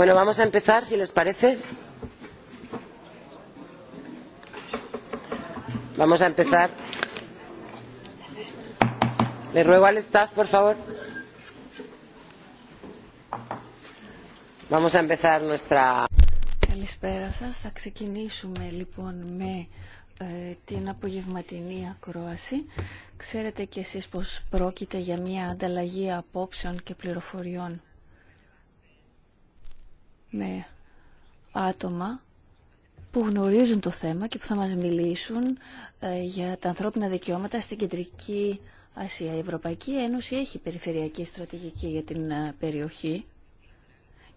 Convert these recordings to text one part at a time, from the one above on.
Bueno, vamos a empezar, si les parece. Vamos a empezar. Le ruego al staff, por favor. Vamos a empezar nuestra... Καλησπέρα σας. Θα ξεκινήσουμε λοιπόν με ε, την απογευματινή ακρόαση. Ξέρετε κι εσείς πως πρόκειται για μια ανταλλαγή απόψεων και πληροφοριών με άτομα που γνωρίζουν το θέμα και που θα μας μιλήσουν ε, για τα ανθρώπινα δικαιώματα στην Κεντρική Ασία. Η Ευρωπαϊκή Ένωση έχει περιφερειακή στρατηγική για την ε, περιοχή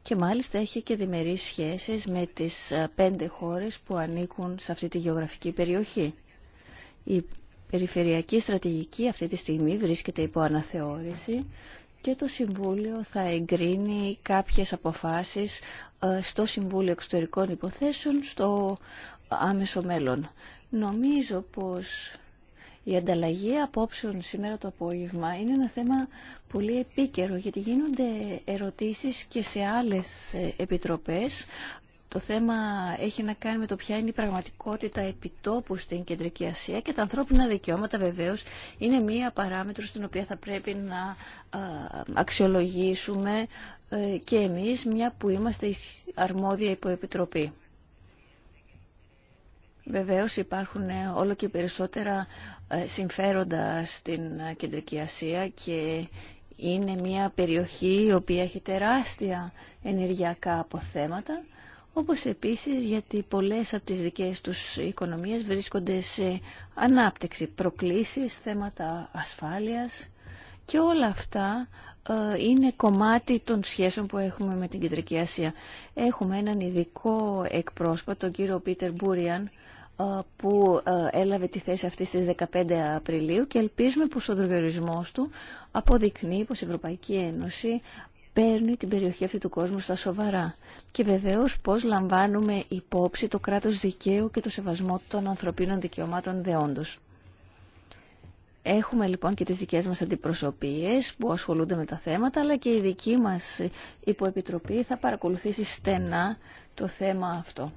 και μάλιστα έχει και διμερείς σχέσεις με τις ε, πέντε χώρες που ανήκουν σε αυτή τη γεωγραφική περιοχή. Η περιφερειακή στρατηγική αυτή τη στιγμή βρίσκεται υπό αναθεώρηση και το Συμβούλιο θα εγκρίνει κάποιες αποφάσεις ε, στο Συμβούλιο Εξωτερικών Υποθέσεων στο άμεσο μέλλον. Νομίζω πως η ανταλλαγή απόψεων σήμερα το απόγευμα είναι ένα θέμα πολύ επίκαιρο γιατί γίνονται ερωτήσεις και σε άλλες ε, επιτροπές το θέμα έχει να κάνει με το ποια είναι η πραγματικότητα επιτόπου στην Κεντρική Ασία και τα ανθρώπινα δικαιώματα βεβαίως είναι μία παράμετρο στην οποία θα πρέπει να αξιολογήσουμε ε, και εμείς μια που είμαστε η αρμόδια υποεπιτροπή. Βεβαίως υπάρχουν ε, όλο και περισσότερα ε, συμφέροντα στην Κεντρική Ασία και είναι μια περιοχή η οποία έχει τεράστια ενεργειακά αποθέματα όπως επίσης γιατί πολλές από τις δικές τους οικονομίες βρίσκονται σε ανάπτυξη, προκλήσεις, θέματα ασφάλειας και όλα αυτά ε, είναι κομμάτι των σχέσεων που έχουμε με την Κεντρική Ασία. Έχουμε έναν ειδικό εκπρόσωπο, τον κύριο Πίτερ Μπούριαν, ε, που ε, έλαβε τη θέση αυτή στις 15 Απριλίου και ελπίζουμε πως ο δρογερισμός του αποδεικνύει πως η Ευρωπαϊκή Ένωση παίρνει την περιοχή αυτή του κόσμου στα σοβαρά. Και βεβαίως πώς λαμβάνουμε υπόψη το κράτος δικαίου και το σεβασμό των ανθρωπίνων δικαιωμάτων δεόντως. Έχουμε λοιπόν και τις δικές μας αντιπροσωπείες που ασχολούνται με τα θέματα, αλλά και η δική μας υποεπιτροπή θα παρακολουθήσει στενά το θέμα αυτό.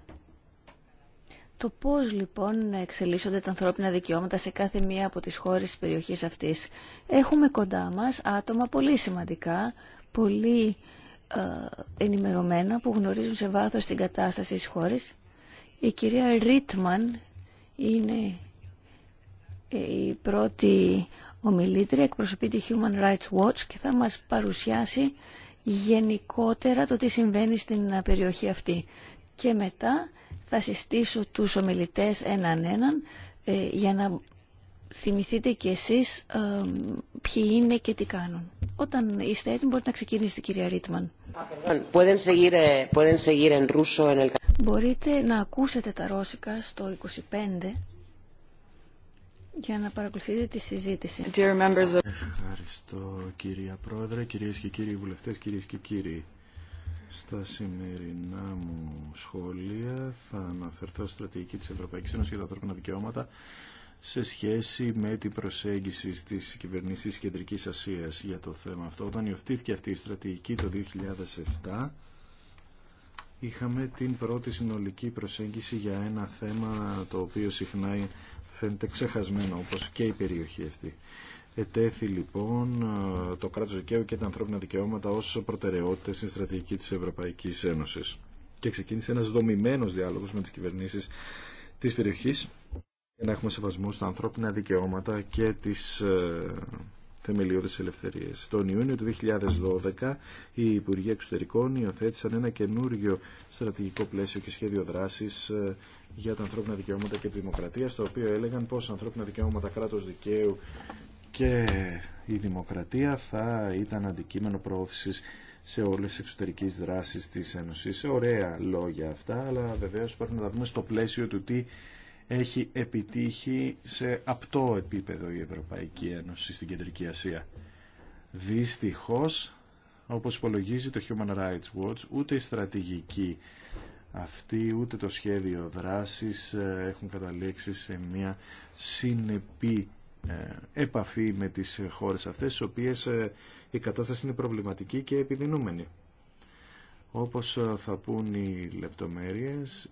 Το πώς λοιπόν εξελίσσονται τα ανθρώπινα δικαιώματα σε κάθε μία από τις χώρες της περιοχής αυτής. Έχουμε κοντά μας άτομα πολύ σημαντικά πολύ ε, ενημερωμένα που γνωρίζουν σε βάθος την κατάσταση της χώρας. Η κυρία Ρίτμαν είναι ε, η πρώτη ομιλήτρια, εκπροσωπεί τη Human Rights Watch και θα μας παρουσιάσει γενικότερα το τι συμβαίνει στην περιοχή αυτή. Και μετά θα συστήσω τους ομιλητές έναν έναν ε, για να θυμηθείτε κι εσείς ε, ποιοι είναι και τι κάνουν. Όταν είστε έτοιμοι μπορείτε να ξεκινήσετε κυρία Ρίτμαν. Λοιπόν, ε, μπορείτε να ακούσετε τα ρώσικα στο 25 για να παρακολουθείτε τη συζήτηση. Ευχαριστώ κυρία Πρόεδρε, κυρίες και κύριοι βουλευτές, κυρίες και κύριοι. Στα σημερινά μου σχόλια θα αναφερθώ στη στρατηγική της Ευρωπαϊκής Ένωσης για τα ανθρώπινα δικαιώματα σε σχέση με την προσέγγιση τη κυβερνήσεις Κεντρικής Ασίας για το θέμα αυτό. Όταν υιοθετήθηκε αυτή η στρατηγική το 2007, είχαμε την πρώτη συνολική προσέγγιση για ένα θέμα το οποίο συχνά φαίνεται ξεχασμένο, όπως και η περιοχή αυτή. Ετέθη λοιπόν το κράτος δικαίου και τα ανθρώπινα δικαιώματα ως προτεραιότητες στην στρατηγική της Ευρωπαϊκής Ένωσης. Και ξεκίνησε ένας δομημένος διάλογος με τις κυβερνήσεις της περιοχής για να έχουμε σεβασμό στα ανθρώπινα δικαιώματα και τις ε, θεμελιώδεις ελευθερίες. Τον Ιούνιο του 2012 οι Υπουργοί Εξωτερικών υιοθέτησαν ένα καινούργιο στρατηγικό πλαίσιο και σχέδιο δράσης ε, για τα ανθρώπινα δικαιώματα και τη δημοκρατία, στο οποίο έλεγαν πως ανθρώπινα δικαιώματα, κράτος δικαίου και η δημοκρατία θα ήταν αντικείμενο προώθησης σε όλες τις εξωτερικές δράσεις της Ένωσης. Ωραία λόγια αυτά, αλλά βεβαίως πρέπει να τα δούμε στο πλαίσιο του τι έχει επιτύχει σε απτό επίπεδο η Ευρωπαϊκή Ένωση στην Κεντρική Ασία. Δυστυχώς, όπως υπολογίζει το Human Rights Watch, ούτε η στρατηγική αυτή, ούτε το σχέδιο δράσης ε, έχουν καταλήξει σε μια συνεπή ε, επαφή με τις χώρες αυτές, στις οποίες ε, η κατάσταση είναι προβληματική και επιδεινούμενη. Όπως θα πούν οι λεπτομέρειες,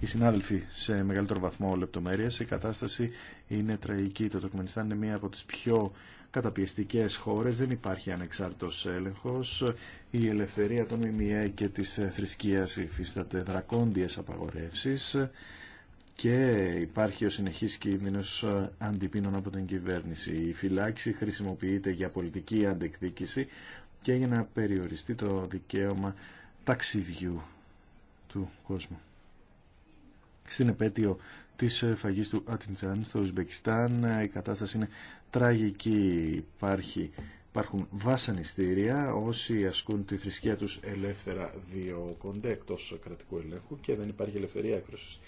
οι συνάδελφοι σε μεγαλύτερο βαθμό λεπτομέρεια. Η κατάσταση είναι τραγική. Το Τουρκμενιστάν είναι μία από τις πιο καταπιεστικές χώρες. Δεν υπάρχει ανεξάρτητος έλεγχος. Η ελευθερία των ΜΜΕ και της θρησκείας υφίσταται δρακόντιες απαγορεύσεις και υπάρχει ο συνεχής κίνδυνος αντιπίνων από την κυβέρνηση. Η φυλάξη χρησιμοποιείται για πολιτική αντεκδίκηση και για να περιοριστεί το δικαίωμα ταξιδιού του κόσμου στην επέτειο της ε, φαγής του Ατιντζάν στο Ουσμπεκιστάν. Ε, η κατάσταση είναι τραγική. Υπάρχει, υπάρχουν βασανιστήρια όσοι ασκούν τη θρησκεία τους ελεύθερα κοντε εκτός κρατικού ελέγχου και δεν υπάρχει ελευθερία έκφρασης.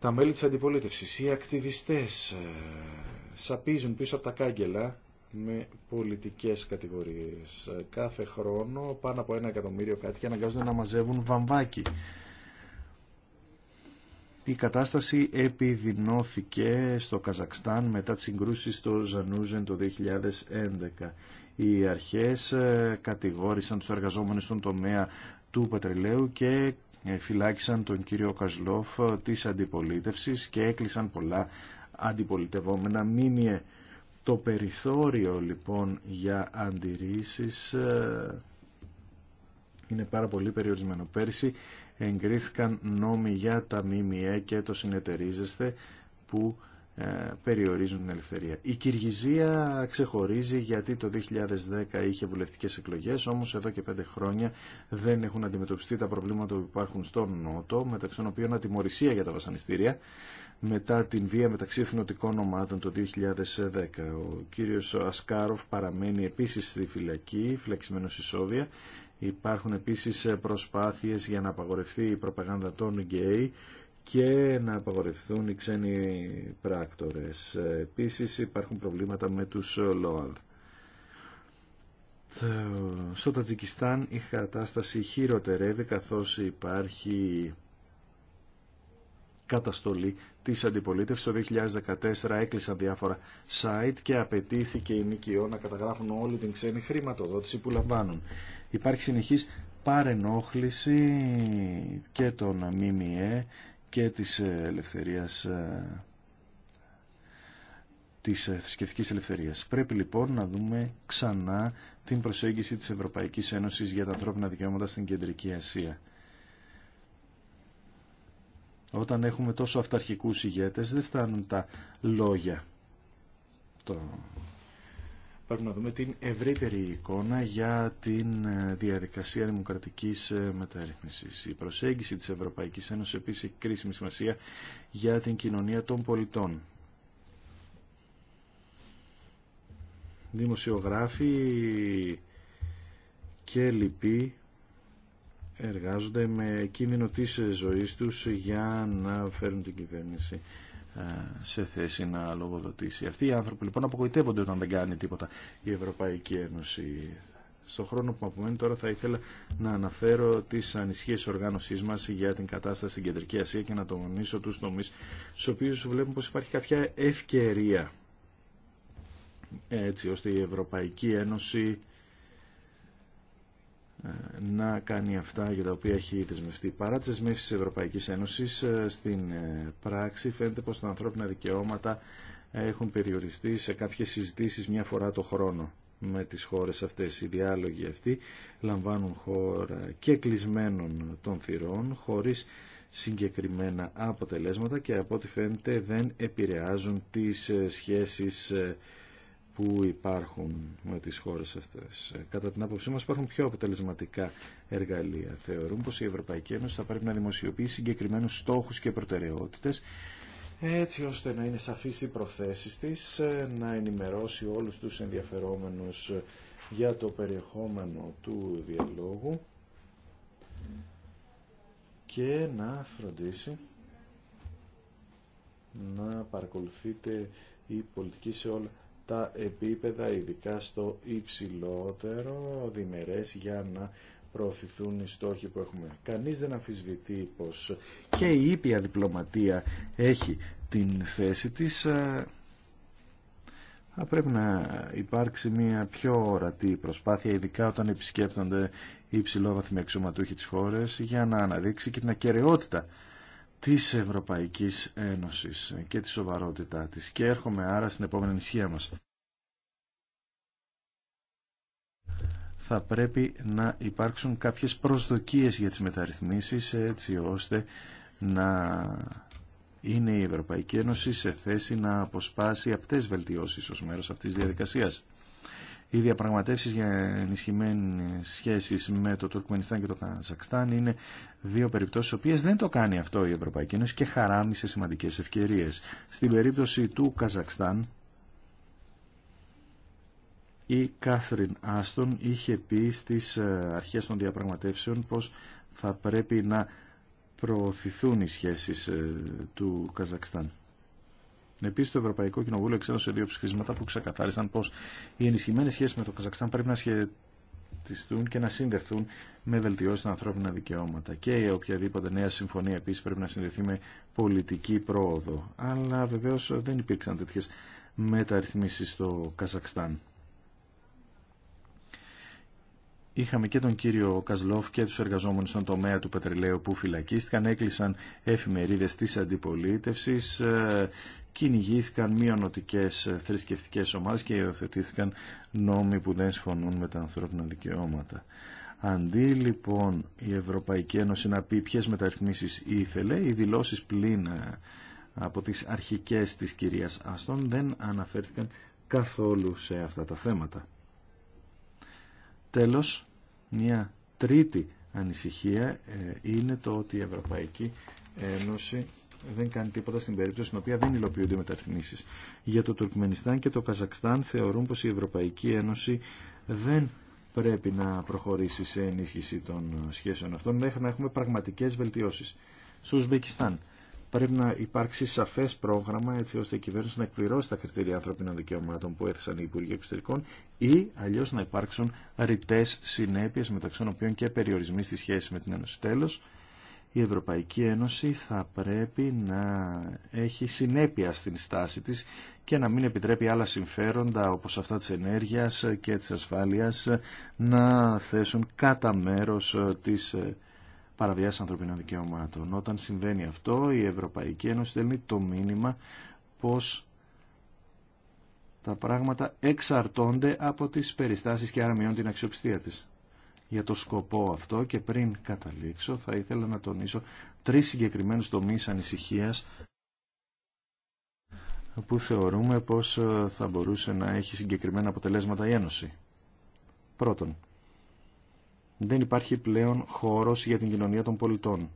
Τα μέλη της αντιπολίτευσης, οι ακτιβιστές ε, σαπίζουν πίσω από τα κάγκελα με πολιτικές κατηγορίες. Κάθε χρόνο πάνω από ένα εκατομμύριο κάτοικοι αναγκάζονται να μαζεύουν βαμβάκι η κατάσταση επιδεινώθηκε στο Καζακστάν μετά τις συγκρούσεις στο Ζανούζεν το 2011. Οι αρχές ε, κατηγόρησαν τους εργαζόμενους στον τομέα του πετρελαίου και ε, φυλάκισαν τον κύριο Καζλόφ ε, της αντιπολίτευσης και έκλεισαν πολλά αντιπολιτευόμενα μήνυε. Το περιθώριο λοιπόν για αντιρρήσεις είναι πάρα πολύ περιορισμένο. Πέρσι εγκρίθηκαν νόμοι για τα ΜΜΕ και το συνεταιρίζεστε που ε, περιορίζουν την ελευθερία. Η Κυργυζία ξεχωρίζει γιατί το 2010 είχε βουλευτικές εκλογές, όμως εδώ και πέντε χρόνια δεν έχουν αντιμετωπιστεί τα προβλήματα που υπάρχουν στον Νότο, μεταξύ των οποίων ατιμορρησία για τα βασανιστήρια, μετά την βία μεταξύ εθνοτικών ομάδων το 2010. Ο κύριος Ασκάροφ παραμένει επίσης στη φυλακή, φυλακισμένος εισόδια Υπάρχουν επίσης προσπάθειες για να απαγορευτεί η προπαγάνδα των γκέι και να απαγορευτούν οι ξένοι πράκτορες. Επίσης υπάρχουν προβλήματα με τους ΛΟΑΔ. Στο Τατζικιστάν η κατάσταση χειροτερεύει καθώς υπάρχει καταστολή της αντιπολίτευσης. Το 2014 έκλεισαν διάφορα site και απαιτήθηκε η ΜΚΟ να καταγράφουν όλη την ξένη χρηματοδότηση που λαμβάνουν. Υπάρχει συνεχής παρενόχληση και των ΜΜΕ και της ελευθερίας ε, της ε, θρησκευτικής ελευθερίας. Πρέπει λοιπόν να δούμε ξανά την προσέγγιση της Ευρωπαϊκής Ένωσης για τα ανθρώπινα δικαιώματα στην Κεντρική Ασία. Όταν έχουμε τόσο αυταρχικούς ηγέτες δεν φτάνουν τα λόγια. Το πρέπει να δούμε την ευρύτερη εικόνα για την ε, διαδικασία δημοκρατικής ε, μεταρρύθμισης. Η προσέγγιση της Ευρωπαϊκής Ένωσης επίσης έχει κρίσιμη σημασία για την κοινωνία των πολιτών. Δημοσιογράφοι και λοιποί εργάζονται με κίνδυνο της ε, ζωής τους για να φέρουν την κυβέρνηση ε, σε θέση να λογοδοτήσει. Αυτοί οι άνθρωποι λοιπόν απογοητεύονται όταν δεν κάνει τίποτα η Ευρωπαϊκή Ένωση. Στο χρόνο που απομένει τώρα θα ήθελα να αναφέρω τις ανισχύες οργάνωσής μας για την κατάσταση στην Κεντρική Ασία και να τονίσω τους τομεί στους οποίους βλέπουμε πως υπάρχει κάποια ευκαιρία έτσι ώστε η Ευρωπαϊκή Ένωση να κάνει αυτά για τα οποία έχει δεσμευτεί. Παρά τις δεσμεύσεις της Ευρωπαϊκής Ένωσης, ε, στην ε, πράξη φαίνεται πως τα ανθρώπινα δικαιώματα έχουν περιοριστεί σε κάποιες συζητήσεις μια φορά το χρόνο με τις χώρες αυτές. Οι διάλογοι αυτοί λαμβάνουν χώρα και κλεισμένων των θυρών, χωρίς συγκεκριμένα αποτελέσματα και από ό,τι φαίνεται δεν επηρεάζουν τις ε, σχέσεις που υπάρχουν με τις χώρες αυτές. Ε, κατά την άποψή μας υπάρχουν πιο αποτελεσματικά εργαλεία. Θεωρούν πως η Ευρωπαϊκή Ένωση θα πρέπει να δημοσιοποιεί συγκεκριμένους στόχους και προτεραιότητες έτσι ώστε να είναι σαφής οι προθέσεις της, ε, να ενημερώσει όλους τους ενδιαφερόμενους για το περιεχόμενο του διαλόγου και να φροντίσει να παρακολουθείτε η πολιτική σε όλα τα επίπεδα, ειδικά στο υψηλότερο διμερές για να προωθηθούν οι στόχοι που έχουμε. Κανείς δεν αμφισβητεί πως και η ήπια διπλωματία έχει την θέση της. Θα πρέπει να υπάρξει μια πιο ορατή προσπάθεια, ειδικά όταν επισκέπτονται οι υψηλόβαθμοι αξιωματούχοι της χώρας, για να αναδείξει και την ακαιρεότητα της Ευρωπαϊκής Ένωσης και τη σοβαρότητά της. Και έρχομαι άρα στην επόμενη νησία μας. Θα πρέπει να υπάρξουν κάποιες προσδοκίες για τις μεταρρυθμίσεις έτσι ώστε να είναι η Ευρωπαϊκή Ένωση σε θέση να αποσπάσει αυτές βελτιώσεις ως μέρος αυτής της διαδικασίας οι διαπραγματεύσει για ενισχυμένε σχέσεις με το Τουρκμενιστάν και το Καζακστάν είναι δύο περιπτώσεις οποίε δεν το κάνει αυτό η Ευρωπαϊκή Ένωση και σε σημαντικέ ευκαιρίες. Στην περίπτωση του Καζακστάν η Κάθριν Άστον είχε πει στι ε, αρχές των διαπραγματεύσεων πως θα πρέπει να προωθηθούν οι σχέσει ε, του Καζακστάν. Επίση, το Ευρωπαϊκό Κοινοβούλιο εξέδωσε δύο ψηφίσματα που ξεκαθάρισαν πω οι ενισχυμένε σχέσει με το Καζακστάν πρέπει να σχετιστούν και να συνδεθούν με βελτιώσει στα ανθρώπινα δικαιώματα. Και οποιαδήποτε νέα συμφωνία επίση πρέπει να συνδεθεί με πολιτική πρόοδο. Αλλά βεβαίω δεν υπήρξαν τέτοιε μεταρρυθμίσει στο Καζακστάν είχαμε και τον κύριο Καζλόφ και τους εργαζόμενους στον τομέα του πετρελαίου που φυλακίστηκαν, έκλεισαν εφημερίδες της αντιπολίτευσης, ε, κυνηγήθηκαν μειονοτικές θρησκευτικές ομάδες και υιοθετήθηκαν νόμοι που δεν συμφωνούν με τα ανθρώπινα δικαιώματα. Αντί λοιπόν η Ευρωπαϊκή Ένωση να πει ποιες μεταρρυθμίσεις ήθελε, οι δηλώσεις πλήν ε, από τις αρχικές της κυρίας Αστών δεν αναφέρθηκαν καθόλου σε αυτά τα θέματα. Τέλος, μια τρίτη ανησυχία ε, είναι το ότι η Ευρωπαϊκή Ένωση δεν κάνει τίποτα στην περίπτωση στην οποία δεν υλοποιούνται οι μεταρρυθμίσεις. Για το Τουρκμενιστάν και το Καζακστάν θεωρούν πως η Ευρωπαϊκή Ένωση δεν πρέπει να προχωρήσει σε ενίσχυση των σχέσεων αυτών μέχρι να έχουμε πραγματικές βελτιώσεις. Στο πρέπει να υπάρξει σαφέ πρόγραμμα έτσι ώστε η κυβέρνηση να εκπληρώσει τα κριτήρια ανθρωπίνων δικαιωμάτων που έθεσαν οι Υπουργοί Εξωτερικών ή αλλιώ να υπάρξουν ρητέ συνέπειε μεταξύ των οποίων και περιορισμοί στη σχέση με την Ένωση. τέλο η Ευρωπαϊκή Ένωση θα πρέπει να έχει συνέπεια στην στάση τη και να μην επιτρέπει άλλα συμφέροντα όπω αυτά τη ενέργεια και τη ασφάλεια να θέσουν κατά μέρο τη παραβιάσει ανθρωπίνων δικαιωμάτων. Όταν συμβαίνει αυτό, η Ευρωπαϊκή Ένωση στέλνει το μήνυμα πως τα πράγματα εξαρτώνται από τις περιστάσεις και αρμιών την αξιοπιστία της. Για το σκοπό αυτό και πριν καταλήξω θα ήθελα να τονίσω τρεις συγκεκριμένους τομείς ανησυχίας που θεωρούμε πως θα μπορούσε να έχει συγκεκριμένα αποτελέσματα η Ένωση. Πρώτον, δεν υπάρχει πλέον χώρος για την κοινωνία των πολιτών.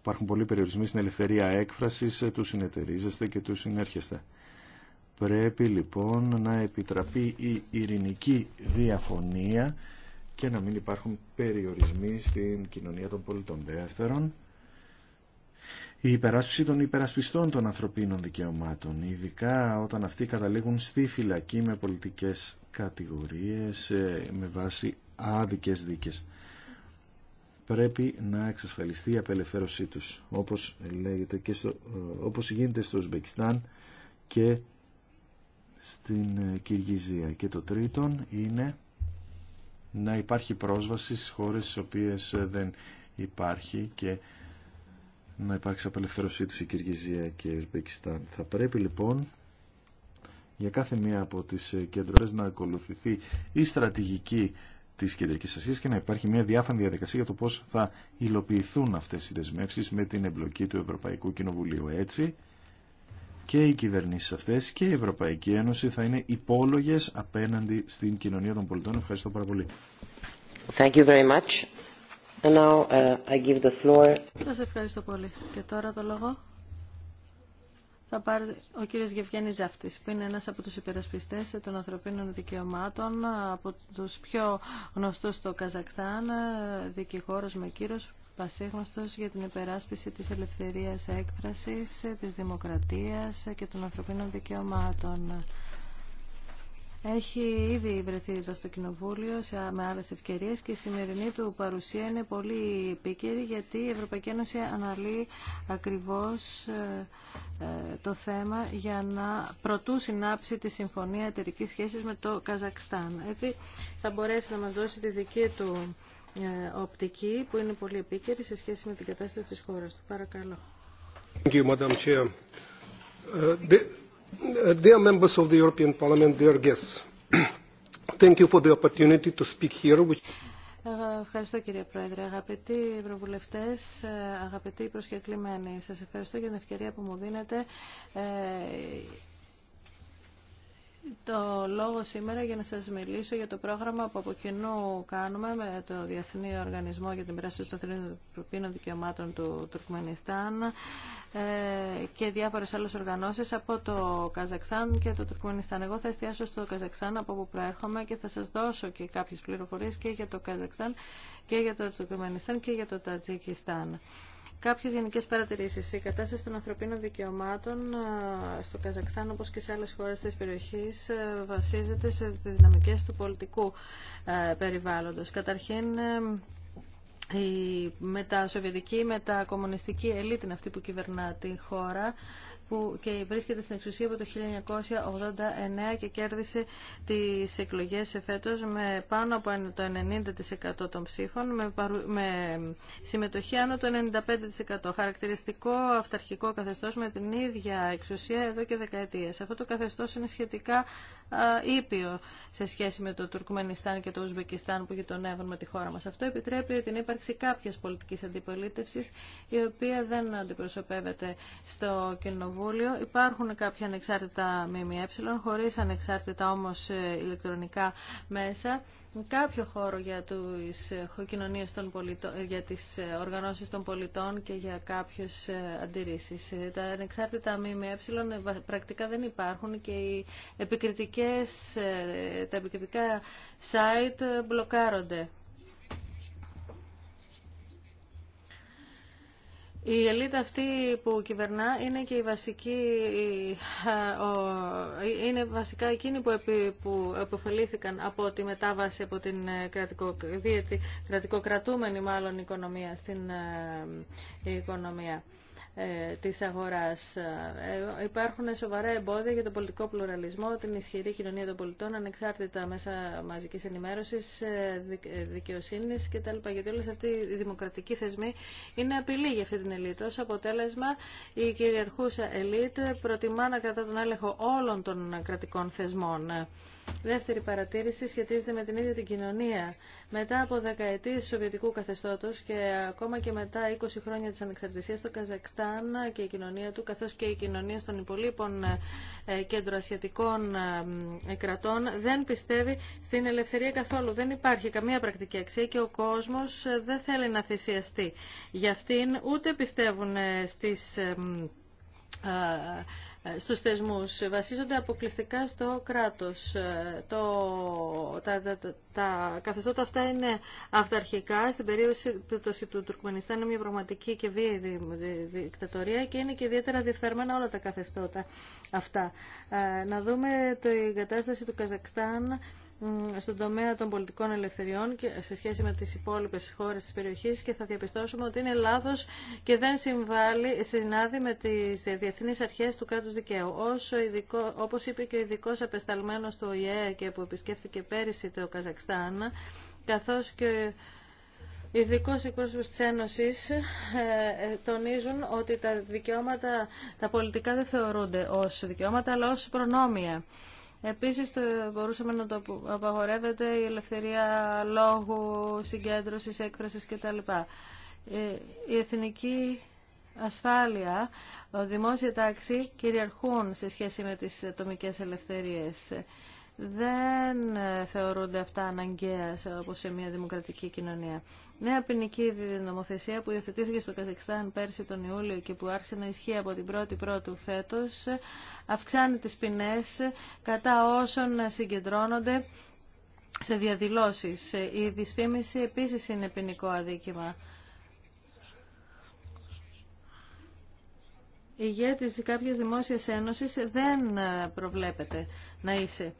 Υπάρχουν πολλοί περιορισμοί στην ελευθερία έκφρασης, ε, του συνεταιρίζεστε και του συνέρχεστε. Πρέπει λοιπόν να επιτραπεί η ειρηνική διαφωνία και να μην υπάρχουν περιορισμοί στην κοινωνία των πολιτών. Δεύτερον, η υπεράσπιση των υπερασπιστών των ανθρωπίνων δικαιωμάτων, ειδικά όταν αυτοί καταλήγουν στη φυλακή με πολιτικές κατηγορίες ε, με βάση άδικες δίκες. Πρέπει να εξασφαλιστεί η απελευθέρωσή τους, όπως, λέγεται και στο, ε, όπως γίνεται στο Ουσμπεκιστάν και στην ε, Κυργιζία. Και το τρίτον είναι να υπάρχει πρόσβαση στις χώρες στις οποίες ε, δεν υπάρχει και να υπάρξει απελευθέρωσή τους η Κυργιζία και η Ουσμπεκιστάν. Θα πρέπει λοιπόν για κάθε μία από τις κεντρές να ακολουθηθεί η στρατηγική τη Κεντρική Ασία και να υπάρχει μια διάφανη διαδικασία για το πώς θα υλοποιηθούν αυτές οι δεσμεύσει με την εμπλοκή του Ευρωπαϊκού Κοινοβουλίου. Έτσι και οι κυβερνήσει αυτέ και η Ευρωπαϊκή Ένωση θα είναι υπόλογες απέναντι στην κοινωνία των πολιτών. Ευχαριστώ πάρα πολύ. Thank you very much. And now, uh, I give the floor. Σας ευχαριστώ πολύ. Και τώρα το λόγο θα πάρει ο κύριος Γευγένη Ζάφτης, που είναι ένας από τους υπερασπιστές των ανθρωπίνων δικαιωμάτων, από τους πιο γνωστούς στο Καζακστάν, δικηγόρος με κύρος, πασίγνωστος για την υπεράσπιση της ελευθερίας έκφρασης, της δημοκρατίας και των ανθρωπίνων δικαιωμάτων έχει ήδη βρεθεί εδώ στο Κοινοβούλιο με άλλες ευκαιρίες και η σημερινή του παρουσία είναι πολύ επίκαιρη γιατί η Ευρωπαϊκή Ένωση αναλύει ακριβώς ε, ε, το θέμα για να προτού συνάψει τη Συμφωνία Εταιρικής Σχέσης με το Καζακστάν. Έτσι θα μπορέσει να μας δώσει τη δική του ε, οπτική που είναι πολύ επίκαιρη σε σχέση με την κατάσταση της χώρας του. Παρακαλώ. Thank you, Chair. Uh, dear members of the European Parliament, dear guests, thank you for the opportunity to speak here. Which... Uh, ευχαριστώ κύριε Πρόεδρε. Αγαπητοί Ευρωβουλευτέ, uh, αγαπητοί προσκεκλημένοι, σας ευχαριστώ για την ευκαιρία που μου δίνετε το λόγο σήμερα για να σας μιλήσω για το πρόγραμμα που από κοινού κάνουμε με το Διεθνή Οργανισμό για την Περάσπιση των Ανθρωπίνων Δικαιωμάτων του Τουρκμενιστάν ε, και διάφορες άλλες οργανώσεις από το Καζακστάν και το Τουρκμενιστάν. Εγώ θα εστιάσω στο Καζακστάν από όπου προέρχομαι και θα σας δώσω και κάποιες πληροφορίες και για το Καζακστάν και για το Τουρκμενιστάν και για το Τατζικιστάν. Κάποιες γενικές παρατηρήσεις. Η κατάσταση των ανθρωπίνων δικαιωμάτων ε, στο Καζακστάν όπω και σε άλλες χώρε τη περιοχή, ε, βασίζεται σε δυναμικές του πολιτικού ε, περιβάλλοντος. Καταρχήν η μετασοβιετική, μετακομμουνιστική ελίτ είναι αυτή που κυβερνά τη χώρα που και βρίσκεται στην εξουσία από το 1989 και κέρδισε τις εκλογές φέτος με πάνω από το 90% των ψήφων με συμμετοχή άνω το 95%. Χαρακτηριστικό αυταρχικό καθεστώς με την ίδια εξουσία εδώ και δεκαετίες. Αυτό το καθεστώς είναι σχετικά ήπιο σε σχέση με το Τουρκμενιστάν και το Ουσβεκιστάν που γειτονεύουν με τη χώρα μας. Αυτό επιτρέπει την ύπαρξη κάποιας πολιτικής αντιπολίτευσης η οποία δεν αντιπροσωπεύεται στο κοινοβούλιο Υπάρχουν κάποια ανεξάρτητα ΜΜΕ, χωρίς ανεξάρτητα όμως ε, ηλεκτρονικά μέσα. Κάποιο χώρο για τις ε, κοινωνίες των πολιτών, ε, για τις οργανώσεις των πολιτών και για κάποιες αντιρρήσεις. Τα ανεξάρτητα ΜΜΕ πρακτικά δεν υπάρχουν και οι επικριτικές, τα επικριτικά site μπλοκάρονται. Η ελίτ αυτή που κυβερνά είναι και η βασική, ε, είναι βασικά εκείνη που, επι, που επωφελήθηκαν από τη μετάβαση από την ε, κρατικο, κρατικοκρατούμενη μάλλον οικονομία στην ε, οικονομία. Ε, της αγοράς. Ε, υπάρχουν σοβαρά εμπόδια για τον πολιτικό πλουραλισμό, την ισχυρή κοινωνία των πολιτών, ανεξάρτητα μέσα μαζικής ενημέρωσης, ε, δικαιοσύνης κτλ. Γιατί όλες αυτοί οι δημοκρατικοί θεσμοί είναι απειλή για αυτή την ελίτ. Ως αποτέλεσμα, η κυριαρχούσα ελίτ προτιμά να κρατά τον έλεγχο όλων των κρατικών θεσμών. Δεύτερη παρατήρηση σχετίζεται με την ίδια την κοινωνία. Μετά από δεκαετίες σοβιετικού καθεστώτος και ακόμα και μετά 20 χρόνια της ανεξαρτησίας του Καζακστάν και η κοινωνία του, καθώς και η κοινωνία των υπολείπων ε, κέντροασιατικών ε, ε, κρατών, δεν πιστεύει στην ελευθερία καθόλου. Δεν υπάρχει καμία πρακτική αξία και ο κόσμος δεν θέλει να θυσιαστεί. Για αυτήν ούτε πιστεύουν στις ε, στους θεσμούς βασίζονται αποκλειστικά στο κράτος. Ε, το, τα, τα, τα, τα καθεστώτα αυτά είναι αυταρχικά. Στην περίπτωση του Τουρκμενιστάν είναι μια πραγματική και βίαιη δικτατορία και είναι και ιδιαίτερα διεφθαρμένα όλα τα καθεστώτα αυτά. Ε, να δούμε την κατάσταση του Καζακστάν στον τομέα των πολιτικών ελευθεριών και σε σχέση με τις υπόλοιπες χώρες της περιοχής και θα διαπιστώσουμε ότι είναι λάθος και δεν συμβάλλει, συνάδει με τις διεθνείς αρχές του κράτους δικαίου. Όσο ειδικό, όπως είπε και ο ειδικό απεσταλμένος του ΟΗΕ και που επισκέφθηκε πέρυσι το Καζακστάν, καθώς και Ειδικό εκπρόσωπο τη Ένωση ε, ε, τονίζουν ότι τα δικαιώματα, τα πολιτικά δεν θεωρούνται ω δικαιώματα αλλά ω προνόμια. Επίσης μπορούσαμε να το απαγορεύεται η ελευθερία λόγου, συγκέντρωσης, έκφρασης κτλ. Ε, η εθνική ασφάλεια, δημόσια τάξη κυριαρχούν σε σχέση με τις ατομικές ελευθερίες δεν ε, θεωρούνται αυτά αναγκαία όπως σε μια δημοκρατική κοινωνία. Νέα ποινική νομοθεσία που υιοθετήθηκε στο Καζακστάν πέρσι τον Ιούλιο και που άρχισε να ισχύει από την 1η Πρώτου φέτος αυξάνει τις ποινές κατά όσων συγκεντρώνονται σε διαδηλώσεις. Η δυσφήμιση επίσης είναι ποινικό αδίκημα. ηγέτης κάποιες δημόσιες ένωσης δεν ε, προβλέπεται να είσαι.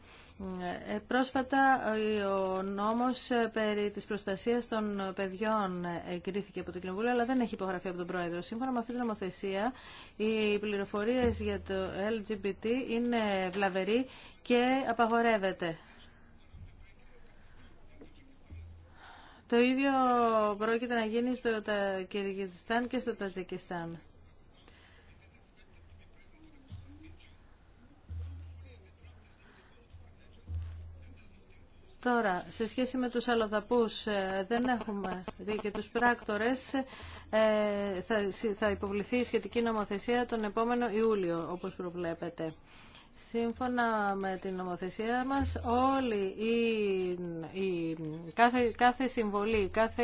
Ε, πρόσφατα ε, ο νόμος ε, περί της προστασίας των παιδιών εγκρίθηκε από το Κοινοβούλιο αλλά δεν έχει υπογραφεί από τον Πρόεδρο. Σύμφωνα με αυτή την νομοθεσία οι πληροφορίες για το LGBT είναι βλαβεροί και απαγορεύεται. Το ίδιο πρόκειται να γίνει στο Κυργιστάν και στο Τατζικιστάν. Τώρα, σε σχέση με τους αλλοδαπούς ε, δεν έχουμε και τους πράκτορες ε, θα υποβληθεί η σχετική νομοθεσία τον επόμενο Ιούλιο, όπως προβλέπετε. Σύμφωνα με την νομοθεσία μας, όλη η, κάθε, κάθε συμβολή, κάθε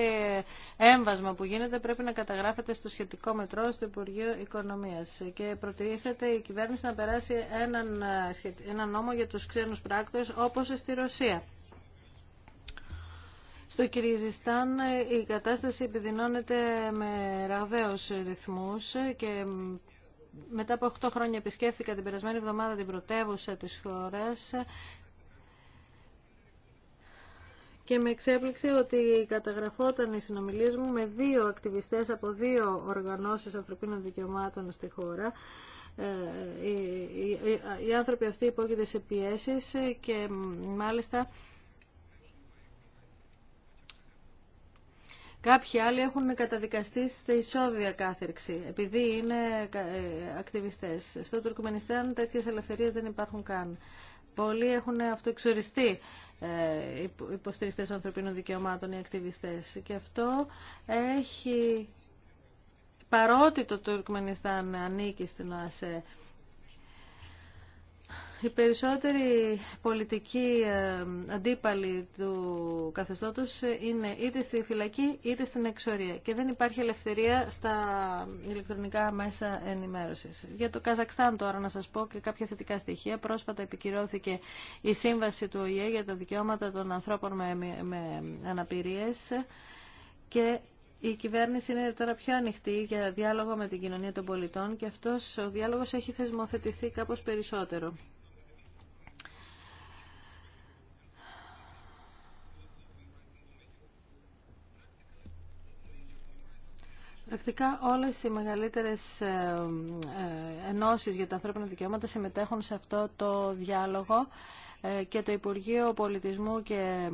έμβασμα που γίνεται πρέπει να καταγράφεται στο σχετικό μετρό στο Υπουργείο Οικονομίας. Και προτίθεται η κυβέρνηση να περάσει έναν, ε, έναν νόμο για τους ξένους πράκτορες όπως στη Ρωσία. Στο Κυριζιστάν η κατάσταση επιδεινώνεται με ραβαίους ρυθμούς και μετά από 8 χρόνια επισκέφθηκα την περασμένη εβδομάδα την πρωτεύουσα της χώρας και με εξέπληξε ότι καταγραφόταν οι συνομιλίες μου με δύο ακτιβιστές από δύο οργανώσεις ανθρωπίνων δικαιωμάτων στη χώρα. Οι άνθρωποι αυτοί υπόκειται σε πιέσεις και μάλιστα Κάποιοι άλλοι έχουν καταδικαστεί σε ισόβια κάθερξη, επειδή είναι ε, ακτιβιστές. Στο Τουρκμενιστάν τέτοιες ελευθερίες δεν υπάρχουν καν. Πολλοί έχουν αυτοεξοριστεί ε, υποστηριχτές ανθρωπίνων δικαιωμάτων οι ακτιβιστές. Και αυτό έχει, παρότι το Τουρκμενιστάν ανήκει στην ΟΑΣΕ, οι περισσότεροι πολιτικοί ε, αντίπαλοι του καθεστώτος είναι είτε στη φυλακή είτε στην εξορία και δεν υπάρχει ελευθερία στα ηλεκτρονικά μέσα ενημέρωσης. Για το Καζακστάν τώρα να σας πω και κάποια θετικά στοιχεία. Πρόσφατα επικυρώθηκε η σύμβαση του ΟΗΕ για τα δικαιώματα των ανθρώπων με αναπηρίες και η κυβέρνηση είναι τώρα πιο ανοιχτή για διάλογο με την κοινωνία των πολιτών και αυτός ο διάλογος έχει θεσμοθετηθεί κάπως περισσότερο. Πρακτικά όλες οι μεγαλύτερες ε, ε, ενώσεις για τα ανθρώπινα δικαιώματα συμμετέχουν σε αυτό το διάλογο ε, και το Υπουργείο Πολιτισμού και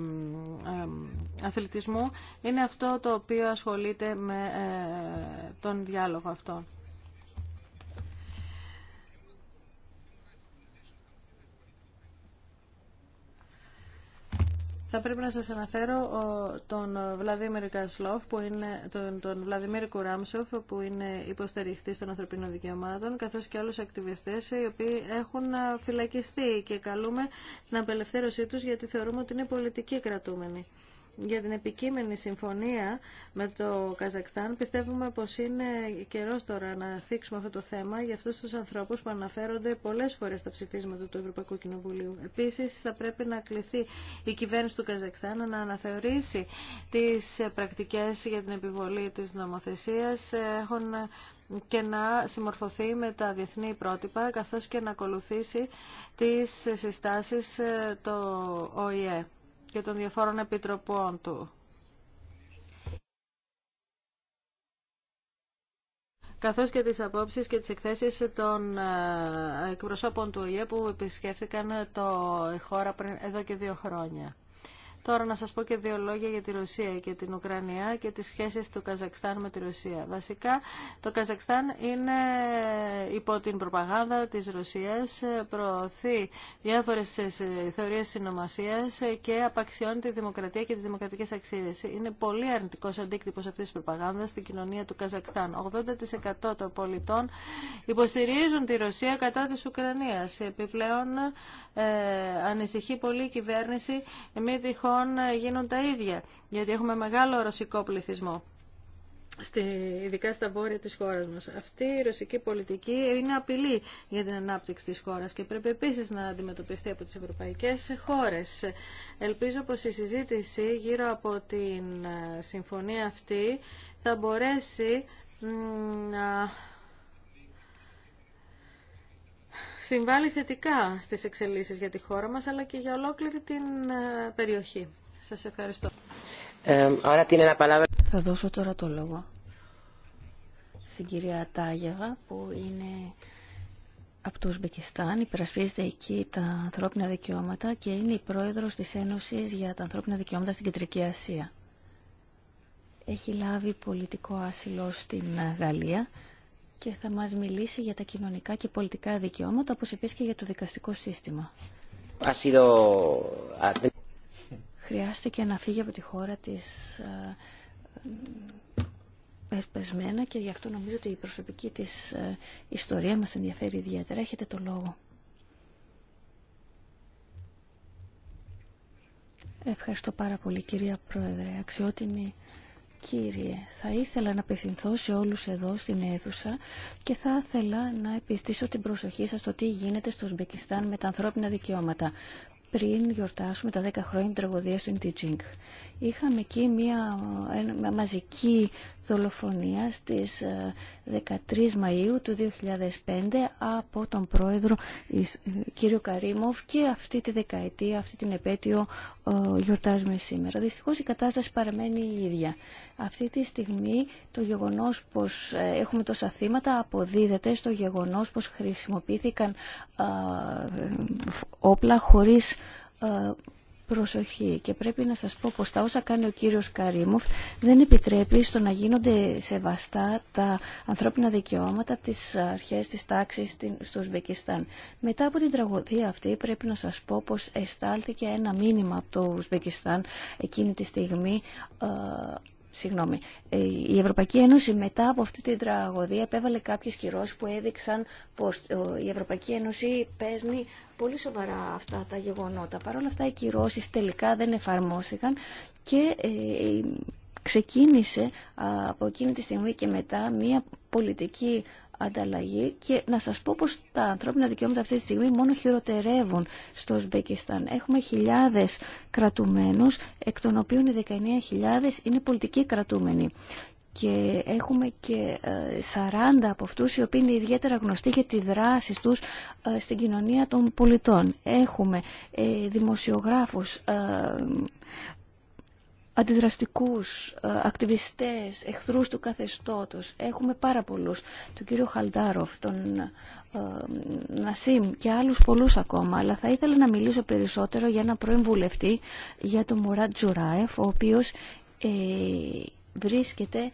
Αθλητισμού είναι αυτό το οποίο ασχολείται με τον διάλογο αυτό. Θα πρέπει να σας αναφέρω τον Βλαδίμιρ Κασλόφ, που είναι, τον, τον Βλαδιμίρ Κουράμσοφ, που είναι υποστηριχτής των ανθρωπίνων δικαιωμάτων, καθώς και άλλους ακτιβιστές, οι οποίοι έχουν ε, φυλακιστεί και καλούμε την απελευθέρωσή τους, γιατί θεωρούμε ότι είναι πολιτικοί κρατούμενοι για την επικείμενη συμφωνία με το Καζακστάν. Πιστεύουμε πως είναι καιρός τώρα να θίξουμε αυτό το θέμα για αυτούς τους ανθρώπους που αναφέρονται πολλές φορές στα ψηφίσματα του Ευρωπαϊκού Κοινοβουλίου. Επίσης θα πρέπει να κληθεί η κυβέρνηση του Καζακστάν να αναθεωρήσει τις πρακτικές για την επιβολή της νομοθεσίας. Έχουν και να συμμορφωθεί με τα διεθνή πρότυπα, καθώς και να ακολουθήσει τις συστάσεις ε, το ΟΗΕ και των διαφόρων επιτροπών του. καθώς και τις απόψεις και τις εκθέσεις των ε, εκπροσώπων του ΟΗΕ που επισκέφθηκαν το χώρα πριν, εδώ και δύο χρόνια. Τώρα να σας πω και δύο λόγια για τη Ρωσία και την Ουκρανία και τις σχέσεις του Καζακστάν με τη Ρωσία. Βασικά το Καζακστάν είναι υπό την προπαγάνδα της Ρωσίας, προωθεί διάφορες θεωρίες συνομασίας και απαξιώνει τη δημοκρατία και τις δημοκρατικές αξίες. Είναι πολύ αρνητικός αντίκτυπος αυτής της προπαγάνδας στην κοινωνία του Καζακστάν. 80% των πολιτών υποστηρίζουν τη Ρωσία κατά της Ουκρανίας. Επιπλέον ε, ανησυχεί πολύ κυβέρνηση λοιπόν ε, γίνουν τα ίδια, γιατί έχουμε μεγάλο ρωσικό πληθυσμό στη, ειδικά στα βόρεια της χώρας μας. Αυτή η ρωσική πολιτική είναι απειλή για την ανάπτυξη της χώρας και πρέπει επίσης να αντιμετωπιστεί από τις ευρωπαϊκές χώρες. Ελπίζω πως η συζήτηση γύρω από την ε, συμφωνία αυτή θα μπορέσει να συμβάλλει θετικά στις εξελίξεις για τη χώρα μας, αλλά και για ολόκληρη την ε, περιοχή. Σας ευχαριστώ. Ε, Θα δώσω τώρα το λόγο στην κυρία Τάγεβα, που είναι από το Ουσμπεκιστάν, υπερασπίζεται εκεί τα ανθρώπινα δικαιώματα και είναι η πρόεδρος της Ένωσης για τα ανθρώπινα δικαιώματα στην Κεντρική Ασία. Έχει λάβει πολιτικό άσυλο στην ε, Γαλλία και θα μας μιλήσει για τα κοινωνικά και πολιτικά δικαιώματα, όπως επίσης και για το δικαστικό σύστημα. Χρειάστηκε να φύγει από τη χώρα της εσπεσμένα ε, και γι' αυτό νομίζω ότι η προσωπική της ε, ιστορία μας ενδιαφέρει ιδιαίτερα. Έχετε το λόγο. Ευχαριστώ πάρα πολύ κυρία Πρόεδρε. Αξιότιμη κύριε, θα ήθελα να απευθυνθώ σε όλους εδώ στην αίθουσα και θα ήθελα να επιστήσω την προσοχή σας στο τι γίνεται στο Ουσμπεκιστάν με τα ανθρώπινα δικαιώματα πριν γιορτάσουμε τα 10 χρόνια τραγωδία στην Είχαμε εκεί μια, μαζική δολοφονίας ε, της 13 Μαΐου του 2005 από τον πρόεδρο ε, κύριο Καρίμοφ και αυτή τη δεκαετία, αυτή την επέτειο ε, γιορτάζουμε σήμερα. Δυστυχώς η κατάσταση παραμένει η ίδια. Αυτή τη στιγμή το γεγονός πως έχουμε τόσα θύματα αποδίδεται στο γεγονός πως χρησιμοποιήθηκαν όπλα χωρίς προσοχή και πρέπει να σας πω πως τα όσα κάνει ο κύριος Καρίμοφ δεν επιτρέπει στο να γίνονται σεβαστά τα ανθρώπινα δικαιώματα της αρχές της τάξης στο Ουσμπεκιστάν. Μετά από την τραγωδία αυτή πρέπει να σας πω πως εστάλθηκε ένα μήνυμα από το Ουσμπεκιστάν εκείνη τη στιγμή ε, Συγγνώμη. Ε, η Ευρωπαϊκή Ένωση μετά από αυτή την τραγωδία επέβαλε κάποιες κυρώσεις που έδειξαν πως ε, η Ευρωπαϊκή Ένωση παίρνει πολύ σοβαρά αυτά τα γεγονότα. Παρ' όλα αυτά οι κυρώσεις τελικά δεν εφαρμόστηκαν και ε, ξεκίνησε από εκείνη τη στιγμή και μετά μια πολιτική ανταλλαγή και να σας πω πως τα ανθρώπινα δικαιώματα αυτή τη στιγμή μόνο χειροτερεύουν στο Ουσμπεκιστάν. Έχουμε χιλιάδες κρατουμένους, εκ των οποίων οι 19.000 είναι πολιτικοί κρατούμενοι. Και έχουμε και 40 ε, από αυτούς οι οποίοι είναι ιδιαίτερα γνωστοί για τη δράση τους ε, στην κοινωνία των πολιτών. Έχουμε ε, δημοσιογράφους, αντιδραστικούς, ε, ακτιβιστές, εχθρούς του καθεστώτος. Έχουμε πάρα πολλούς. Τον κύριο Χαλτάροφ, τον ε, Νασίμ και άλλους πολλούς ακόμα. Αλλά θα ήθελα να μιλήσω περισσότερο για ένα πρώην για τον Μουράτ Τζουράεφ, ο οποίος ε, βρίσκεται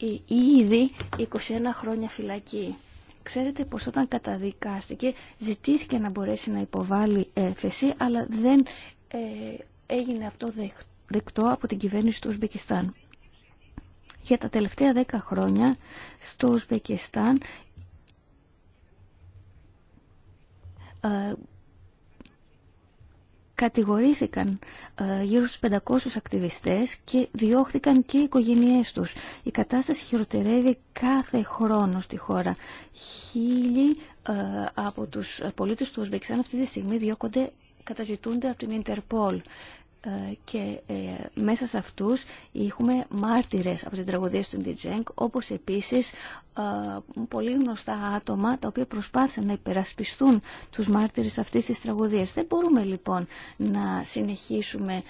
ε, ήδη 21 χρόνια φυλακή. Ξέρετε πως όταν καταδικάστηκε ζητήθηκε να μπορέσει να υποβάλει έφεση, αλλά δεν έγινε αυτό δεχτό δεκτό από την κυβέρνηση του Ουσμπεκιστάν. Για τα τελευταία δέκα χρόνια στο Ουσμπεκιστάν ε, κατηγορήθηκαν ε, γύρω στους 500 ακτιβιστές και διώχθηκαν και οι οικογένειές τους. Η κατάσταση χειροτερεύει κάθε χρόνο στη χώρα. Χίλιοι ε, από τους πολίτες του Ουσμπεκιστάν αυτή τη στιγμή διώκονται καταζητούνται από την Ιντερπόλ. Ε, και ε, μέσα σε αυτούς έχουμε μάρτυρες από την τραγωδία του Ντιτζέγκ όπως επίσης ε, πολύ γνωστά άτομα τα οποία προσπάθησαν να υπερασπιστούν τους μάρτυρες αυτής της τραγωδίας. Δεν μπορούμε λοιπόν να συνεχίσουμε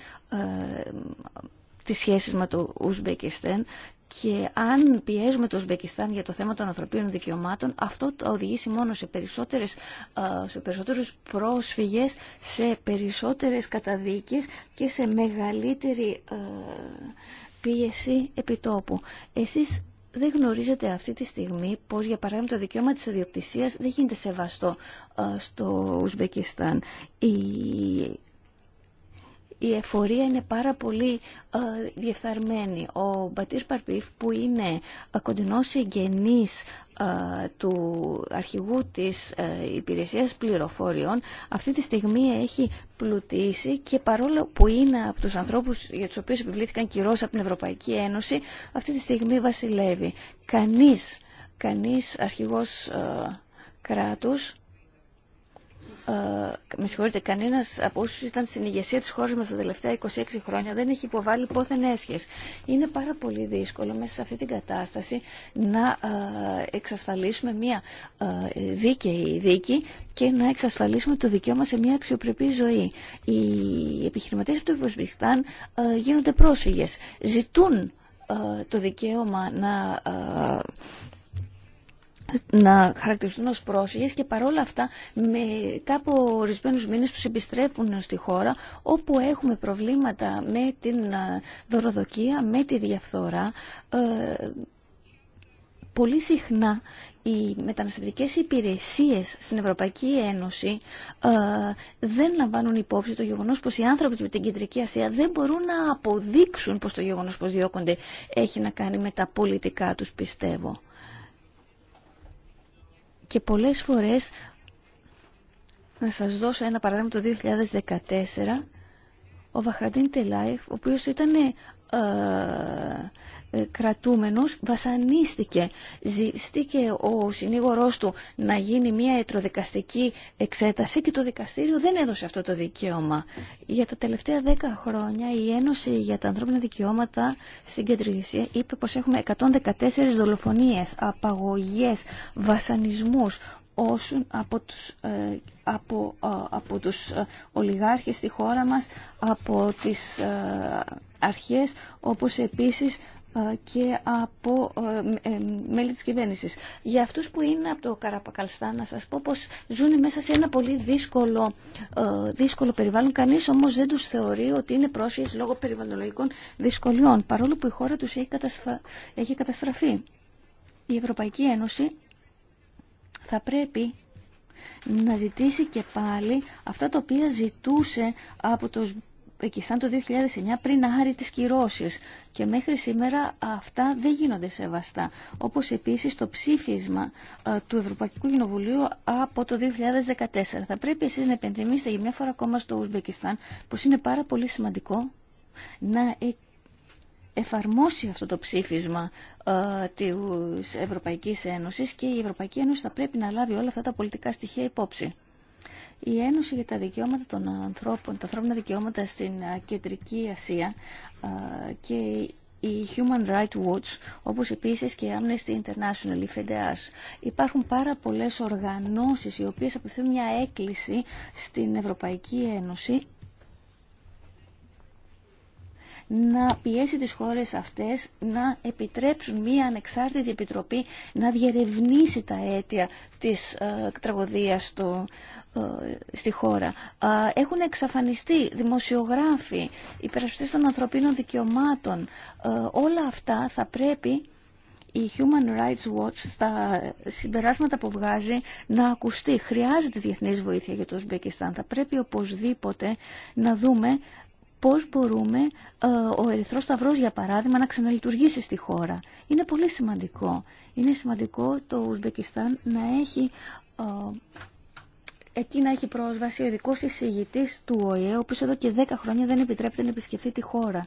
τις σχέσεις με το Ουσμπεκιστέν και αν πιέζουμε το Ουσμπεκιστάν για το θέμα των ανθρωπίνων δικαιωμάτων, αυτό θα οδηγήσει μόνο σε, περισσότερες, ε, σε πρόσφυγες, σε περισσότερες καταδίκες και σε μεγαλύτερη ε, πίεση επιτόπου. Εσείς δεν γνωρίζετε αυτή τη στιγμή πως για παράδειγμα το δικαίωμα της ιδιοκτησίας δεν γίνεται σεβαστό ε, στο Ουσμπεκιστάν. Η η εφορία είναι πάρα πολύ ε, διεφθαρμένη. Ο Μπατήρ Παρπίφ που είναι ε, κοντινός συγγενής ε, του αρχηγού της ε, υπηρεσίας πληροφοριών αυτή τη στιγμή έχει πλουτίσει και παρόλο που είναι από τους ανθρώπους για τους οποίους επιβλήθηκαν κυρώσεις από την Ευρωπαϊκή Ένωση αυτή τη στιγμή βασιλεύει. Κανείς, κανείς αρχηγός κράτους ε, με συγχωρείτε, κανένα από όσου ήταν στην ηγεσία τη χώρα μα τα τελευταία 26 χρόνια δεν έχει υποβάλει πόθεν έσχε. Είναι πάρα πολύ δύσκολο μέσα σε αυτή την κατάσταση να ε, εξασφαλίσουμε μια ε, δίκαιη δίκη και να εξασφαλίσουμε το δικαίωμα σε μια αξιοπρεπή ζωή. Οι επιχειρηματίε του Ουσμπεκιστάν γίνονται πρόσφυγε. Ζητούν το δικαίωμα να να χαρακτηριστούν ως πρόσφυγες και παρόλα αυτά μετά από ορισμένου μήνες τους επιστρέφουν στη χώρα όπου έχουμε προβλήματα με την ε, δωροδοκία, με τη διαφθορά. Ε, πολύ συχνά οι μεταναστευτικές υπηρεσίες στην Ευρωπαϊκή Ένωση ε, δεν λαμβάνουν υπόψη το γεγονός πως οι άνθρωποι με την Κεντρική Ασία δεν μπορούν να αποδείξουν πως το γεγονός πως διώκονται έχει να κάνει με τα πολιτικά τους πιστεύω και πολλές φορές να σας δώσω ένα παράδειγμα το 2014 ο Βαχραντίν Τελάιφ ο οποίος ήταν ε, ε, κρατούμενος βασανίστηκε. Ζητήκε ο συνήγορός του να γίνει μια ετροδικαστική εξέταση και το δικαστήριο δεν έδωσε αυτό το δικαίωμα. Για τα τελευταία δέκα χρόνια η Ένωση για τα Ανθρώπινα Δικαιώματα στην Κεντρική είπε πως έχουμε 114 δολοφονίες, απαγωγές, βασανισμούς, όσων από τους, ε, από, ε, από τους ολιγάρχες στη χώρα μας, από τις αρχές, όπως επίσης ε, και από ε, ε, μέλη της κυβέρνησης. Για αυτούς που είναι από το Καραπακαλστά να σας πω πως ζουν μέσα σε ένα πολύ δύσκολο, δύσκολο περιβάλλον. Κανείς όμως δεν τους θεωρεί ότι είναι πρόσφυγες λόγω περιβαλλοντολογικών δυσκολιών παρόλο που η χώρα τους έχει, έχει καταστραφεί. Η Ευρωπαϊκή Ένωση θα πρέπει να ζητήσει και πάλι αυτά τα οποία ζητούσε από τους Πακιστάν το 2009 πριν άρει τις κυρώσεις και μέχρι σήμερα αυτά δεν γίνονται σεβαστά. Όπως επίσης το ψήφισμα ε, του Ευρωπαϊκού Κοινοβουλίου από το 2014. Θα πρέπει εσείς να επενθυμίσετε για μια φορά ακόμα στο Ουσμπεκιστάν που είναι πάρα πολύ σημαντικό να ε, εφαρμόσει αυτό το ψήφισμα ε, της Ευρωπαϊκής Ένωσης και η Ευρωπαϊκή Ένωση θα πρέπει να λάβει όλα αυτά τα πολιτικά στοιχεία υπόψη. Η Ένωση για τα Δικαιώματα των Ανθρώπων, τα ανθρώπινα δικαιώματα στην ε, Κεντρική Ασία ε, και η Human Rights Watch, όπως επίσης και η Amnesty International, η FEDEAS. Υπάρχουν πάρα πολλές οργανώσεις οι οποίες απευθύνουν μια έκκληση στην Ευρωπαϊκή Ένωση να πιέσει τις χώρες αυτές να επιτρέψουν μία ανεξάρτητη επιτροπή να διερευνήσει τα αίτια της ε, τραγωδίας ε, στη χώρα. έχουν εξαφανιστεί δημοσιογράφοι, υπερασπιστές των ανθρωπίνων δικαιωμάτων. Ε, όλα αυτά θα πρέπει η Human Rights Watch στα συμπεράσματα που βγάζει να ακουστεί. Χρειάζεται διεθνής βοήθεια για το Ουσμπεκιστάν. Θα πρέπει οπωσδήποτε να δούμε πώς μπορούμε ε, ο Ερυθρός Σταυρός, για παράδειγμα, να ξαναλειτουργήσει στη χώρα. Είναι πολύ σημαντικό. Είναι σημαντικό το Ουσμπεκιστάν να έχει... Ε, εκεί να έχει πρόσβαση ο ειδικό εισηγητή του ΟΗΕ, ο οποίο εδώ και 10 χρόνια δεν επιτρέπεται να επισκεφθεί τη χώρα.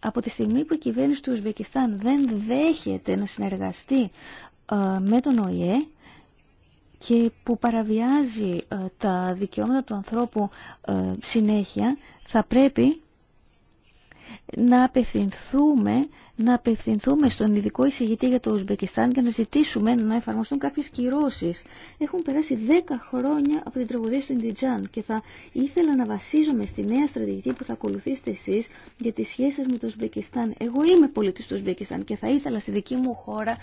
Από τη στιγμή που η κυβέρνηση του Ουσβεκιστάν δεν δέχεται να συνεργαστεί ε, με τον ΟΗΕ, και που παραβιάζει ε, τα δικαιώματα του ανθρώπου ε, συνέχεια, θα πρέπει να απευθυνθούμε να απευθυνθούμε στον ειδικό εισηγητή για το Ουσμπεκιστάν και να ζητήσουμε να εφαρμοστούν κάποιες κυρώσεις. Έχουν περάσει 10 χρόνια από την τραγωδία στην Τιτζάν και θα ήθελα να βασίζομαι στη νέα στρατηγική που θα ακολουθήσετε εσείς για τις σχέσεις με το Ουσμπεκιστάν. Εγώ είμαι πολίτης του Ουσμπεκιστάν και θα ήθελα στη δική μου χώρα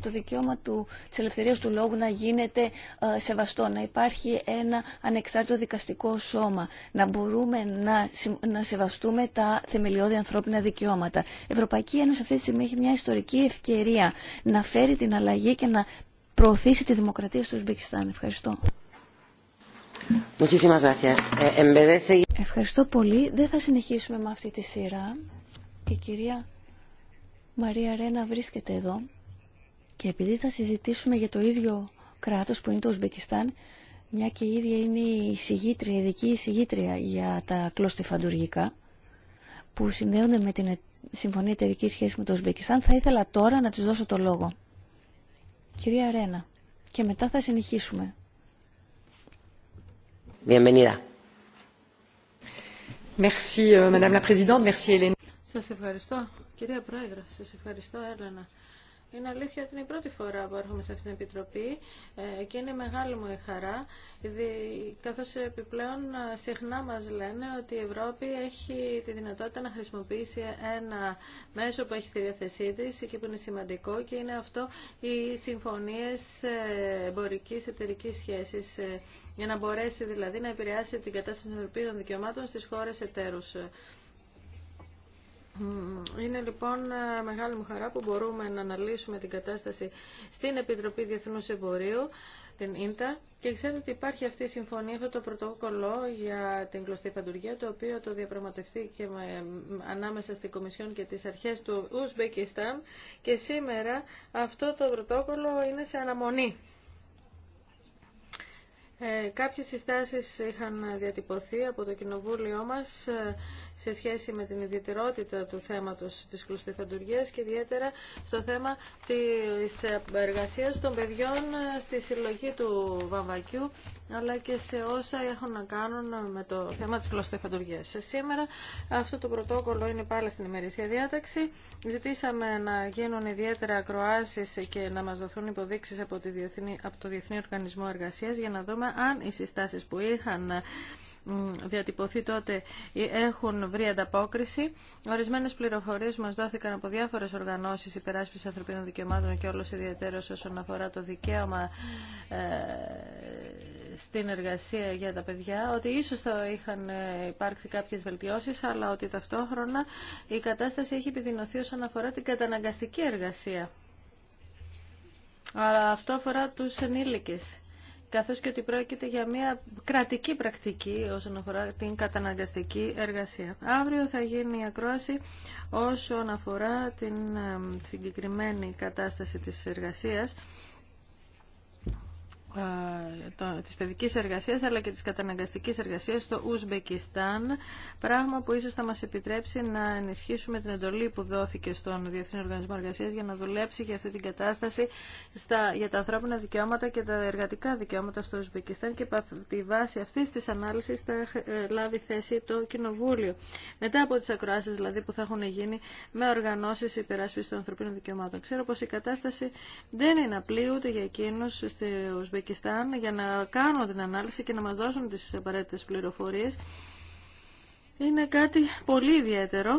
το δικαίωμα του, της του λόγου να γίνεται ε, σεβαστό, να υπάρχει ένα ανεξάρτητο δικαστικό σώμα, να μπορούμε να, σεβαστούμε τα θεμελιώδη ανθρώπινα δικαιώματα. Ευρωπαϊκή Ένωση αυτή τη στιγμή έχει μια ιστορική ευκαιρία να φέρει την αλλαγή και να προωθήσει τη δημοκρατία στο Ουσμπεκιστάν. Ευχαριστώ. Ε, Ευχαριστώ πολύ. Δεν θα συνεχίσουμε με αυτή τη σειρά. Η κυρία Μαρία Ρένα βρίσκεται εδώ και επειδή θα συζητήσουμε για το ίδιο κράτος που είναι το Ουσμπεκιστάν, μια και η ίδια είναι η ειδική εισηγήτρια για τα κλωστιφαντουργικά που συνδέονται με την Συμφωνία Εταιρική Σχέση με το Ουσμπεκιστάν. Θα ήθελα τώρα να τη δώσω το λόγο. Κυρία Ρένα. Και μετά θα συνεχίσουμε. Bienvenida. Merci, euh, Madame la Présidente. Merci, Σας ευχαριστώ, κυρία Πρόεδρε. Σας ευχαριστώ, Έλενα. Είναι αλήθεια ότι είναι η πρώτη φορά που έρχομαι σε αυτήν την Επιτροπή ε, και είναι μεγάλη μου η χαρά, καθώς επιπλέον ε, συχνά μας λένε ότι η Ευρώπη έχει τη δυνατότητα να χρησιμοποιήσει ένα μέσο που έχει στη διάθεσή της και που είναι σημαντικό και είναι αυτό οι συμφωνίες ε, εμπορικής εταιρικής σχέσης για να μπορέσει δηλαδή να επηρεάσει την κατάσταση των ανθρωπίνων δικαιωμάτων στις χώρες εταίρους. Είναι λοιπόν ε, μεγάλη μου χαρά που μπορούμε να αναλύσουμε την κατάσταση στην Επιτροπή Διεθνούς Εμπορίου, την ΙΝΤΑ, και ξέρετε ότι υπάρχει αυτή η συμφωνία, αυτό το πρωτόκολλο για την κλωστή παντουργία το οποίο το διαπραγματευτεί και ε, ανάμεσα στην Κομισιόν και τις αρχές του Ουσμπεκιστάν και σήμερα αυτό το πρωτόκολλο είναι σε αναμονή. Ε, κάποιες συστάσεις είχαν διατυπωθεί από το κοινοβούλιο μας ε, σε σχέση με την ιδιαιτερότητα του θέματος της κλωστηθαντουργίας και ιδιαίτερα στο θέμα της εργασίας των παιδιών στη συλλογή του βαμβακιού αλλά και σε όσα έχουν να κάνουν με το θέμα της Σε Σήμερα αυτό το πρωτόκολλο είναι πάλι στην ημερήσια διάταξη. Ζητήσαμε να γίνουν ιδιαίτερα ακροάσεις και να μας δοθούν υποδείξεις από, από το Διεθνή Οργανισμό Εργασίας για να δούμε αν οι συστάσεις που είχαν διατυπωθεί τότε έχουν βρει ανταπόκριση. Ορισμένε πληροφορίες μας δόθηκαν από διάφορες οργανώσεις υπεράσπισης ανθρωπίνων δικαιωμάτων και όλο ιδιαίτερω όσον αφορά το δικαίωμα ε, στην εργασία για τα παιδιά, ότι ίσως θα είχαν ε, υπάρξει κάποιες βελτιώσεις, αλλά ότι ταυτόχρονα η κατάσταση έχει επιδεινωθεί όσον αφορά την καταναγκαστική εργασία. Αλλά αυτό αφορά τους ενήλικες καθώς και ότι πρόκειται για μια κρατική πρακτική όσον αφορά την καταναγκαστική εργασία. Αύριο θα γίνει η ακρόαση όσον αφορά την ε, συγκεκριμένη κατάσταση της εργασίας της παιδικής εργασίας αλλά και της καταναγκαστικής εργασίας στο Ουσμπεκιστάν, πράγμα που ίσως θα μας επιτρέψει να ενισχύσουμε την εντολή που δόθηκε στον Διεθνή Οργανισμό Εργασίας για να δουλέψει για αυτή την κατάσταση στα, για τα ανθρώπινα δικαιώματα και τα εργατικά δικαιώματα στο Ουσμπεκιστάν και τη βάση αυτής της ανάλυσης θα ε, λάβει θέση το Κοινοβούλιο. Μετά από τις ακροάσεις δηλαδή που θα έχουν γίνει με οργανώσεις υπεράσπισης των ανθρωπίνων δικαιωμάτων. Ξέρω πως η κατάσταση δεν είναι απλή ούτε για εκείνους στο Ουσμπεκιστάν για να κάνουν την ανάλυση και να μας δώσουν τις απαραίτητες πληροφορίες. Είναι κάτι πολύ ιδιαίτερο.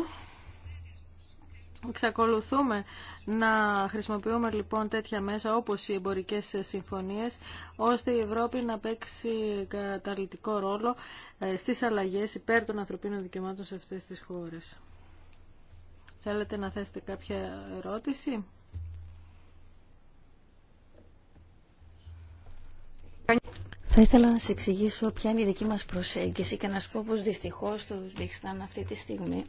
Εξακολουθούμε να χρησιμοποιούμε λοιπόν τέτοια μέσα όπως οι εμπορικές συμφωνίες ώστε η Ευρώπη να παίξει καταλητικό ρόλο ε, στις αλλαγές υπέρ των ανθρωπίνων δικαιωμάτων σε αυτές τις χώρες. Θέλετε να θέσετε κάποια ερώτηση. Θα ήθελα να σε εξηγήσω ποια είναι η δική μας προσέγγιση και να σα πω πως δυστυχώς το Ουσμπεκιστάν αυτή τη στιγμή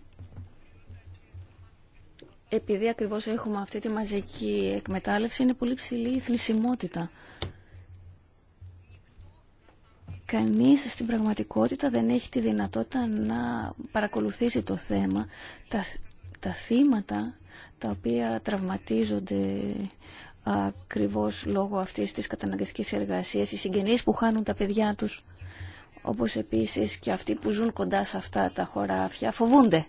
επειδή ακριβώς έχουμε αυτή τη μαζική εκμετάλλευση είναι πολύ ψηλή η θλισιμότητα. Κανείς στην πραγματικότητα δεν έχει τη δυνατότητα να παρακολουθήσει το θέμα. Τα, τα θύματα τα οποία τραυματίζονται ακριβώς λόγω αυτής της καταναγκαστικής εργασίας, οι συγγενείς που χάνουν τα παιδιά τους, όπως επίσης και αυτοί που ζουν κοντά σε αυτά τα χωράφια, φοβούνται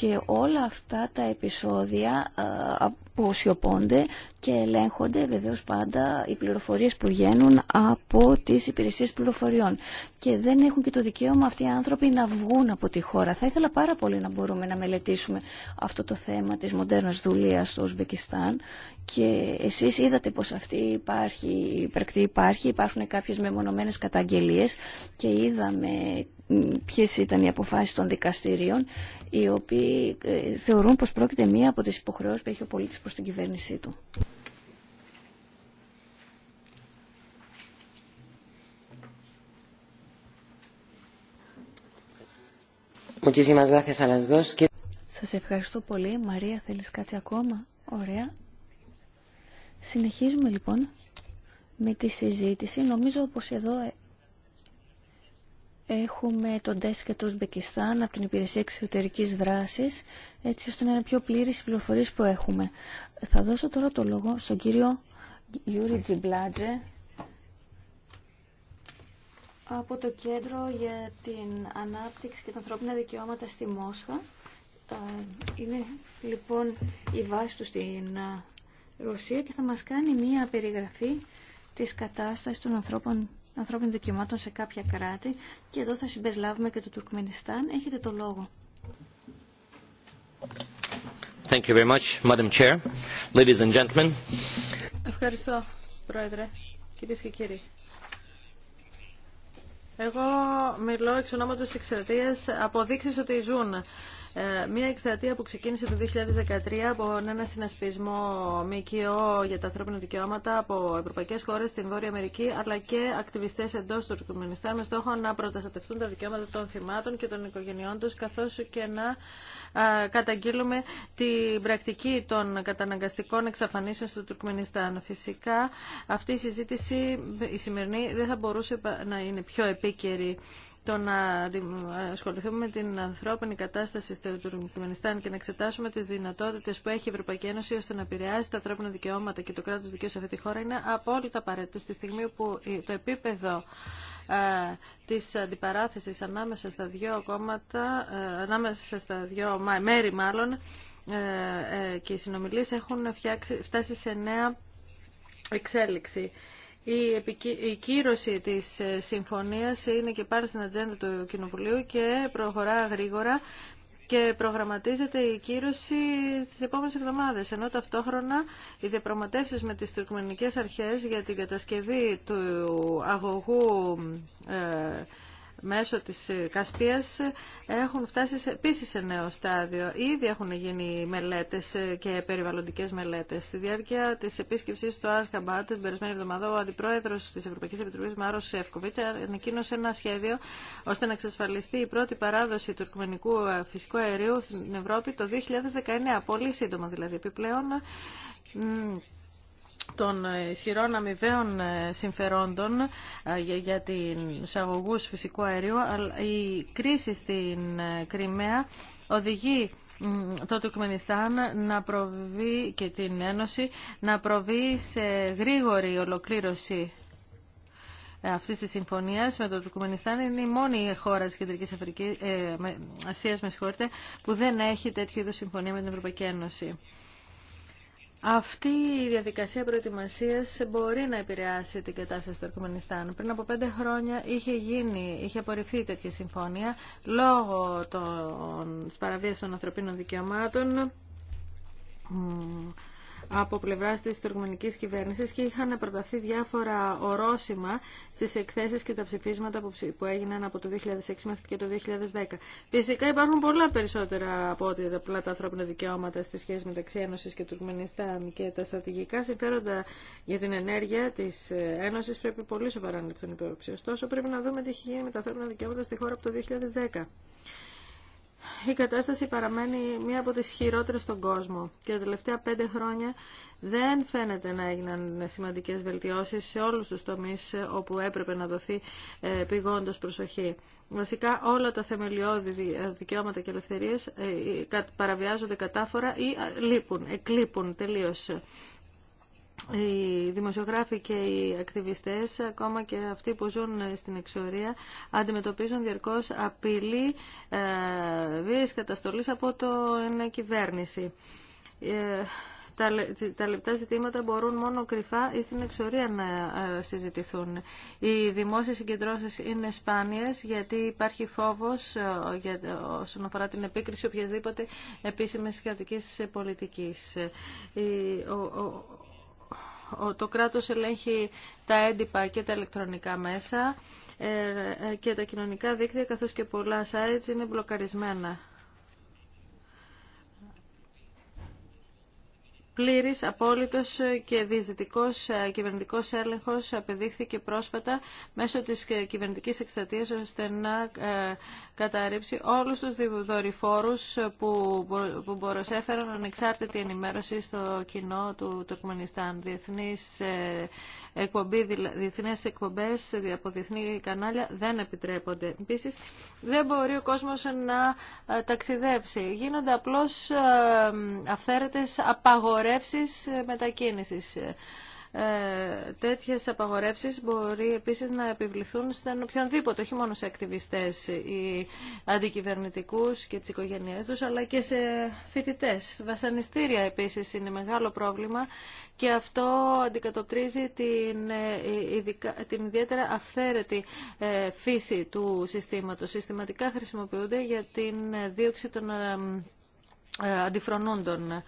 και όλα αυτά τα επεισόδια ε, αποσιωπώνται και ελέγχονται βεβαίως πάντα οι πληροφορίες που γίνουν από τις υπηρεσίες πληροφοριών και δεν έχουν και το δικαίωμα αυτοί οι άνθρωποι να βγουν από τη χώρα. Θα ήθελα πάρα πολύ να μπορούμε να μελετήσουμε αυτό το θέμα της μοντέρνας δουλείας στο Ουσβεκιστάν. και εσείς είδατε πως αυτή υπάρχει, υπάρχει, υπάρχουν κάποιες μεμονωμένες καταγγελίες και είδαμε ποιες ήταν οι αποφάσεις των δικαστηρίων οι οποίοι ε, θεωρούν πως πρόκειται μία από τις υποχρεώσεις που έχει ο πολίτης προς την κυβέρνησή του. Σας ευχαριστώ πολύ. Μαρία, θέλεις κάτι ακόμα. Ωραία. Συνεχίζουμε λοιπόν με τη συζήτηση. Νομίζω πως εδώ Έχουμε τον ΤΕΣ και το Ουσμπεκιστάν από την Υπηρεσία Εξωτερικής Δράσης, έτσι ώστε να είναι πιο πλήρης οι πληροφορίες που έχουμε. Θα δώσω τώρα το λόγο στον κύριο Γιούρι Τζιμπλάτζε από το Κέντρο για την Ανάπτυξη και τα Ανθρώπινα Δικαιώματα στη Μόσχα. Είναι λοιπόν η βάση του στην ε, Ρωσία και θα μας κάνει μία περιγραφή της κατάστασης των ανθρώπων ανθρώπινων δικαιωμάτων σε κάποια κράτη και εδώ θα συμπεριλάβουμε και το Τουρκμενιστάν. Έχετε το λόγο. Ευχαριστώ, Πρόεδρε, κυρίες και κύριοι. Εγώ μιλώ εξ ονόματος της εξαιρετίας αποδείξεις ότι ζουν. Ε, μια εκστρατεία που ξεκίνησε το 2013 από ένα συνασπισμό ΜΚΟ για τα ανθρώπινα δικαιώματα από ευρωπαϊκές χώρες στην Βόρεια Αμερική αλλά και ακτιβιστές εντός του Τουρκμενιστάν με στόχο να προστατευτούν τα δικαιώματα των θυμάτων και των οικογενειών τους καθώς και να καταγγείλουμε την πρακτική των καταναγκαστικών εξαφανίσεων στο Τουρκμενιστάν. Φυσικά αυτή η συζήτηση η σημερινή δεν θα μπορούσε να είναι πιο επίκαιρη το να ασχοληθούμε με την ανθρώπινη κατάσταση στο Τουρκμενιστάν και να εξετάσουμε τι δυνατότητε που έχει η Ευρωπαϊκή Ένωση ώστε να επηρεάσει τα ανθρώπινα δικαιώματα και το κράτο δικαίου σε αυτή τη χώρα είναι απόλυτα απαραίτητο στη στιγμή που το επίπεδο ε, της αντιπαράθεση ανάμεσα στα δύο κόμματα, ε, ανάμεσα στα δύο μέρη μάλλον ε, και οι συνομιλίε έχουν φτάσει σε νέα εξέλιξη. Η κύρωση της ε, συμφωνίας είναι και πάρα στην ατζέντα του Κοινοβουλίου και προχωρά γρήγορα και προγραμματίζεται η κύρωση στις επόμενες εβδομάδες, ενώ ταυτόχρονα οι διαπραγματεύσεις με τις τουρκμενικές αρχές για την κατασκευή του αγωγού ε, μέσω της ε, Κασπίας ε, έχουν φτάσει επίση επίσης σε νέο στάδιο. Ήδη έχουν γίνει μελέτες ε, και περιβαλλοντικές μελέτες. Στη διάρκεια της επίσκεψης στο Άσχαμπατ την περασμένη εβδομάδα, ο Αντιπρόεδρος της Ευρωπαϊκής Επιτροπής Μάρος Σεύκοβιτσα ανακοίνωσε ένα σχέδιο ώστε να εξασφαλιστεί η πρώτη παράδοση του τουρκμενικού φυσικού αερίου στην Ευρώπη το 2019, πολύ σύντομα δηλαδή επιπλέον των ισχυρών αμοιβαίων ε, συμφερόντων ε, για την αγωγούς φυσικού αερίου, η κρίση στην ε, Κρυμαία οδηγεί το Τουρκμενιστάν να προβεί και την Ένωση να προβεί σε γρήγορη ολοκλήρωση αυτή τη συμφωνία με το Τουρκμενιστάν είναι η μόνη χώρα τη Κεντρική Αφρική, Ασίας, με που δεν έχει τέτοιου είδου συμφωνία με την Ευρωπαϊκή Ένωση. Αυτή η διαδικασία προετοιμασία μπορεί να επηρεάσει την κατάσταση του Τουρκμενιστάν. Πριν από πέντε χρόνια είχε γίνει, είχε απορριφθεί τέτοια συμφωνία λόγω τη παραβίασης των ανθρωπίνων δικαιωμάτων από πλευρά τη τουρκμενική κυβέρνηση και είχαν προταθεί διάφορα ορόσημα στι εκθέσει και τα ψηφίσματα που έγιναν από το 2006 μέχρι και το 2010. Φυσικά υπάρχουν πολλά περισσότερα από ό,τι απλά τα ανθρώπινα δικαιώματα στη σχέση μεταξύ Ένωση και Τουρκμενιστάν και τα στρατηγικά συμφέροντα για την ενέργεια τη ε, Ένωση πρέπει πολύ σοβαρά να ληφθούν υπόψη. Ωστόσο, πρέπει να δούμε τι έχει γίνει με τα ανθρώπινα δικαιώματα στη χώρα από το 2010 η κατάσταση παραμένει μία από τις χειρότερες στον κόσμο και τα τελευταία πέντε χρόνια δεν φαίνεται να έγιναν σημαντικές βελτιώσεις σε όλους τους τομείς όπου έπρεπε να δοθεί ε, πηγόντως προσοχή. Βασικά όλα τα θεμελιώδη ε, δικαιώματα και ελευθερίες ε, παραβιάζονται κατάφορα ή λείπουν, εκλείπουν τελείως οι δημοσιογράφοι και οι ακτιβιστές, ακόμα και αυτοί που ζουν στην εξορία, αντιμετωπίζουν διαρκώς απειλή ε, βίαιης καταστολής από την κυβέρνηση. Ε, τα, λεπτά ζητήματα μπορούν μόνο κρυφά ή στην εξορία να ε, συζητηθούν. Οι δημόσιες συγκεντρώσεις είναι σπάνιες γιατί υπάρχει φόβος ε, για, όσον αφορά την επίκριση οποιασδήποτε επίσημης κρατικής πολιτικής. ο, το κράτος ελέγχει τα έντυπα και τα ηλεκτρονικά μέσα ε, ε, και τα κοινωνικά δίκτυα καθώς και πολλά sites είναι μπλοκαρισμένα. Πλήρης, απόλυτος και διαιτητικός ε, κυβερνητικός έλεγχος απεδείχθηκε πρόσφατα μέσω της κυβερνητικής εκστρατείας ώστε να ε, καταρρύψει όλους τους δορυφόρους που μποροσέφεραν ανεξάρτητη ενημέρωση στο κοινό του Τουρκμενιστάν. Διεθνείς, ε, εκπομπέ εκπομπές από διεθνή κανάλια δεν επιτρέπονται. Επίσης, δεν μπορεί ο κόσμος να ταξιδέψει. Γίνονται απλώς αυθαίρετες απαγορές απαγορεύσεις ε, μετακίνησης. Ε, τέτοιες απαγορεύσεις μπορεί επίσης να επιβληθούν στον οποιονδήποτε, όχι μόνο σε ακτιβιστές ή αντικυβερνητικούς και τις οικογένειές τους, αλλά και σε φοιτητές. Βασανιστήρια επίσης είναι μεγάλο πρόβλημα και αυτό αντικατοπτρίζει την, ε, την ιδιαίτερα αυθαίρετη ε, φύση του συστήματος. Συστηματικά χρησιμοποιούνται για την δίωξη των αντιφρονούντων.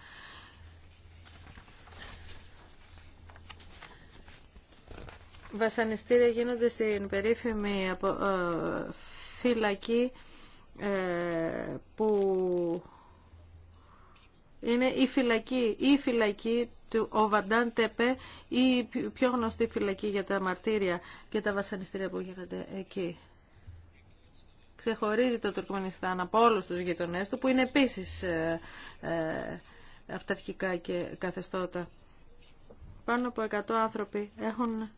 βασανιστήρια γίνονται στην περίφημη ε, φυλακή ε, που είναι η φυλακή, η φυλακή του Οβαντάν Τεπέ ή πιο γνωστή φυλακή για τα μαρτύρια και τα βασανιστήρια που γίνονται εκεί. Ξεχωρίζει το Τουρκμενιστάν από όλους τους γειτονές του που είναι επίσης ε, αυταρχικά και καθεστώτα. Πάνω από 100 άνθρωποι έχουν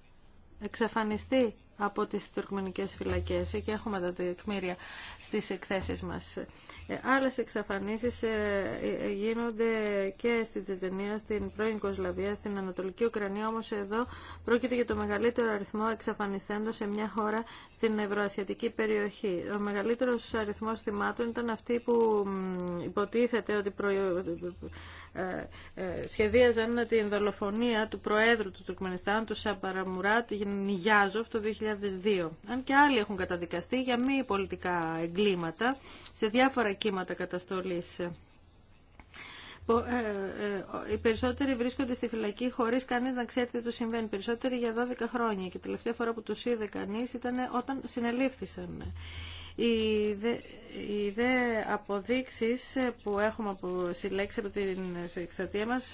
εξαφανιστεί από τις τουρκμενικές φυλακές και έχουμε τα τεκμήρια στις εκθέσεις μας. Ε, άλλες εξαφανίσεις ε, ε, γίνονται και στην Τσετσενία, στην πρώην Κοσλαβία, στην Ανατολική Ουκρανία, όμως εδώ πρόκειται για το μεγαλύτερο αριθμό εξαφανιστέντων σε μια χώρα στην Ευρωασιατική περιοχή. Ο μεγαλύτερος αριθμός θυμάτων ήταν αυτοί που υποτίθεται ότι προ... σχεδίαζαν την δολοφονία του Προέδρου του Τουρκμενιστάν, του Σαμπαραμουράτ Νιγιάζοφ, το 2002. Αν και άλλοι έχουν καταδικαστεί για μη πολιτικά εγκλήματα σε διάφορα κύματα καταστολής. Ε, ε, ε, οι περισσότεροι βρίσκονται στη φυλακή χωρί κανεί να ξέρει τι του συμβαίνει. Περισσότεροι για 12 χρόνια. Και τελευταία φορά που του είδε κανεί ήταν όταν συνελήφθησαν οι δε αποδείξεις που έχουμε συλλέξει από την εξαρτία μας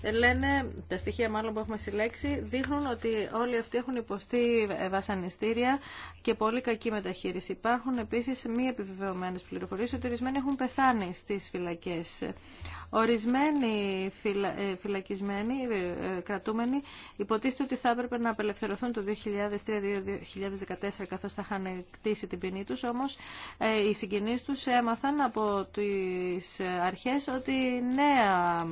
ε, λένε, τα στοιχεία μάλλον που έχουμε συλλέξει, δείχνουν ότι όλοι αυτοί έχουν υποστεί βασανιστήρια και πολύ κακή μεταχείριση. Υπάρχουν επίσης μη επιβεβαιωμένες πληροφορίες ότι ορισμένοι έχουν πεθάνει στις φυλακές. Ορισμένοι ε, φυλακισμένοι, ε, κρατούμενοι, υποτίθεται ότι θα έπρεπε να απελευθερωθούν το 2003-2014 καθώς θα είχαν κτίσει την ποινή τους, όμως ε, οι συγγενείς τους έμαθαν από τις αρχές ότι νέα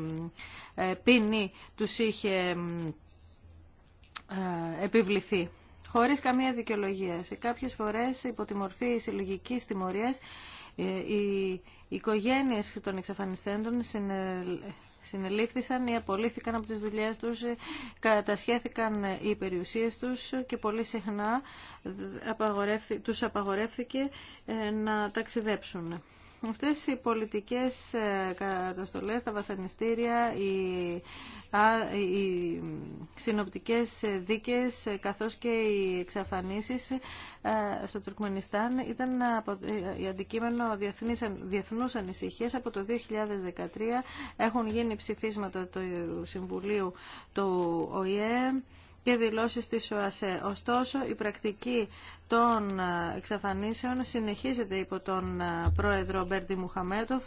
ε, ποινή τους είχε ε, επιβληθεί χωρίς καμία δικαιολογία. Σε κάποιες φορές υπό τη μορφή συλλογική τιμωρίας οι οικογένειες των εξαφανιστέντων συνελήφθησαν ή απολύθηκαν από τις δουλειές τους, ε, κατασχέθηκαν ε, οι περιουσίες τους και πολύ συχνά ε, τους απαγορεύθηκε να ταξιδέψουν. Αυτές οι πολιτικές ε, καταστολές, τα βασανιστήρια, οι συνοπτικές δίκες καθώς και οι εξαφανίσεις ε, στο Τουρκμενιστάν ήταν η ε, αντικείμενο διεθνούς ανησυχίες. Από το 2013 έχουν γίνει ψηφίσματα του Συμβουλίου του ΟΗΕ και δηλώσεις της ΟΑΣΕ. Ωστόσο, η πρακτική των ε, εξαφανίσεων συνεχίζεται υπό τον ε, πρόεδρο Μπέρντι Μουχαμέτοφ,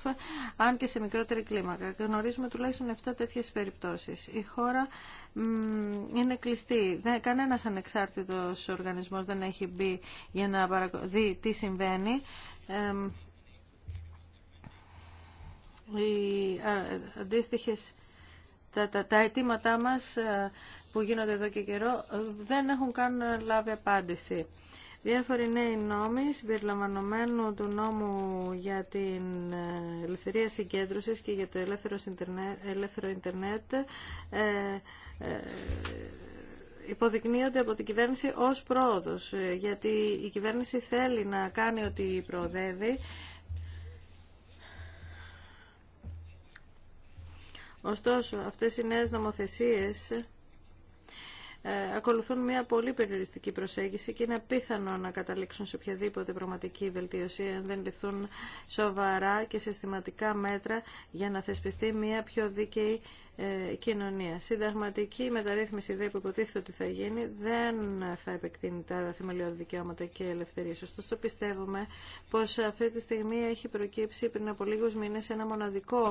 αν και σε μικρότερη κλίμακα. Γνωρίζουμε τουλάχιστον 7 τέτοιες περιπτώσεις. Η χώρα είναι κλειστή. Δεν Κανένας ανεξάρτητος οργανισμός δεν έχει μπει για να δει τι συμβαίνει. Οι ε, αντίστοιχες τα, τα, τα αιτήματά μας που γίνονται εδώ και καιρό δεν έχουν καν λάβει απάντηση. Διάφοροι νέοι νόμοι συμπεριλαμβανομένου του νόμου για την ε, ελευθερία συγκέντρωσης και για το ελεύθερο, ελεύθερο ίντερνετ ε, ε, υποδεικνύονται από την κυβέρνηση ως πρόοδος, γιατί η κυβέρνηση θέλει να κάνει ότι προοδεύει. Ωστόσο, αυτές οι νέες νομοθεσίες ε, ακολουθούν μια πολύ περιοριστική προσέγγιση και είναι πιθανό να καταλήξουν σε οποιαδήποτε πραγματική βελτίωση αν δεν ληφθούν σοβαρά και συστηματικά μέτρα για να θεσπιστεί μια πιο δίκαιη ε, κοινωνία. Συνταγματική μεταρρύθμιση δε που υποτίθεται ότι θα γίνει δεν θα επεκτείνει τα θεμελιώδη δικαιώματα και ελευθερία Ωστόσο πιστεύουμε πω αυτή τη στιγμή έχει προκύψει πριν από λίγους μήνες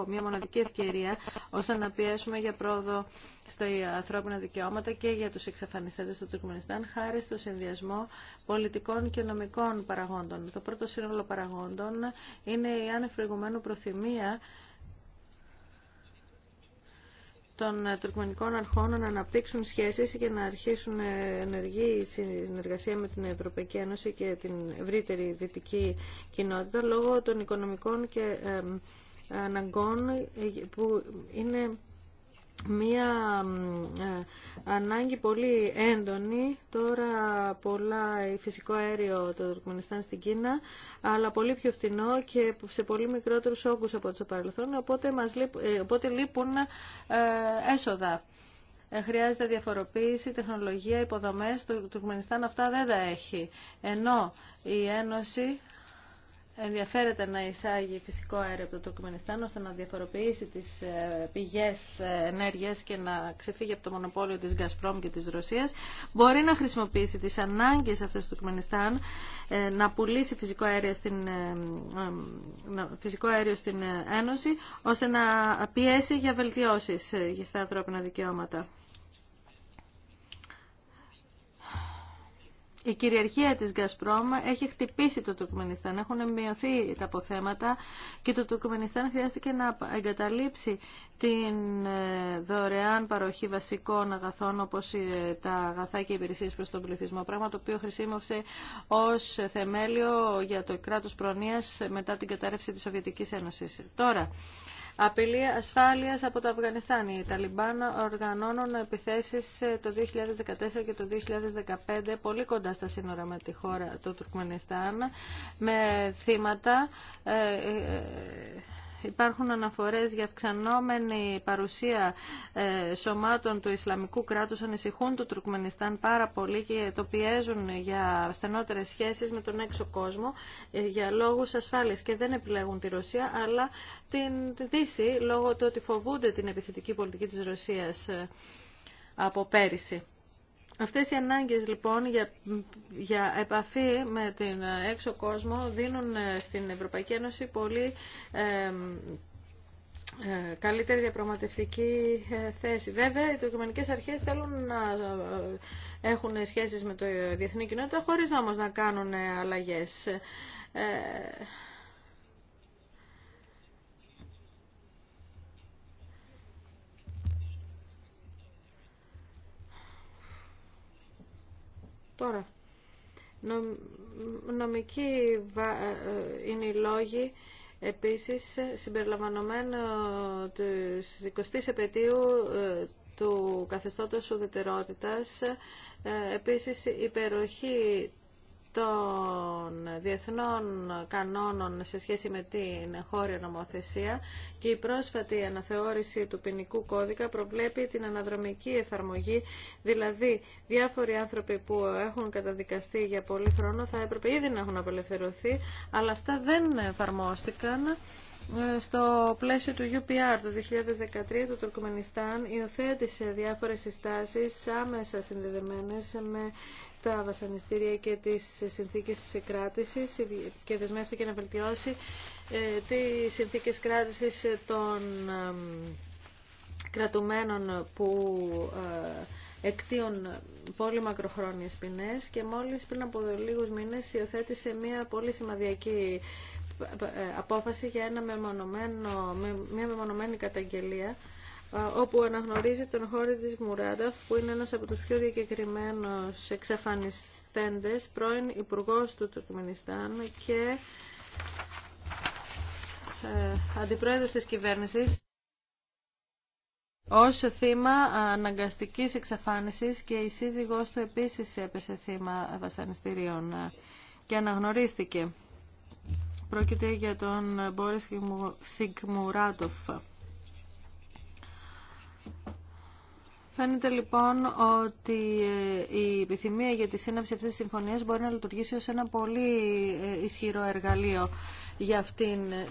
μια μοναδική ευκαιρία ώστε να πιέσουμε για πρόοδο στα ανθρώπινα δικαιώματα και για του εξαφανιστέ του Τουρκμενιστάν χάρη στο συνδυασμό πολιτικών και νομικών παραγόντων. Το πρώτο σύνολο παραγόντων είναι η άνευ προθυμία των ε, τουρκμενικών αρχών να αναπτύξουν σχέσεις και να αρχίσουν ε, ενεργή συνεργασία με την Ευρωπαϊκή Ένωση και την ευρύτερη δυτική κοινότητα λόγω των οικονομικών και ε, αναγκών που είναι μία ε, ανάγκη πολύ έντονη. Τώρα πολλά ε, φυσικό αέριο το Τουρκμενιστάν στην Κίνα, αλλά πολύ πιο φτηνό και σε πολύ μικρότερους όγκους από το παρελθόν, οπότε, μας ε, οπότε λείπουν έσοδα. Χρειάζεται διαφοροποίηση, τεχνολογία, υποδομές. Το Τουρκμενιστάν αυτά δεν τα έχει. Ενώ η Ένωση ενδιαφέρεται να εισάγει φυσικό αέριο από το Τουρκμενιστάν ώστε να διαφοροποιήσει τις ε, πηγές ε, ενέργειας και να ξεφύγει από το μονοπόλιο της Γκασπρόμ και της Ρωσίας. Μπορεί να χρησιμοποιήσει τις ανάγκες αυτές του Τουρκμενιστάν ε, να πουλήσει φυσικό αέριο στην, φυσικό αέριο στην Ένωση ώστε να πιέσει για βελτιώσεις στα ανθρώπινα δικαιώματα. η κυριαρχία της Γκάσπρομ έχει χτυπήσει το Τουρκμενιστάν. Έχουν μειωθεί τα αποθέματα και το Τουρκμενιστάν χρειάστηκε να εγκαταλείψει την ε, δωρεάν παροχή βασικών αγαθών όπως ε, τα αγαθά και υπηρεσίες προς τον πληθυσμό. Πράγμα το οποίο χρησιμεύσε ως θεμέλιο για το κράτος προνοίας μετά την κατάρρευση της Σοβιετικής Ένωσης. Τώρα, Απειλή ασφάλειας από το Αφγανιστάν. Οι Ταλιμπάν οργανώνουν επιθέσεις ε, το 2014 και το 2015 πολύ κοντά στα σύνορα με τη χώρα του Τουρκμενιστάν με θύματα ε, ε, Υπάρχουν αναφορές για αυξανόμενη παρουσία ε, σωμάτων του Ισλαμικού κράτους ανησυχούν το Τουρκμενιστάν πάρα πολύ και το πιέζουν για στενότερες σχέσεις με τον έξω κόσμο ε, για λόγους ασφάλειας και δεν επιλέγουν τη Ρωσία αλλά την Δύση λόγω του ότι φοβούνται την επιθετική πολιτική της Ρωσίας ε, από πέρυσι. Αυτές οι ανάγκες λοιπόν για, για επαφή με την ε, έξω κόσμο δίνουν ε, στην Ευρωπαϊκή Ένωση πολύ ε, καλύτερη διαπραγματευτική θέση. Βέβαια, οι τουρκμανικές αρχές θέλουν να έχουν σχέσεις με το διεθνή κοινότητα, χωρίς όμως να κάνουν αλλαγές. Τώρα, νομική ε, ε, είναι οι λόγοι επίσης ε, συμπεριλαμβανομένου της 20ης επαιτίου του καθεστώτος ουδετερότητας, επίσης υπεροχή των διεθνών κανόνων σε σχέση με την χώρια νομοθεσία και η πρόσφατη αναθεώρηση του ποινικού κώδικα προβλέπει την αναδρομική εφαρμογή, δηλαδή διάφοροι άνθρωποι που έχουν καταδικαστεί για πολύ χρόνο θα έπρεπε ήδη να έχουν απελευθερωθεί, αλλά αυτά δεν εφαρμόστηκαν. Στο πλαίσιο του UPR το 2013 το Τουρκμενιστάν υιοθέτησε διάφορες συστάσεις άμεσα συνδεδεμένες με τα βασανιστήρια και τις συνθήκες της κράτησης και δεσμεύτηκε να βελτιώσει ε, τις συνθήκες κράτησης των κρατουμένων που ε, εκτίων πολύ μακροχρόνιες ποινές και μόλις πριν από λίγους μήνες υιοθέτησε μια πολύ σημαδιακή ε, απόφαση για ένα μεμονωμένο, μια μεμονωμένη καταγγελία όπου αναγνωρίζει τον χώρο της Μουράνταφ, που είναι ένας από τους πιο διακεκριμένους εξαφανιστέντες, πρώην υπουργό του Τουρκμενιστάν και ε, αντιπρόεδρος της κυβέρνησης ως θύμα αναγκαστικής εξαφάνισης και η σύζυγός του επίσης έπεσε θύμα βασανιστήριων ε, και αναγνωρίστηκε. Πρόκειται για τον Μπόρις Σιγκμουράτοφ. Φαίνεται λοιπόν ότι ε, η επιθυμία για τη σύναψη αυτής της συμφωνίας μπορεί να λειτουργήσει ως ένα πολύ ε, ισχυρό εργαλείο για αυτήν. Ε,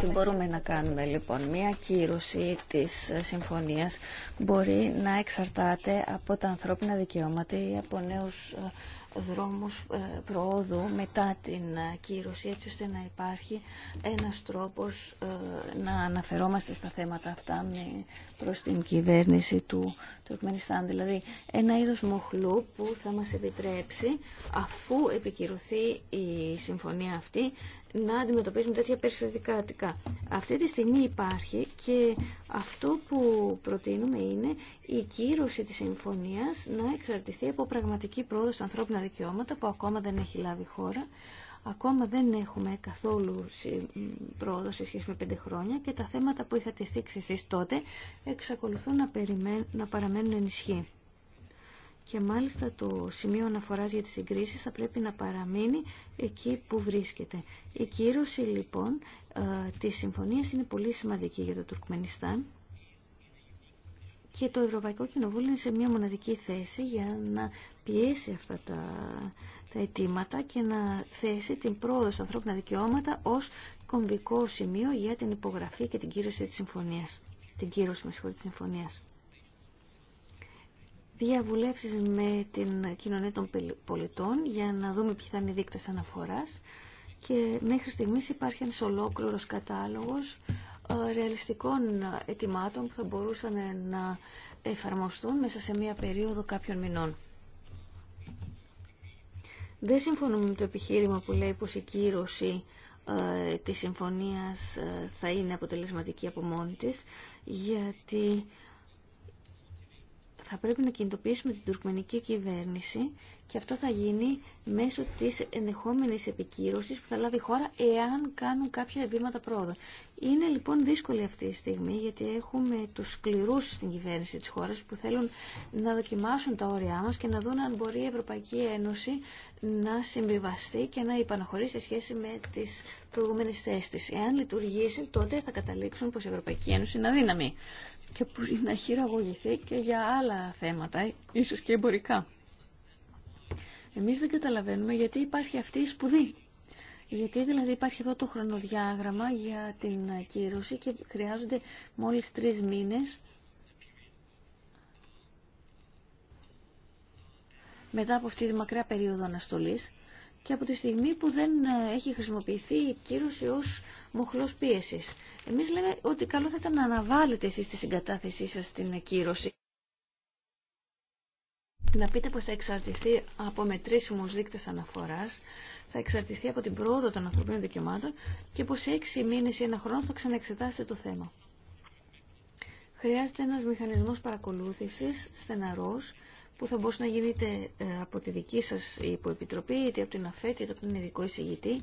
Τι μπορούμε να κάνουμε λοιπόν. Μία κύρωση της συμφωνίας μπορεί να εξαρτάται από τα ανθρώπινα δικαιώματα ή από νέους δρόμους ε, προόδου μετά την ε, κύρωση έτσι ώστε να υπάρχει ένας τρόπος ε, να αναφερόμαστε στα θέματα αυτά με προς την κυβέρνηση του Τουρκμενιστάν. Δηλαδή ένα είδος μοχλού που θα μας επιτρέψει αφού επικυρωθεί η συμφωνία αυτή να αντιμετωπίζουν τέτοια περιστατικά. Αυτή τη στιγμή υπάρχει και αυτό που προτείνουμε είναι η κύρωση της συμφωνίας να εξαρτηθεί από πραγματική πρόοδο στα ανθρώπινα δικαιώματα που ακόμα δεν έχει λάβει χώρα. Ακόμα δεν έχουμε καθόλου πρόοδο σε σχέση με πέντε χρόνια και τα θέματα που είχατε θίξει εσείς τότε εξακολουθούν να, να παραμένουν ενισχύ και μάλιστα το σημείο αναφοράς για τις συγκρίσεις θα πρέπει να παραμείνει εκεί που βρίσκεται. Η κύρωση λοιπόν ε, της συμφωνίας είναι πολύ σημαντική για το Τουρκμενιστάν και το Ευρωπαϊκό Κοινοβούλιο είναι σε μια μοναδική θέση για να πιέσει αυτά τα, τα αιτήματα και να θέσει την πρόοδο στα ανθρώπινα δικαιώματα ως κομβικό σημείο για την υπογραφή και την κύρωση της συμφωνία, Την κύρωση, με της συμφωνίας διαβουλεύσεις με την κοινωνία των πολιτών για να δούμε ποιοι θα είναι οι δείκτες αναφοράς και μέχρι στιγμής υπάρχει ένας ολόκληρος κατάλογος ε, ρεαλιστικών ετοιμάτων που θα μπορούσαν να εφαρμοστούν μέσα σε μία περίοδο κάποιων μηνών. Δεν συμφωνούμε με το επιχείρημα που λέει πως η κύρωση ε, της συμφωνίας ε, θα είναι αποτελεσματική από μόνη της, γιατί θα πρέπει να κινητοποιήσουμε την τουρκμενική κυβέρνηση και αυτό θα γίνει μέσω της ενδεχόμενης επικύρωσης που θα λάβει η χώρα εάν κάνουν κάποια βήματα πρόοδο. Είναι λοιπόν δύσκολη αυτή η στιγμή γιατί έχουμε τους σκληρούς στην κυβέρνηση της χώρας που θέλουν να δοκιμάσουν τα όρια μας και να δουν αν μπορεί η Ευρωπαϊκή Ένωση να συμβιβαστεί και να υπαναχωρήσει σε σχέση με τις προηγούμενες θέσεις της. Εάν λειτουργήσει τότε θα καταλήξουν πως η Ευρωπαϊκή Ένωση είναι αδύναμη και μπορεί να χειραγωγηθεί και για άλλα θέματα, ίσως και εμπορικά. Εμείς δεν καταλαβαίνουμε γιατί υπάρχει αυτή η σπουδή. Γιατί δηλαδή υπάρχει εδώ το χρονοδιάγραμμα για την ακύρωση και χρειάζονται μόλις τρεις μήνες μετά από αυτή τη μακρά περίοδο αναστολής και από τη στιγμή που δεν ε, έχει χρησιμοποιηθεί η κύρωση ως μοχλός πίεσης. Εμείς λέμε ότι καλό θα ήταν να αναβάλλετε εσείς τη συγκατάθεσή σας στην κύρωση. Να πείτε πως θα εξαρτηθεί από μετρήσιμού δείκτες αναφοράς, θα εξαρτηθεί από την πρόοδο των ανθρωπίνων δικαιωμάτων και πως σε έξι μήνες ή ένα χρόνο θα ξαναεξετάσετε το θέμα. Χρειάζεται ένας μηχανισμός παρακολούθησης στεναρός που θα μπορούσε να είτε ε, από τη δική σας υποεπιτροπή, είτε από την ΑΦΕΤ, είτε από τον ειδικό εισηγητή,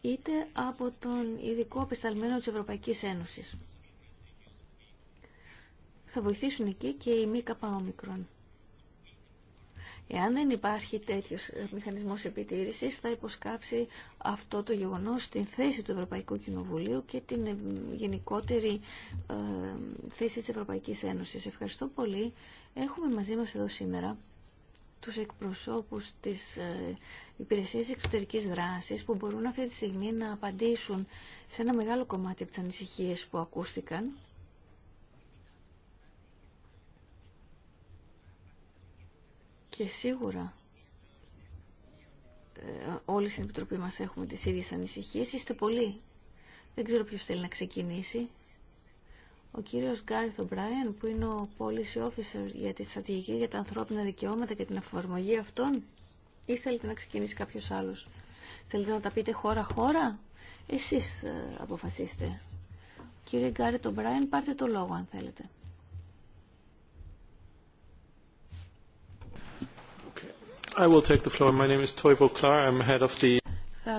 είτε από τον ειδικό απεσταλμένο της Ευρωπαϊκής Ένωσης. Θα βοηθήσουν εκεί και οι μη καπαόμικρον. Εάν δεν υπάρχει τέτοιο ε, μηχανισμός επιτήρησης θα υποσκάψει αυτό το γεγονό στην θέση του Ευρωπαϊκού Κοινοβουλίου και την ε, γενικότερη ε, θέση της Ευρωπαϊκής Ένωσης. Ευχαριστώ πολύ. Έχουμε μαζί μας εδώ σήμερα τους εκπροσώπους της υπηρεσίας εξωτερικής δράσης που μπορούν αυτή τη στιγμή να απαντήσουν σε ένα μεγάλο κομμάτι από τις ανησυχίες που ακούστηκαν. και σίγουρα ε, όλοι στην Επιτροπή μας έχουμε τις ίδιες ανησυχίες. Είστε πολλοί. Δεν ξέρω ποιος θέλει να ξεκινήσει. Ο κύριος Γκάριθ Ομπράιεν που είναι ο policy officer για τη στρατηγική για τα ανθρώπινα δικαιώματα και την εφαρμογή αυτών ή θέλετε να ξεκινήσει κάποιος άλλος. Θέλετε να τα πείτε χώρα-χώρα. Εσείς ε, αποφασίστε. Κύριε Γκάριθ Ομπράιεν πάρτε το λόγο αν θέλετε. Θα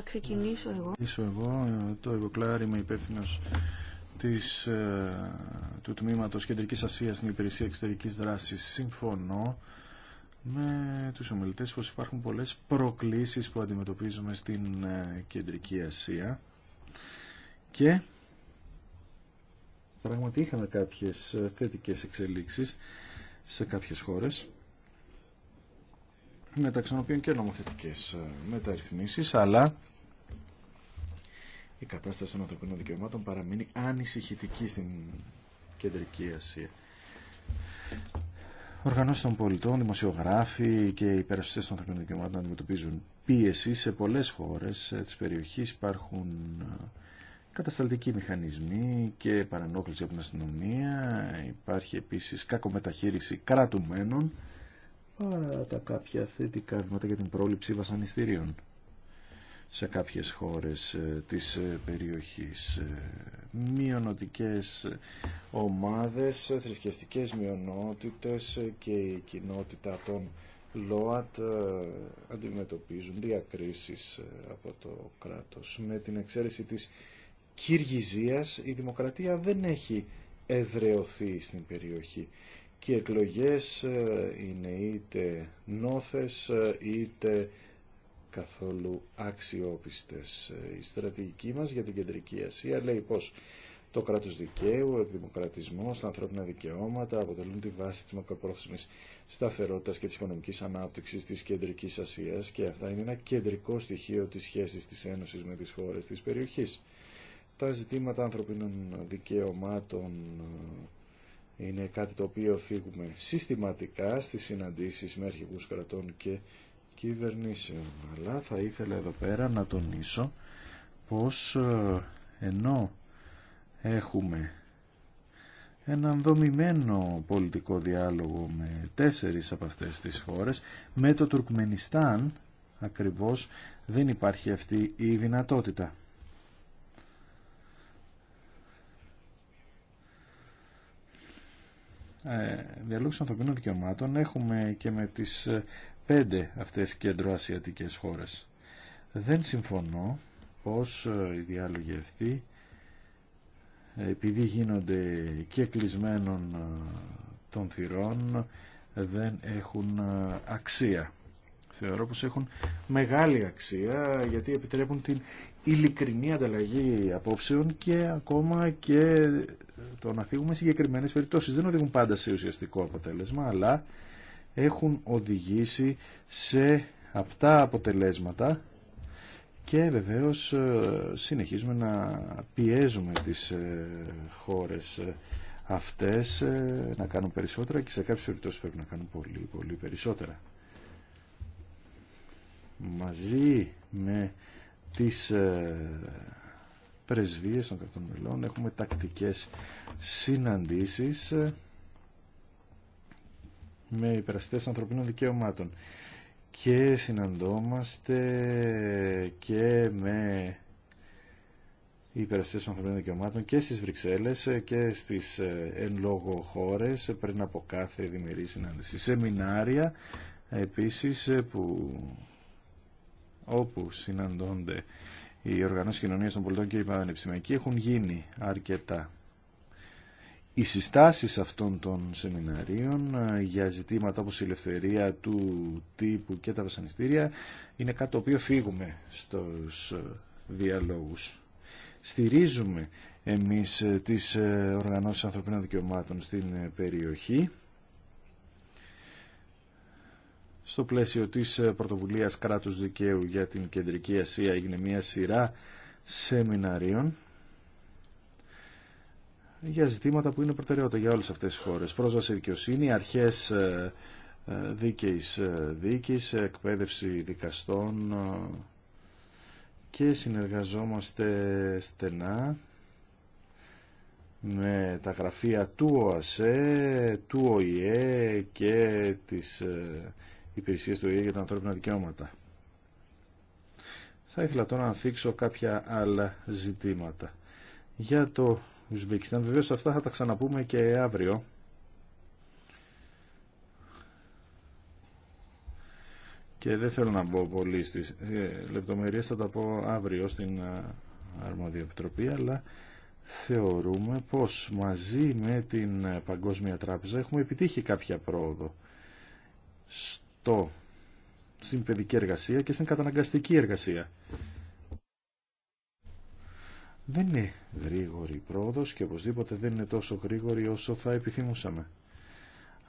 ξεκινήσω εγώ. εγώ. Το είμαι υπεύθυνο της, ε, του τμήματος Κεντρικής Ασίας στην Υπηρεσία Εξωτερικής Δράσης. Συμφωνώ με του ομιλητές πως υπάρχουν πολλές προκλήσεις που αντιμετωπίζουμε στην ε, Κεντρική Ασία και πράγματι είχαμε κάποιες ε, θετικές εξελίξεις σε κάποιες χώρες μεταξύ των οποίων και νομοθετικές ε, μεταρρυθμίσεις, αλλά η κατάσταση των ανθρωπίνων δικαιωμάτων παραμείνει ανησυχητική στην Κεντρική Ασία. Οργανώσει των πολιτών, δημοσιογράφοι και οι υπερασπιστέ των ανθρωπίνων δικαιωμάτων αντιμετωπίζουν πίεση σε πολλέ χώρε ε, τη περιοχή. Υπάρχουν ε, κατασταλτικοί μηχανισμοί και παρενόχληση από την αστυνομία. Υπάρχει επίση κακομεταχείριση κρατουμένων παρά τα κάποια θετικά βήματα για την πρόληψη βασανιστήριων σε κάποιες χώρες ε, της ε, περιοχής. Ε, μειονοτικές ομάδες, θρησκευτικές μειονότητες και η κοινότητα των ΛΟΑΤ αντιμετωπίζουν διακρίσεις από το κράτος. Με την εξαίρεση της Κυργιζίας η δημοκρατία δεν έχει εδρεωθεί στην περιοχή και οι εκλογές ε, είναι είτε νόθες ε, είτε καθόλου αξιόπιστες. Η στρατηγική μας για την Κεντρική Ασία λέει πως το κράτος δικαίου, ο δημοκρατισμός, τα ανθρώπινα δικαιώματα αποτελούν τη βάση της μακροπρόθεσμης σταθερότητας και της οικονομικής ανάπτυξης της Κεντρικής Ασίας και αυτά είναι ένα κεντρικό στοιχείο της σχέσης της Ένωσης με τις χώρες της περιοχής. Τα ζητήματα ανθρωπίνων δικαιωμάτων είναι κάτι το οποίο φύγουμε συστηματικά στις συναντήσεις με αρχηγούς κρατών και κυβερνήσεων. Αλλά θα ήθελα εδώ πέρα να τονίσω πως ε, ενώ έχουμε έναν δομημένο πολιτικό διάλογο με τέσσερις από αυτές τις χώρες, με το Τουρκμενιστάν ακριβώς δεν υπάρχει αυτή η δυνατότητα. Ε, διαλόγους ανθρωπίνων δικαιωμάτων έχουμε και με τις ε, πέντε αυτές κεντροασιατικές χώρες. Δεν συμφωνώ πως ε, οι διάλογοι αυτοί επειδή γίνονται και κλεισμένων των θυρών δεν έχουν αξία θεωρώ πως έχουν μεγάλη αξία γιατί επιτρέπουν την ειλικρινή ανταλλαγή απόψεων και ακόμα και το να φύγουμε συγκεκριμένες περιπτώσεις. Δεν οδηγούν πάντα σε ουσιαστικό αποτέλεσμα αλλά έχουν οδηγήσει σε αυτά αποτελέσματα και βεβαίως ε, συνεχίζουμε να πιέζουμε τις ε, χώρες ε, αυτές να κάνουν περισσότερα και σε κάποιες περιπτώσεις πρέπει να κάνουν πολύ πολύ περισσότερα μαζί με τις ε, πρεσβείες των κρατών μελών έχουμε τακτικές συναντήσεις ε, με υπεραστές ανθρωπίνων δικαιωμάτων και συναντόμαστε και με υπεραστές ανθρωπίνων δικαιωμάτων και στις Βρυξέλλες ε, και στις εν λόγω χώρες πριν από κάθε δημιουργή συνάντηση. Σεμινάρια επίσης που όπου συναντώνται οι οργανώσεις κοινωνίας των πολιτών και οι πανεπιστημιακοί έχουν γίνει αρκετά. Οι συστάσει αυτών των σεμιναρίων ε, για ζητήματα όπως η ελευθερία του τύπου και τα βασανιστήρια είναι κάτι το οποίο φύγουμε στους ε, διαλόγους. Στηρίζουμε εμείς ε, τις οργανώσεις ανθρωπίνων δικαιωμάτων στην περιοχή στο πλαίσιο της ε, πρωτοβουλίας κράτους δικαίου για την Κεντρική Ασία έγινε μια σειρά σεμιναρίων για ζητήματα που είναι προτεραιότητα για όλες αυτές τις χώρες. Πρόσβαση δικαιοσύνη, αρχές ε, ε, δίκαιης δίκης, εκπαίδευση δικαστών και συνεργαζόμαστε στενά με τα γραφεία του ΟΑΣΕ, του ΟΗΕ και της υπηρεσίες του ΟΗΕ για τα ανθρώπινα δικαιώματα. Θα ήθελα τώρα να θίξω κάποια άλλα ζητήματα. Για το Ουσβεκιστάν βεβαίως αυτά θα τα ξαναπούμε και αύριο. Και δεν θέλω να μπω πολύ στις ε, λεπτομερίες, θα τα πω αύριο στην ε, αρμόδια επιτροπή, αλλά θεωρούμε πως μαζί με την ε, Παγκόσμια Τράπεζα έχουμε επιτύχει κάποια πρόοδο το στην παιδική εργασία και στην καταναγκαστική εργασία. Δεν είναι γρήγορη η πρόοδος και οπωσδήποτε δεν είναι τόσο γρήγορη όσο θα επιθυμούσαμε.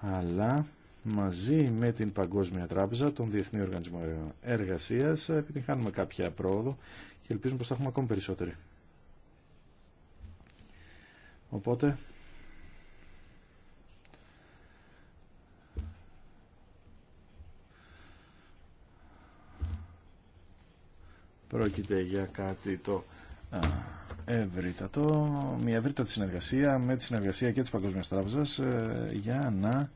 Αλλά μαζί με την Παγκόσμια Τράπεζα, τον Διεθνή Οργανισμό Εργασίας, επιτυγχάνουμε κάποια πρόοδο και ελπίζουμε πως θα έχουμε ακόμη περισσότερη. Οπότε Πρόκειται για κάτι το ευρύτατο, μια ευρύτατη συνεργασία με τη συνεργασία και της Παγκόσμιας Τράπεζας ε, για να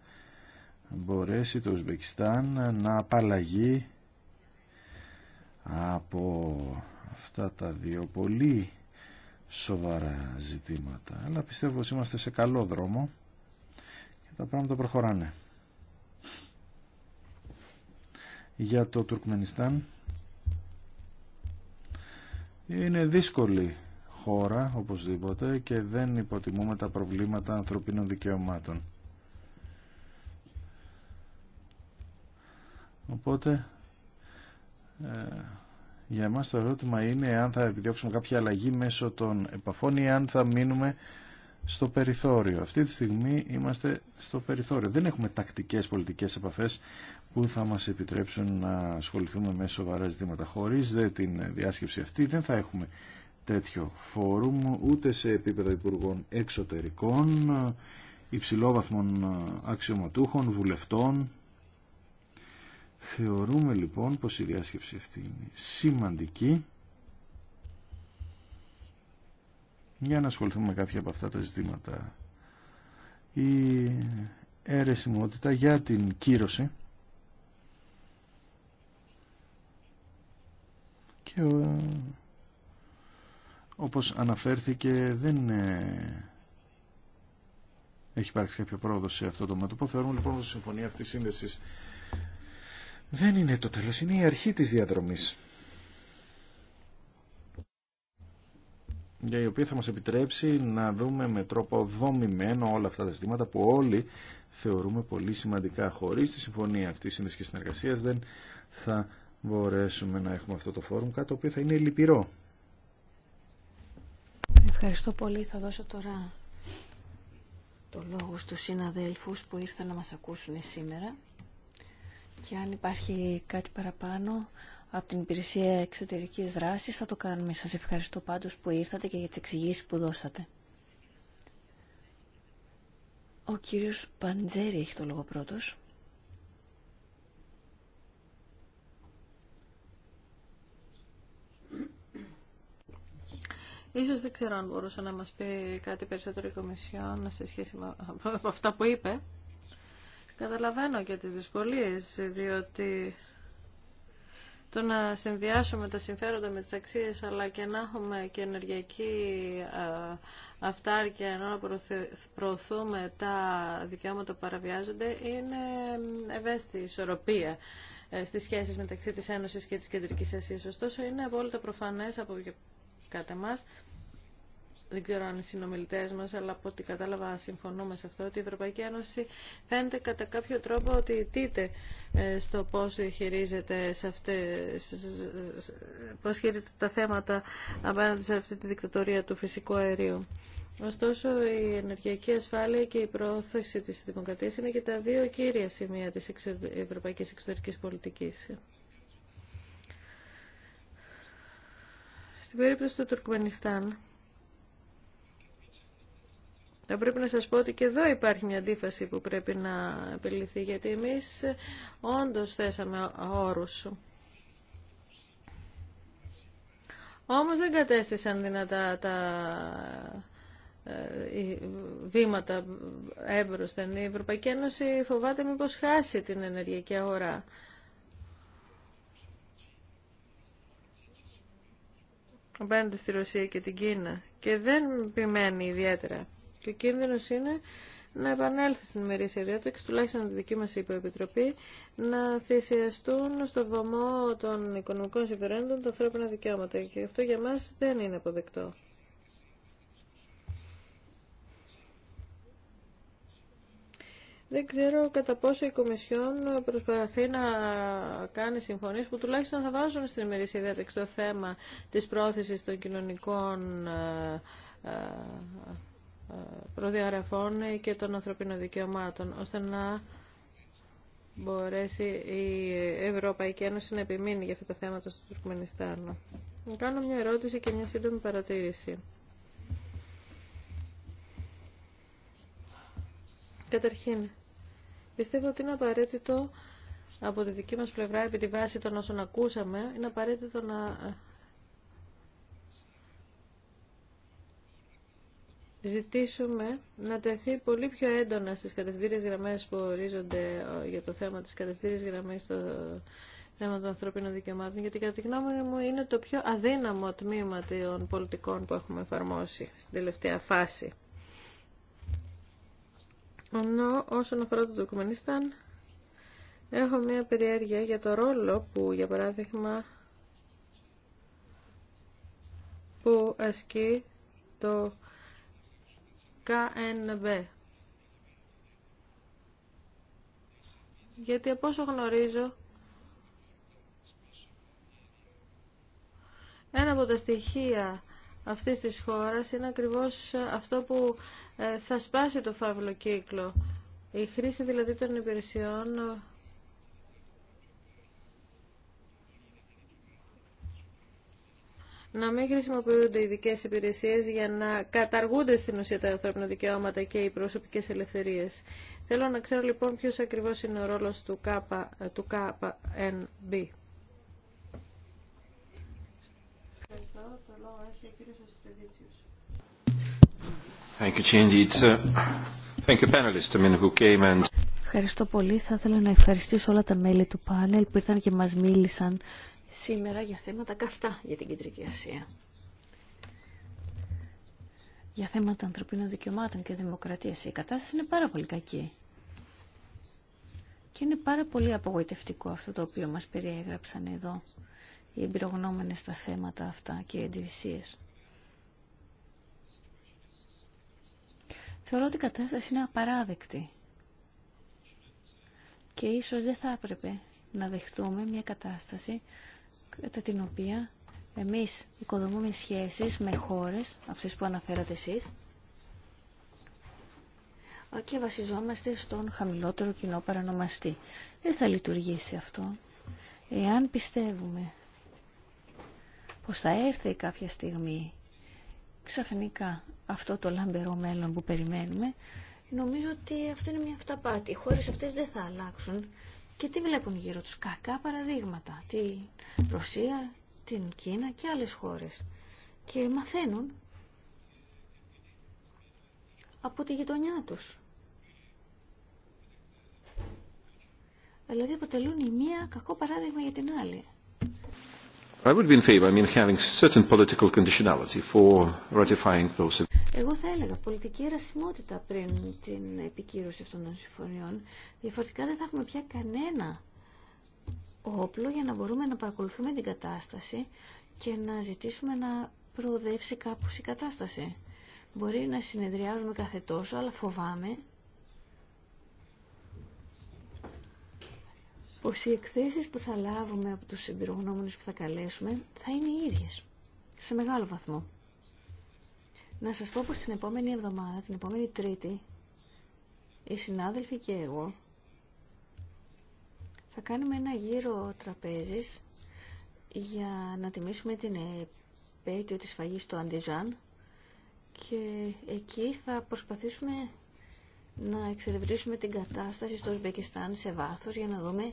μπορέσει το Ουσμπεκιστάν να απαλλαγεί από αυτά τα δύο πολύ σοβαρά ζητήματα. Αλλά πιστεύω ότι είμαστε σε καλό δρόμο και τα πράγματα προχωράνε. Για το Τουρκμενιστάν είναι δύσκολη χώρα οπωσδήποτε και δεν υποτιμούμε τα προβλήματα ανθρωπίνων δικαιωμάτων. Οπότε ε, για εμάς το ερώτημα είναι αν θα επιδιώξουμε κάποια αλλαγή μέσω των επαφών ή αν θα μείνουμε στο περιθώριο. Αυτή τη στιγμή είμαστε στο περιθώριο. Δεν έχουμε τακτικές πολιτικές επαφές που θα μας επιτρέψουν να ασχοληθούμε με σοβαρά ζητήματα. Χωρίς δε την διάσκεψη αυτή δεν θα έχουμε τέτοιο φόρουμ ούτε σε επίπεδο υπουργών εξωτερικών, υψηλόβαθμων αξιωματούχων, βουλευτών. Θεωρούμε λοιπόν πως η διάσκεψη αυτή είναι σημαντική για να ασχοληθούμε με κάποια από αυτά τα ζητήματα. Η αίρεσιμότητα για την κύρωση και όπως αναφέρθηκε δεν ε, έχει υπάρξει κάποιο πρόοδο σε αυτό το μέτωπο. Θεωρούμε λοιπόν ότι η συμφωνία αυτής της σύνδεσης δεν είναι το τέλος, είναι η αρχή της διαδρομής. για η οποία θα μας επιτρέψει να δούμε με τρόπο δομημένο όλα αυτά τα ζητήματα που όλοι θεωρούμε πολύ σημαντικά. Χωρίς τη συμφωνία αυτή σύνδεση και συνεργασία δεν θα μπορέσουμε να έχουμε αυτό το φόρουμ, κάτι το οποίο θα είναι λυπηρό. Ευχαριστώ πολύ. Θα δώσω τώρα το λόγο στους συναδέλφους που ήρθαν να μας ακούσουν σήμερα. Και αν υπάρχει κάτι παραπάνω από την Υπηρεσία Εξωτερικής Δράσης θα το κάνουμε. Σας ευχαριστώ πάντως που ήρθατε και για τις εξηγήσεις που δώσατε. Ο κύριος Παντζέρη έχει το λόγο πρώτος. Ίσως δεν ξέρω αν μπορούσε να μας πει κάτι περισσότερο η Κομισιόν σε σχέση με αυτά που είπε. Καταλαβαίνω και τις δυσκολίες, διότι το να συνδυάσουμε τα συμφέροντα με τις αξίες αλλά και να έχουμε και ενεργειακή αυτάρκεια ενώ να προωθούμε τα δικαιώματα που παραβιάζονται είναι ευαίσθητη ισορροπία ε, στις σχέσεις μεταξύ της Ένωσης και της Κεντρικής Ασίας. Ωστόσο, είναι απόλυτα προφανές από κατά μας δεν ξέρω αν οι συνομιλητέ μα, αλλά από ό,τι κατάλαβα συμφωνούμε σε αυτό, ότι η Ευρωπαϊκή Ένωση φαίνεται κατά κάποιο τρόπο ότι τίτε στο πώ χειρίζεται χειρίζεται τα θέματα απέναντι σε αυτή τη δικτατορία του φυσικού αερίου. Ωστόσο, η ενεργειακή ασφάλεια και η πρόθεση της δημοκρατίας είναι και τα δύο κύρια σημεία της ευρωπαϊκής εξωτερικής πολιτικής. Στην περίπτωση του Τουρκμενιστάν, θα πρέπει να σας πω ότι και εδώ υπάρχει μια αντίφαση που πρέπει να επιληθεί, γιατί εμείς όντως θέσαμε όρους. Όμως δεν κατέστησαν δυνατά τα ε, βήματα έμπροστα Η Ευρωπαϊκή Ένωση φοβάται μήπως χάσει την ενεργειακή αγορά. απέναντι στη Ρωσία και την Κίνα και δεν επιμένει ιδιαίτερα. Και ο κίνδυνο είναι να επανέλθει στην ημερήσια διάταξη, τουλάχιστον τη δική μα υποεπιτροπή, να θυσιαστούν στο βωμό των οικονομικών συμφερόντων τα ανθρώπινα δικαιώματα. Και αυτό για μας δεν είναι αποδεκτό. Δεν ξέρω κατά πόσο η Κομισιόν προσπαθεί να κάνει συμφωνίες που τουλάχιστον θα βάζουν στην ημερήσια διάταξη το θέμα της πρόθεσης των κοινωνικών ε, ε, προδιαγραφών και των ανθρωπίνων δικαιωμάτων, ώστε να μπορέσει η Ευρωπαϊκή Ένωση να επιμείνει για αυτά τα θέματα στο Τουρκμενιστάν. κάνω μια ερώτηση και μια σύντομη παρατήρηση. Καταρχήν, πιστεύω ότι είναι απαραίτητο από τη δική μας πλευρά, επί τη βάση των όσων ακούσαμε, είναι απαραίτητο να ζητήσουμε να τεθεί πολύ πιο έντονα στις κατευθύνες γραμμές που ορίζονται ε, για το θέμα της κατευθύνες γραμμής στο θέμα των ανθρώπινων δικαιωμάτων, γιατί κατά τη γνώμη μου είναι το πιο αδύναμο τμήμα των πολιτικών που έχουμε εφαρμόσει στην τελευταία φάση. Ενώ όσον αφορά το Τουρκμενιστάν, έχω μια περιέργεια για το ρόλο που, για παράδειγμα, που ασκεί το KNB. Γιατί από όσο γνωρίζω, ένα από τα στοιχεία αυτής της χώρας είναι ακριβώς αυτό που ε, θα σπάσει το φαύλο κύκλο. Η χρήση δηλαδή των υπηρεσιών να μην χρησιμοποιούνται ειδικέ υπηρεσίε για να καταργούνται στην ουσία τα ανθρώπινα δικαιώματα και οι προσωπικέ ελευθερίε. Θέλω να ξέρω λοιπόν ποιο ακριβώ είναι ο ρόλο του, ΚΑΠΑ, του ευχαριστω uh, πολύ. Θα ήθελα να ευχαριστήσω όλα τα μέλη του πάνελ που ήρθαν και μας μίλησαν σήμερα για θέματα καυτά για την Κεντρική Ασία. Για θέματα ανθρωπίνων δικαιωμάτων και δημοκρατίας η κατάσταση είναι πάρα πολύ κακή. Και είναι πάρα πολύ απογοητευτικό αυτό το οποίο μας περιέγραψαν εδώ οι εμπειρογνώμενες στα θέματα αυτά και οι εντυπωσίε. Θεωρώ ότι η κατάσταση είναι απαράδεκτη. Και ίσως δεν θα έπρεπε να δεχτούμε μια κατάσταση κατά την οποία εμείς οικοδομούμε σχέσεις με χώρες, αυτές που αναφέρατε εσείς, και βασιζόμαστε στον χαμηλότερο κοινό παρανομαστή. Δεν θα λειτουργήσει αυτό. Εάν πιστεύουμε πως θα έρθει κάποια στιγμή ξαφνικά αυτό το λαμπερό μέλλον που περιμένουμε, νομίζω ότι αυτό είναι μια αυταπάτη. Οι χώρες αυτές δεν θα αλλάξουν και τι βλέπουν γύρω τους. Κακά παραδείγματα. Τη Ρωσία, την Κίνα και άλλες χώρες. Και μαθαίνουν από τη γειτονιά τους. Δηλαδή αποτελούν η μία κακό παράδειγμα για την άλλη. I would in having certain political conditionality for ratifying those. Εγώ θα έλεγα πολιτική ερασιμότητα πριν την επικύρωση αυτών των συμφωνιών. Διαφορετικά δεν θα έχουμε πια κανένα όπλο για να μπορούμε να παρακολουθούμε την κατάσταση και να ζητήσουμε να προοδεύσει κάπως η κατάσταση. Μπορεί να συνεδριάζουμε κάθε τόσο, αλλά φοβάμαι πως οι εκθέσεις που θα λάβουμε από τους εμπειρογνώμονες που θα καλέσουμε θα είναι οι ίδιες, σε μεγάλο βαθμό. Να σας πω πως την επόμενη εβδομάδα, την επόμενη Τρίτη, οι συνάδελφοι και εγώ θα κάνουμε ένα γύρο τραπέζης για να τιμήσουμε την επέτειο της φαγής του Αντιζάν και εκεί θα προσπαθήσουμε να εξερευνήσουμε την κατάσταση στο Ουσμπεκιστάν σε βάθος για να δούμε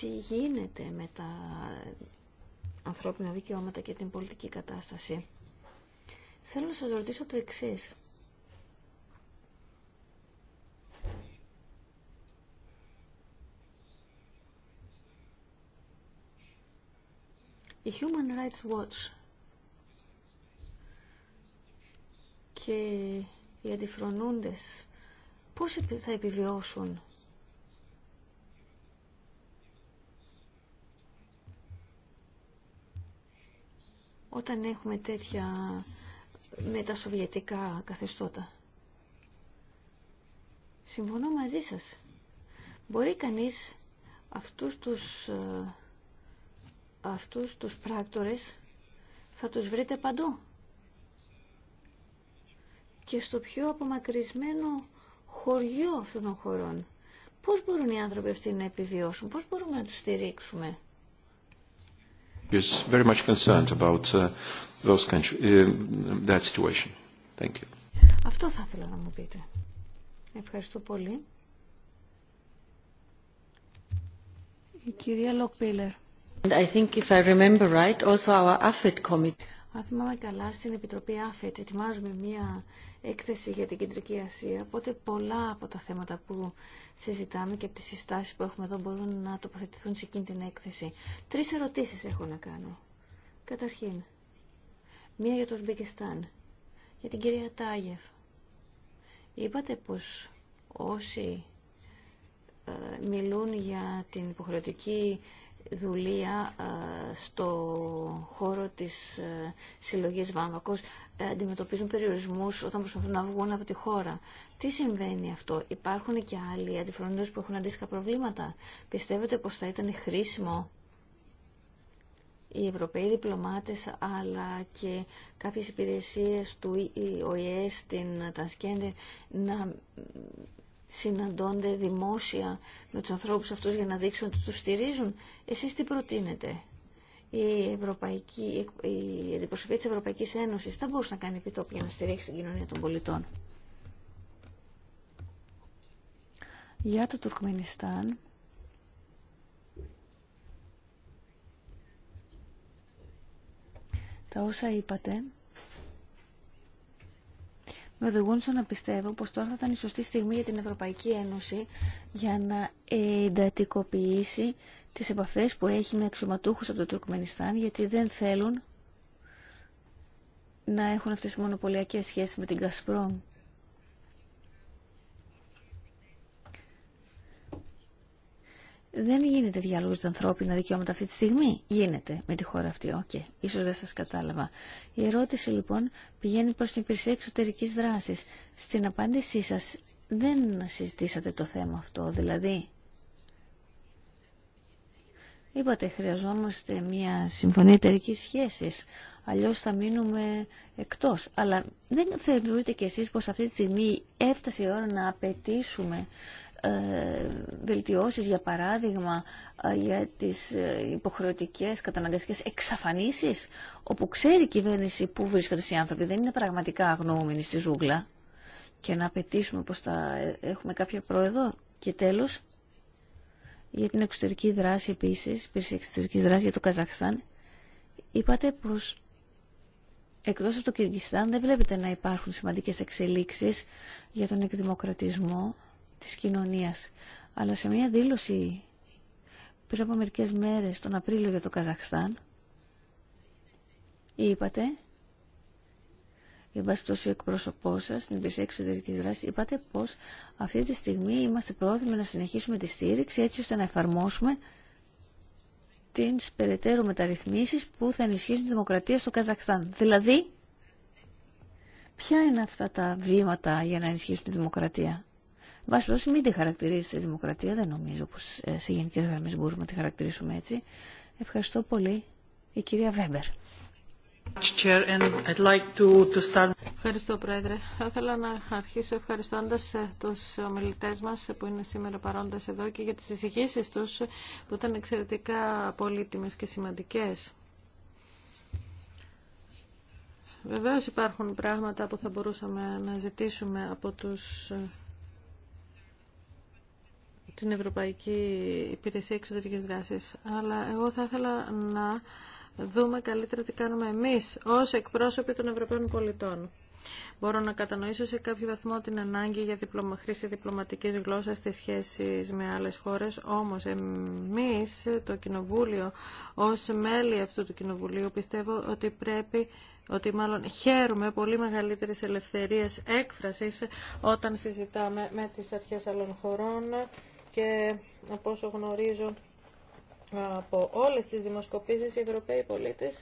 τι γίνεται με τα ανθρώπινα δικαιώματα και την πολιτική κατάσταση. Θέλω να σας ρωτήσω το εξής. Η Human Rights Watch και οι αντιφρονούντες πώς θα επιβιώσουν όταν έχουμε τέτοια με τα σοβιετικά καθεστώτα. Συμφωνώ μαζί σας. Μπορεί κανείς αυτούς τους, ε, αυτούς τους πράκτορες θα τους βρείτε παντού. Και στο πιο απομακρυσμένο χωριό αυτών των χωρών. Πώς μπορούν οι άνθρωποι αυτοί να επιβιώσουν, πώς μπορούμε να τους στηρίξουμε. Very uh, Uh, Αυτό θα ήθελα να μου πείτε. Ευχαριστώ πολύ. Η κυρία Λοκπίλερ. I think if I remember right, also our AFET committee. Αν θυμάμαι καλά, στην Επιτροπή ΑΦΕΤ ετοιμάζουμε μία έκθεση για την Κεντρική Ασία, οπότε πολλά από τα θέματα που συζητάμε και από τις συστάσεις που έχουμε εδώ μπορούν να τοποθετηθούν σε εκείνη την έκθεση. Τρεις ερωτήσεις έχω να κάνω. Καταρχήν, Μία για το Ουσμπεκιστάν. Για την κυρία Τάγεφ. Είπατε πως όσοι ε, μιλούν για την υποχρεωτική δουλεία ε, στο χώρο της ε, συλλογής Βάμβακος αντιμετωπίζουν περιορισμούς όταν προσπαθούν να βγουν από τη χώρα. Τι συμβαίνει αυτό, υπάρχουν και άλλοι αντιφρονούντες που έχουν αντίστοιχα προβλήματα. Πιστεύετε πως θα ήταν χρήσιμο οι Ευρωπαίοι διπλωμάτες αλλά και κάποιες υπηρεσίες του ΟΗΕ στην Τασκέντε να συναντώνται δημόσια με τους ανθρώπους αυτούς για να δείξουν ότι τους στηρίζουν. Εσείς τι προτείνετε. Η, Ευρωπαϊκή, η αντιπροσωπεία της Ευρωπαϊκής Ένωσης θα μπορούσε να κάνει επιτόπια για να στηρίξει την κοινωνία των πολιτών. Για το Τουρκμενιστάν Τα όσα είπατε με οδηγούν στο να πιστεύω πως τώρα θα ήταν η σωστή στιγμή για την Ευρωπαϊκή Ένωση για να εντατικοποιήσει τις επαφές που έχει με εξωματούχους από το Τουρκμενιστάν γιατί δεν θέλουν να έχουν αυτές τις μονοπωλιακές σχέσεις με την Κασπρόμ. δεν γίνεται διάλογος για ανθρώπινα δικαιώματα αυτή τη στιγμή. Γίνεται με τη χώρα αυτή. Οκ, ίσως δεν σας κατάλαβα. Η ερώτηση λοιπόν πηγαίνει προς την υπηρεσία εξωτερικής δράσης. Στην απάντησή σας δεν συζητήσατε το θέμα αυτό, δηλαδή... Είπατε, χρειαζόμαστε μια συμφωνία εταιρική σχέση. Αλλιώ θα μείνουμε εκτό. Αλλά δεν θεωρείτε κι εσεί πω αυτή τη στιγμή έφτασε η ώρα να απαιτήσουμε ε, βελτιώσεις, για παράδειγμα, ε, για τις ε, υποχρεωτικές καταναγκαστικές εξαφανίσεις, όπου ξέρει η κυβέρνηση που βρίσκονται οι άνθρωποι, δεν είναι πραγματικά αγνοούμενοι στη ζούγκλα και να απαιτήσουμε πως θα έχουμε κάποια πρόεδρο. Και τέλος, για την εξωτερική δράση επίσης, υπήρξε εξωτερική δράση για το Καζαχστάν, είπατε πως εκτός από το Κυργιστάν δεν βλέπετε να υπάρχουν σημαντικές εξελίξεις για τον εκδημοκρατισμό της κοινωνίας. Αλλά σε μια δήλωση πριν από μερικές μέρες, τον Απρίλιο για το Καζαχστάν, είπατε, εν πάση πτώση ο εκπρόσωπό σα στην υπηρεσία εξωτερική δράση, είπατε πω αυτή τη στιγμή είμαστε πρόθυμοι να συνεχίσουμε τη στήριξη έτσι ώστε να εφαρμόσουμε τι περαιτέρω μεταρρυθμίσει που θα ενισχύσουν τη δημοκρατία στο Καζακστάν. Δηλαδή, ποια είναι αυτά τα βήματα για να ενισχύσουν τη δημοκρατία περιπτώσει, μην τη χαρακτηρίζετε δημοκρατία, δεν νομίζω πως ε, σε γενικέ γραμμέ μπορούμε να τη χαρακτηρίσουμε έτσι. Ευχαριστώ πολύ η κυρία Βέμπερ. Ευχαριστώ, Πρόεδρε. Θα ήθελα να αρχίσω ευχαριστώντα ε, του ομιλητέ μα που είναι σήμερα παρόντε εδώ και για τι εισηγήσει του που ήταν εξαιρετικά πολύτιμε και σημαντικέ. Βεβαίω υπάρχουν πράγματα που θα μπορούσαμε να ζητήσουμε από τους ε, την Ευρωπαϊκή Υπηρεσία Εξωτερικής Δράσης. Αλλά εγώ θα ήθελα να δούμε καλύτερα τι κάνουμε εμείς ως εκπρόσωποι των Ευρωπαίων πολιτών. Μπορώ να κατανοήσω σε κάποιο βαθμό την ανάγκη για διπλωμα, χρήση διπλωματικής γλώσσας στις σχέσεις με άλλες χώρες, όμως εμείς το Κοινοβούλιο, ως μέλη αυτού του Κοινοβουλίου, πιστεύω ότι πρέπει ότι μάλλον χαίρουμε πολύ μεγαλύτερης ελευθερίας έκφρασης όταν συζητάμε με τις αρχές άλλων χωρών και από όσο γνωρίζω από όλες τις δημοσκοπήσεις οι Ευρωπαίοι πολίτες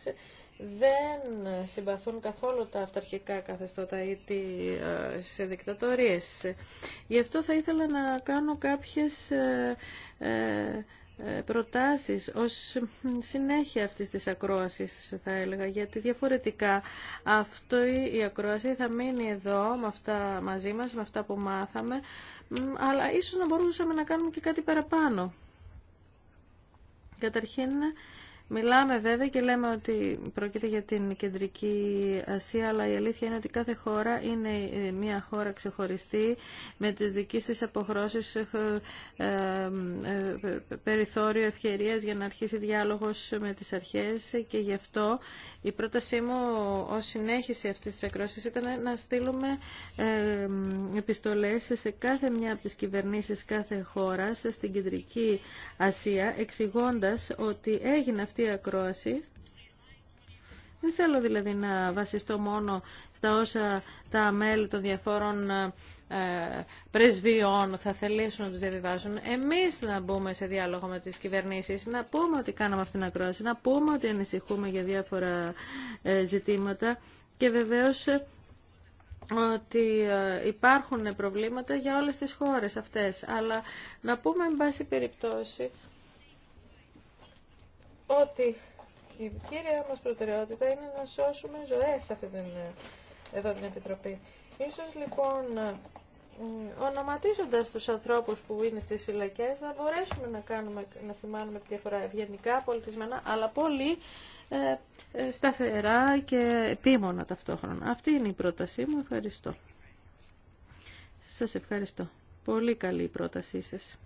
δεν συμπαθούν καθόλου τα αυταρχικά καθεστώτα ή τις ε, δικτατορίες. Γι' αυτό θα ήθελα να κάνω κάποιες ε, ε, προτάσεις ως συνέχεια αυτής της ακρόασης θα έλεγα γιατί διαφορετικά αυτό η ακρόαση θα μείνει εδώ με αυτά μαζί μας, με αυτά που μάθαμε αλλά ίσως να μπορούσαμε να κάνουμε και κάτι παραπάνω. Καταρχήν Μιλάμε βέβαια και λέμε ότι πρόκειται για την Κεντρική Ασία, αλλά η αλήθεια είναι ότι κάθε χώρα είναι ε, μια χώρα ξεχωριστή με τις δικές της αποχρώσεις ε, ε, περιθώριο ευκαιρίας για να αρχίσει διάλογος με τις αρχές και γι' αυτό η πρότασή μου ως συνέχιση αυτής της εκρόσης ήταν να στείλουμε επιστολές σε κάθε μια από τις κυβερνήσεις κάθε χώρας στην Κεντρική Ασία εξηγώντας ότι έγινε αυτή αυτή ακρόαση. Δεν θέλω δηλαδή να βασιστώ μόνο στα όσα τα μέλη των διαφόρων ε, πρεσβειών θα θελήσουν να τους διαβιβάσουν. Εμείς να μπούμε σε διάλογο με τις κυβερνήσεις, να πούμε ότι κάναμε αυτήν την ακρόαση, να πούμε ότι ανησυχούμε για διάφορα ε, ζητήματα και βεβαίως ε, ότι υπάρχουν προβλήματα για όλες τις χώρες αυτές. Αλλά να πούμε, εν πάση περιπτώσει, ότι η κύρια μας προτεραιότητα είναι να σώσουμε ζωές σε αυτή την, εδώ την Επιτροπή. Ίσως λοιπόν ε, ονοματίζοντας τους ανθρώπους που είναι στις φυλακές να μπορέσουμε να, κάνουμε, να σημάνουμε τη διαφορά ευγενικά, πολιτισμένα, αλλά πολύ ε, ε, σταθερά και επίμονα ταυτόχρονα. Αυτή είναι η πρότασή μου. Ευχαριστώ. Σας ευχαριστώ. Πολύ καλή η πρότασή σας.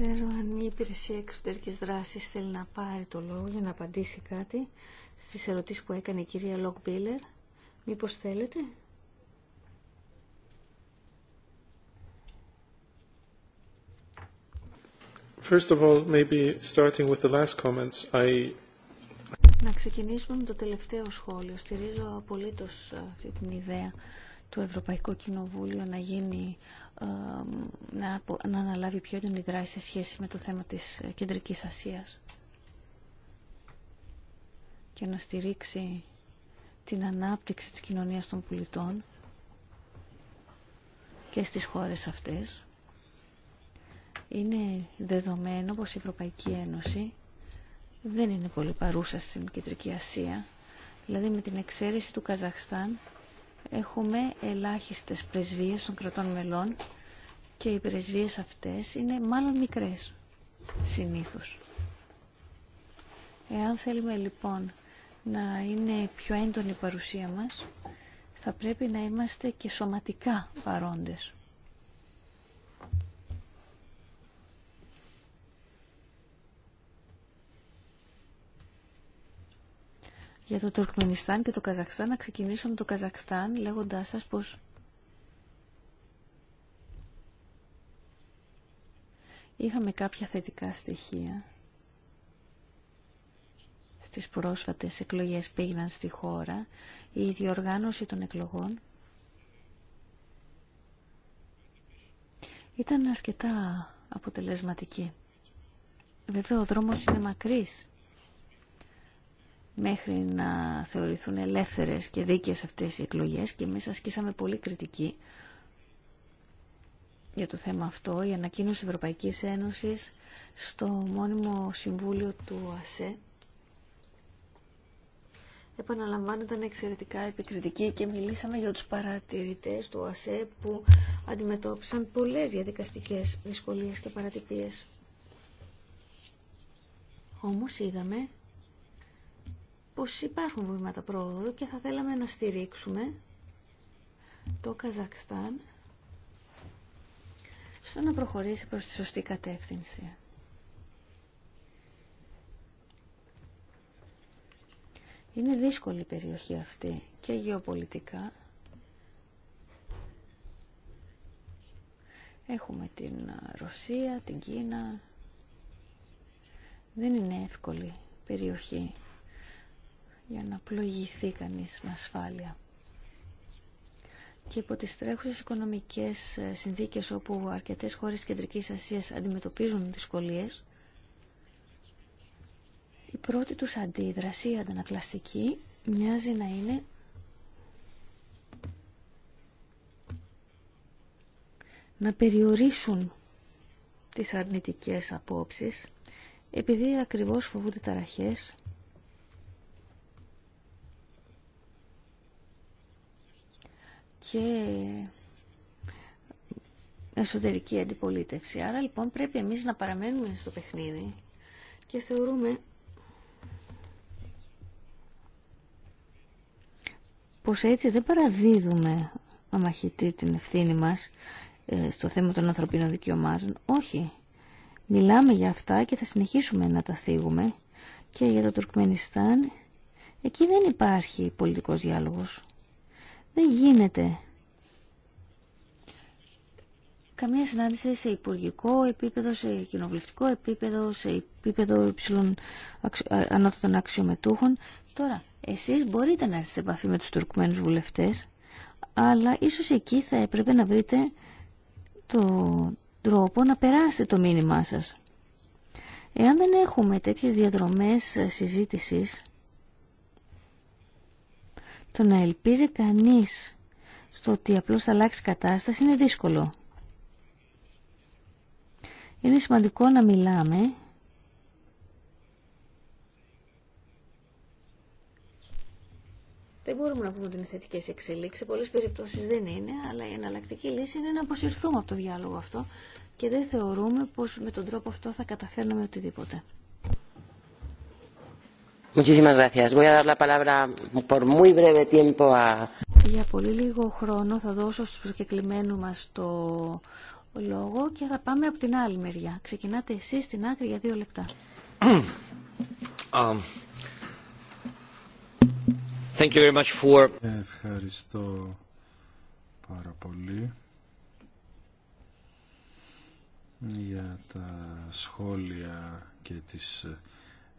ξέρω αν η υπηρεσία εξωτερικής δράσης θέλει να πάρει το λόγο για να απαντήσει κάτι στις ερωτήσεις που έκανε η κυρία Λοκμπίλερ. Μήπως θέλετε. First of all, maybe starting with the last comments, I... Να ξεκινήσουμε με το τελευταίο σχόλιο. Στηρίζω απολύτως αυτή την ιδέα το Ευρωπαϊκό Κοινοβούλιο να γίνει να, να αναλάβει πιο έντονη δράση σε σχέση με το θέμα της ε, Κεντρικής Ασίας και να στηρίξει την ανάπτυξη της κοινωνίας των πολιτών και στις χώρες αυτές. Είναι δεδομένο πως η Ευρωπαϊκή Ένωση δεν είναι πολύ παρούσα στην Κεντρική Ασία, δηλαδή με την εξαίρεση του Καζαχστάν έχουμε ελάχιστες πρεσβείες των κρατών μελών και οι πρεσβείες αυτές είναι μάλλον μικρές συνήθως. Εάν θέλουμε λοιπόν να είναι πιο έντονη η παρουσία μας, θα πρέπει να είμαστε και σωματικά παρόντες. για το Τουρκμενιστάν και το Καζακστάν, Να ξεκινήσω με το Καζακστάν, λέγοντάς σας πως είχαμε κάποια θετικά στοιχεία στις πρόσφατες εκλογές που στη χώρα, η διοργάνωση των εκλογών ήταν αρκετά αποτελεσματική. Βέβαια ο δρόμος είναι μακρύς μέχρι να θεωρηθούν ελεύθερες και δίκαιες αυτές οι εκλογές και εμείς ασκήσαμε πολύ κριτική για το θέμα αυτό. Η ανακοίνωση Ευρωπαϊκής Ένωσης στο μόνιμο συμβούλιο του ΑΣΕ επαναλαμβάνονταν εξαιρετικά επικριτική και μιλήσαμε για τους παρατηρητές του ΑΣΕ που αντιμετώπισαν πολλές διαδικαστικές δυσκολίες και παρατυπίες. Όμως είδαμε πως υπάρχουν βήματα πρόοδου και θα θέλαμε να στηρίξουμε το Καζακστάν στο να προχωρήσει προς τη σωστή κατεύθυνση. Είναι δύσκολη η περιοχή αυτή και γεωπολιτικά. Έχουμε την Ρωσία, την Κίνα. Δεν είναι εύκολη περιοχή για να πλοηγηθεί κανείς με ασφάλεια. Και από τις τρέχουσες οικονομικές ε, συνθήκες όπου αρκετές χώρες Κεντρικής Ασίας αντιμετωπίζουν δυσκολίες, η πρώτη τους αντίδραση, η αντανακλαστική, μοιάζει να είναι να περιορίσουν τις αρνητικές απόψεις, επειδή ακριβώς φοβούνται ταραχές και εσωτερική αντιπολίτευση. Άρα λοιπόν πρέπει εμείς να παραμένουμε στο παιχνίδι και θεωρούμε πως έτσι δεν παραδίδουμε αμαχητή την ευθύνη μας ε, στο θέμα των ανθρωπίνων δικαιωμάτων. Όχι. Μιλάμε για αυτά και θα συνεχίσουμε να τα θίγουμε και για το Τουρκμενιστάν εκεί δεν υπάρχει πολιτικός διάλογος. Δεν γίνεται καμία συνάντηση σε υπουργικό επίπεδο, σε κοινοβουλευτικό επίπεδο, σε επίπεδο υψηλών ανώτατων αξιομετούχων. Τώρα, εσείς μπορείτε να έρθετε σε επαφή με τους τουρκμένους βουλευτές, αλλά ίσως εκεί θα έπρεπε να βρείτε το τρόπο να περάσετε το μήνυμά σας. Εάν δεν έχουμε τέτοιες διαδρομές συζήτησης, το να ελπίζει κανείς στο ότι απλώς θα αλλάξει κατάσταση είναι δύσκολο. Είναι σημαντικό να μιλάμε Δεν μπορούμε να πούμε ότι είναι θετικέ εξελίξει. Σε πολλέ περιπτώσει δεν είναι, αλλά η εναλλακτική λύση είναι να αποσυρθούμε από το διάλογο αυτό και δεν θεωρούμε πω με τον τρόπο αυτό θα καταφέρνουμε οτιδήποτε. Για πολύ λίγο χρόνο θα δώσω στους προσκεκλημένους μας το λόγο και θα πάμε από την άλλη μεριά. Ξεκινάτε εσείς στην άκρη για δύο λεπτά. Um, Ευχαριστώ πάρα πολύ για τα σχόλια και τις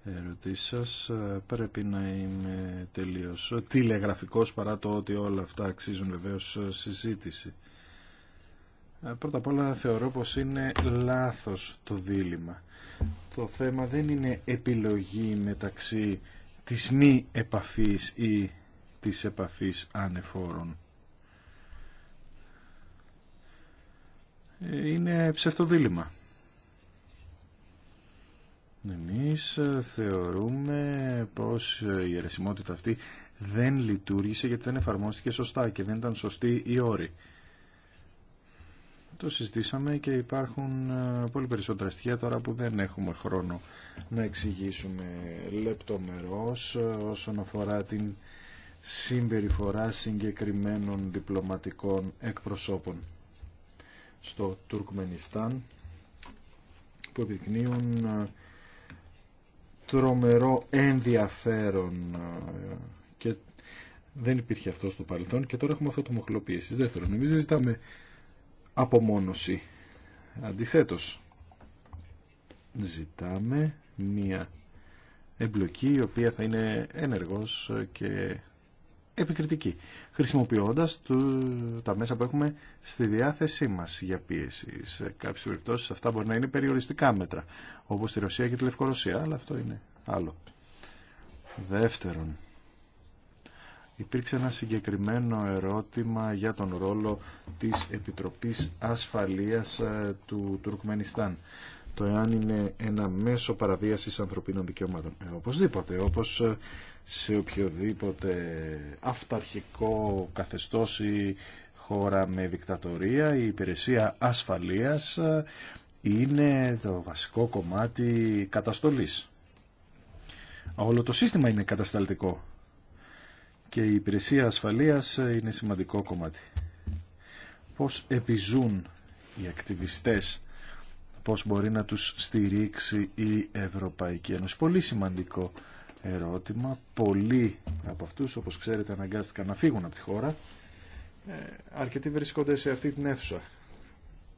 ερωτήσεις σας. Ε, πρέπει να είμαι τελείως τηλεγραφικός παρά το ότι όλα αυτά αξίζουν βεβαίως ε, συζήτηση. Ε, πρώτα απ' όλα θεωρώ πως είναι λάθος το δίλημα. Το θέμα δεν είναι επιλογή μεταξύ της μη επαφής ή της επαφής ανεφόρων. Είναι ψευτοδίλημα. Εμείς ε, θεωρούμε πως η αιρεσιμότητα αυτή δεν λειτουργήσε γιατί δεν εφαρμόστηκε σωστά και δεν ήταν σωστή η όρη. Το συζητήσαμε και υπάρχουν ε, πολύ περισσότερα στοιχεία τώρα που δεν έχουμε χρόνο να εξηγήσουμε λεπτομερώς ε, όσον αφορά την συμπεριφορά συγκεκριμένων διπλωματικών εκπροσώπων στο Τουρκμενιστάν που επιδεικνύουν τρομερό ενδιαφέρον ε, και δεν υπήρχε αυτό στο παρελθόν και τώρα έχουμε αυτό το μοχλοποίηση. Δεύτερον, εμείς δεν ζητάμε απομόνωση. Αντιθέτως, ζητάμε μία εμπλοκή η οποία θα είναι ενεργός και επικριτική, χρησιμοποιώντας του, τα μέσα που έχουμε στη διάθεσή μας για πίεση. Σε κάποιες περιπτώσεις αυτά μπορεί να είναι περιοριστικά μέτρα, όπως στη Ρωσία και τη Λευκορωσία, αλλά αυτό είναι άλλο. Δεύτερον, υπήρξε ένα συγκεκριμένο ερώτημα για τον ρόλο της Επιτροπής Ασφαλείας ε, του Τουρκμενιστάν το εάν είναι ένα μέσο παραβίασης ανθρωπίνων δικαιωμάτων. Ε, οπωσδήποτε, όπως σε οποιοδήποτε αυταρχικό καθεστώς ή χώρα με δικτατορία, η υπηρεσία ασφαλείας είναι το βασικό κομμάτι καταστολής. Όλο το σύστημα είναι κατασταλτικό και η υπηρεσία ασφαλείας είναι σημαντικό κομμάτι. Πώς επιζούν οι ακτιβιστές πώς μπορεί να τους στηρίξει η Ευρωπαϊκή Ένωση. Πολύ σημαντικό ερώτημα. Πολλοί από αυτούς, όπως ξέρετε, αναγκάστηκαν να φύγουν από τη χώρα. Ε, αρκετοί βρίσκονται σε αυτή την αίθουσα.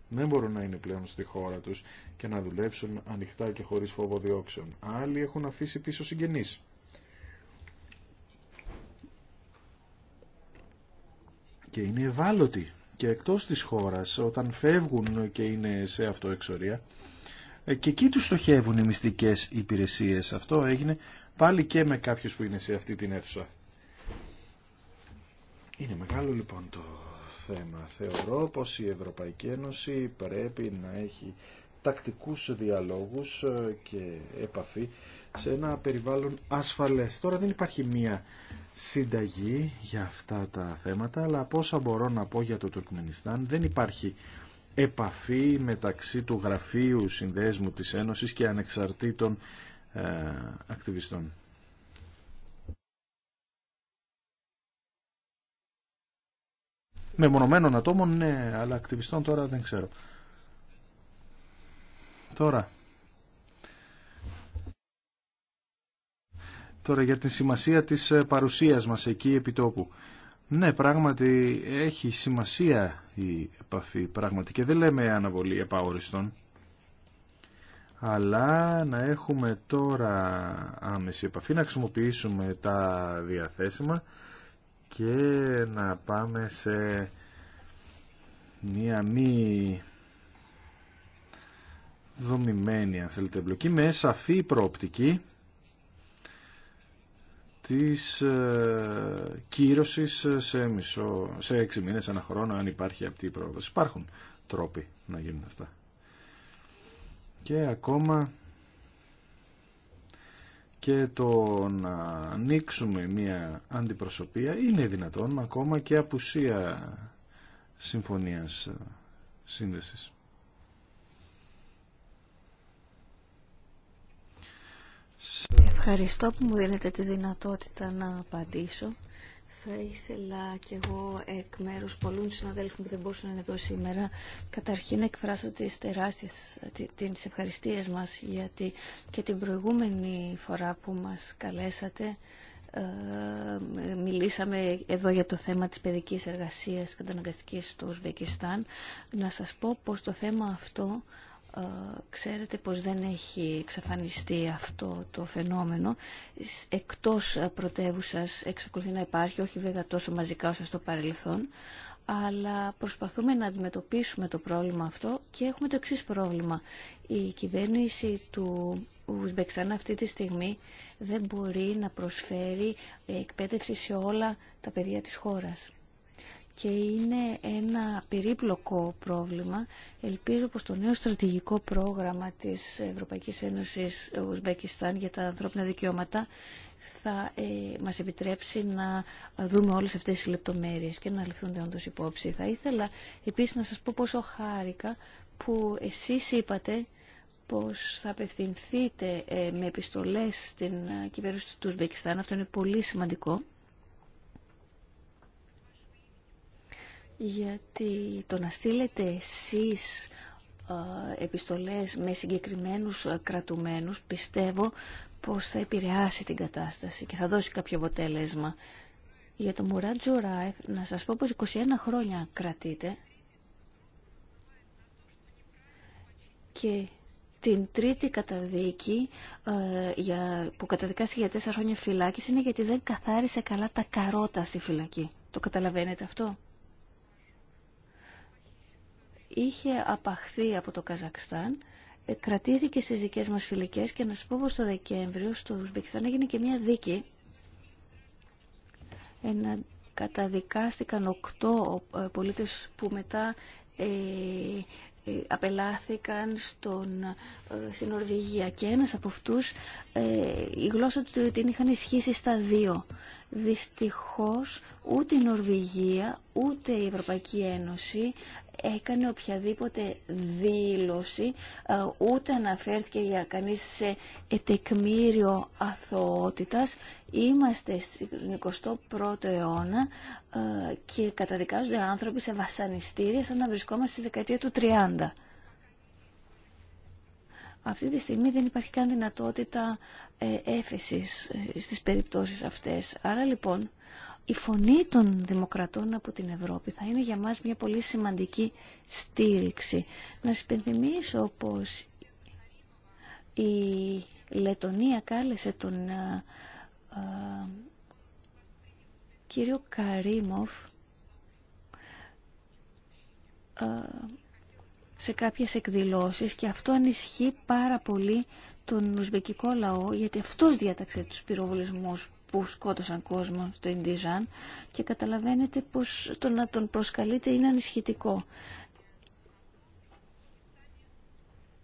Δεν μπορούν να είναι πλέον στη χώρα τους και να δουλέψουν ανοιχτά και χωρίς φόβο διώξεων. Άλλοι έχουν αφήσει πίσω συγγενείς. Και είναι ευάλωτοι και εκτός της χώρας όταν φεύγουν και είναι σε αυτοεξορία ε, και εκεί τους στοχεύουν οι μυστικές υπηρεσίες. Αυτό έγινε πάλι και με κάποιους που είναι σε αυτή την αίθουσα. Είναι μεγάλο λοιπόν το θέμα. Θεωρώ πως η Ευρωπαϊκή Ένωση πρέπει να έχει τακτικούς διαλόγους ε, και επαφή σε ένα περιβάλλον ασφαλές. Τώρα δεν υπάρχει μία συνταγή για αυτά τα θέματα, αλλά από μπορώ να πω για το Τουρκμενιστάν δεν υπάρχει επαφή μεταξύ του Γραφείου Συνδέσμου της Ένωσης και ανεξαρτήτων ε, ακτιβιστών. Μεμονωμένων ατόμων, ναι, αλλά ακτιβιστών τώρα δεν ξέρω. Τώρα, Τώρα για τη σημασία της ε, παρουσίας μας εκεί επί τόπου. Ναι, πράγματι έχει σημασία η επαφή, πράγματι, και δεν λέμε αναβολή επαόριστον. Αλλά να έχουμε τώρα άμεση επαφή, να χρησιμοποιήσουμε τα διαθέσιμα και να πάμε σε μία μη δομημένη, αν θέλετε, εμπλοκή με σαφή προοπτική της ε, κύρωσης σε, μισό, σε έξι μήνες, ένα χρόνο, αν υπάρχει αυτή η πρόοδος. Υπάρχουν τρόποι να γίνουν αυτά. Και ακόμα και το να ανοίξουμε μια αντιπροσωπεία είναι δυνατόν ακόμα και απουσία συμφωνίας ε, σύνδεσης. Ευχαριστώ που μου δίνετε τη δυνατότητα να απαντήσω. Θα ήθελα κι εγώ εκ μέρου πολλών συναδέλφων που δεν μπορούσαν να είναι εδώ σήμερα καταρχήν να εκφράσω τις τεράστιε τις ευχαριστίες μας γιατί και την προηγούμενη φορά που μας καλέσατε ε, μιλήσαμε εδώ για το θέμα της παιδικής εργασίας καταναγκαστικής στο Ουσβεκιστάν να σας πω πως το θέμα αυτό ε, ξέρετε πως δεν έχει εξαφανιστεί αυτό το φαινόμενο εκτός ε, πρωτεύουσα εξακολουθεί να υπάρχει όχι βέβαια τόσο μαζικά όσο στο παρελθόν αλλά προσπαθούμε να αντιμετωπίσουμε το πρόβλημα αυτό και έχουμε το εξής πρόβλημα η κυβέρνηση του Ουσμπεκστάν αυτή τη στιγμή δεν μπορεί να προσφέρει ε, εκπαίδευση σε όλα τα παιδιά της χώρας και είναι ένα περίπλοκο πρόβλημα. Ελπίζω πως το νέο στρατηγικό πρόγραμμα της Ευρωπαϊκής Ένωσης Ουσμπεκιστάν για τα ανθρώπινα δικαιώματα θα ε, μας επιτρέψει να δούμε όλες αυτές τις λεπτομέρειες και να ληφθούν όντως υπόψη. Θα ήθελα επίσης να σας πω πόσο χάρηκα που εσείς είπατε πως θα απευθυνθείτε ε, με επιστολές στην ε, κυβέρνηση του Ουσμπεκιστάν. Αυτό είναι πολύ σημαντικό γιατί το να στείλετε εσείς ε, επιστολές με συγκεκριμένους ε, κρατουμένους πιστεύω πως θα επηρεάσει την κατάσταση και θα δώσει κάποιο αποτέλεσμα. Για το Μουράτ να σας πω πως 21 χρόνια κρατείτε και την τρίτη καταδίκη ε, για, που καταδικάστηκε για τέσσερα χρόνια φυλάκιση είναι γιατί δεν καθάρισε καλά τα καρότα στη φυλακή. Το καταλαβαίνετε αυτό είχε απαχθεί από το Καζακστάν ε, κρατήθηκε στις δικές μας φιλικές και να σας πω πως το Δεκέμβριο στο Ουσμπεκιστάν έγινε και μια δίκη Ενα, καταδικάστηκαν οκτώ ε, πολίτες που μετά ε, απελάθηκαν στον, στην Ορβηγία και ένας από αυτούς η γλώσσα του την είχαν ισχύσει στα δύο. Δυστυχώς ούτε η Νορβηγία ούτε η Ευρωπαϊκή Ένωση έκανε οποιαδήποτε δήλωση, ε, ούτε αναφέρθηκε για κανείς σε τεκμήριο αθωότητας. Είμαστε στον 21ο αιώνα ε, και καταδικάζονται άνθρωποι σε βασανιστήρια σαν να βρισκόμαστε στη δεκαετία του 30. Αυτή τη στιγμή δεν υπάρχει καν δυνατότητα ε, έφεσης στις περιπτώσεις αυτές. Άρα λοιπόν η φωνή των δημοκρατών από την Ευρώπη θα είναι για μας μια πολύ σημαντική στήριξη. Να σας υπενθυμίσω πως η Λετωνία κάλεσε τον κύριο Καρίμοφ σε κάποιες εκδηλώσεις και αυτό ανισχύει πάρα πολύ τον ουσβεκικό λαό γιατί αυτός διάταξε τους πυροβολισμούς που σκότωσαν κόσμο στο Ιντιζάν και καταλαβαίνετε πως το να τον προσκαλείτε είναι ανισχυτικό.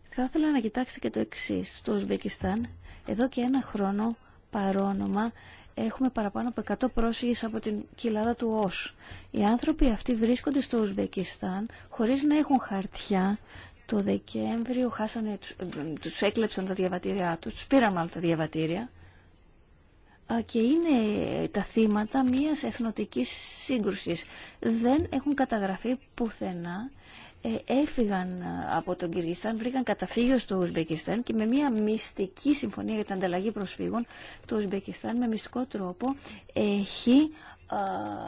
Θα ήθελα να κοιτάξετε και το εξή. Στο Ουσβεκιστάν, εδώ και ένα χρόνο παρόνομα, έχουμε παραπάνω από 100 πρόσφυγες από την κοιλάδα του ΟΣ. Οι άνθρωποι αυτοί βρίσκονται στο Ουσβεκιστάν χωρίς να έχουν χαρτιά, το Δεκέμβριο χάσανε, τους έκλεψαν τα διαβατήριά τους, τους πήραν μάλλον τα διαβατήρια και είναι τα θύματα μιας εθνοτικής σύγκρουσης. Δεν έχουν καταγραφεί πουθενά ε, έφυγαν ε, από τον Κυργιστάν, βρήκαν καταφύγιο στο Ουσμπεκιστάν και με μια μυστική συμφωνία για την ανταλλαγή προσφύγων το Ουσμπεκιστάν με μυστικό τρόπο έχει,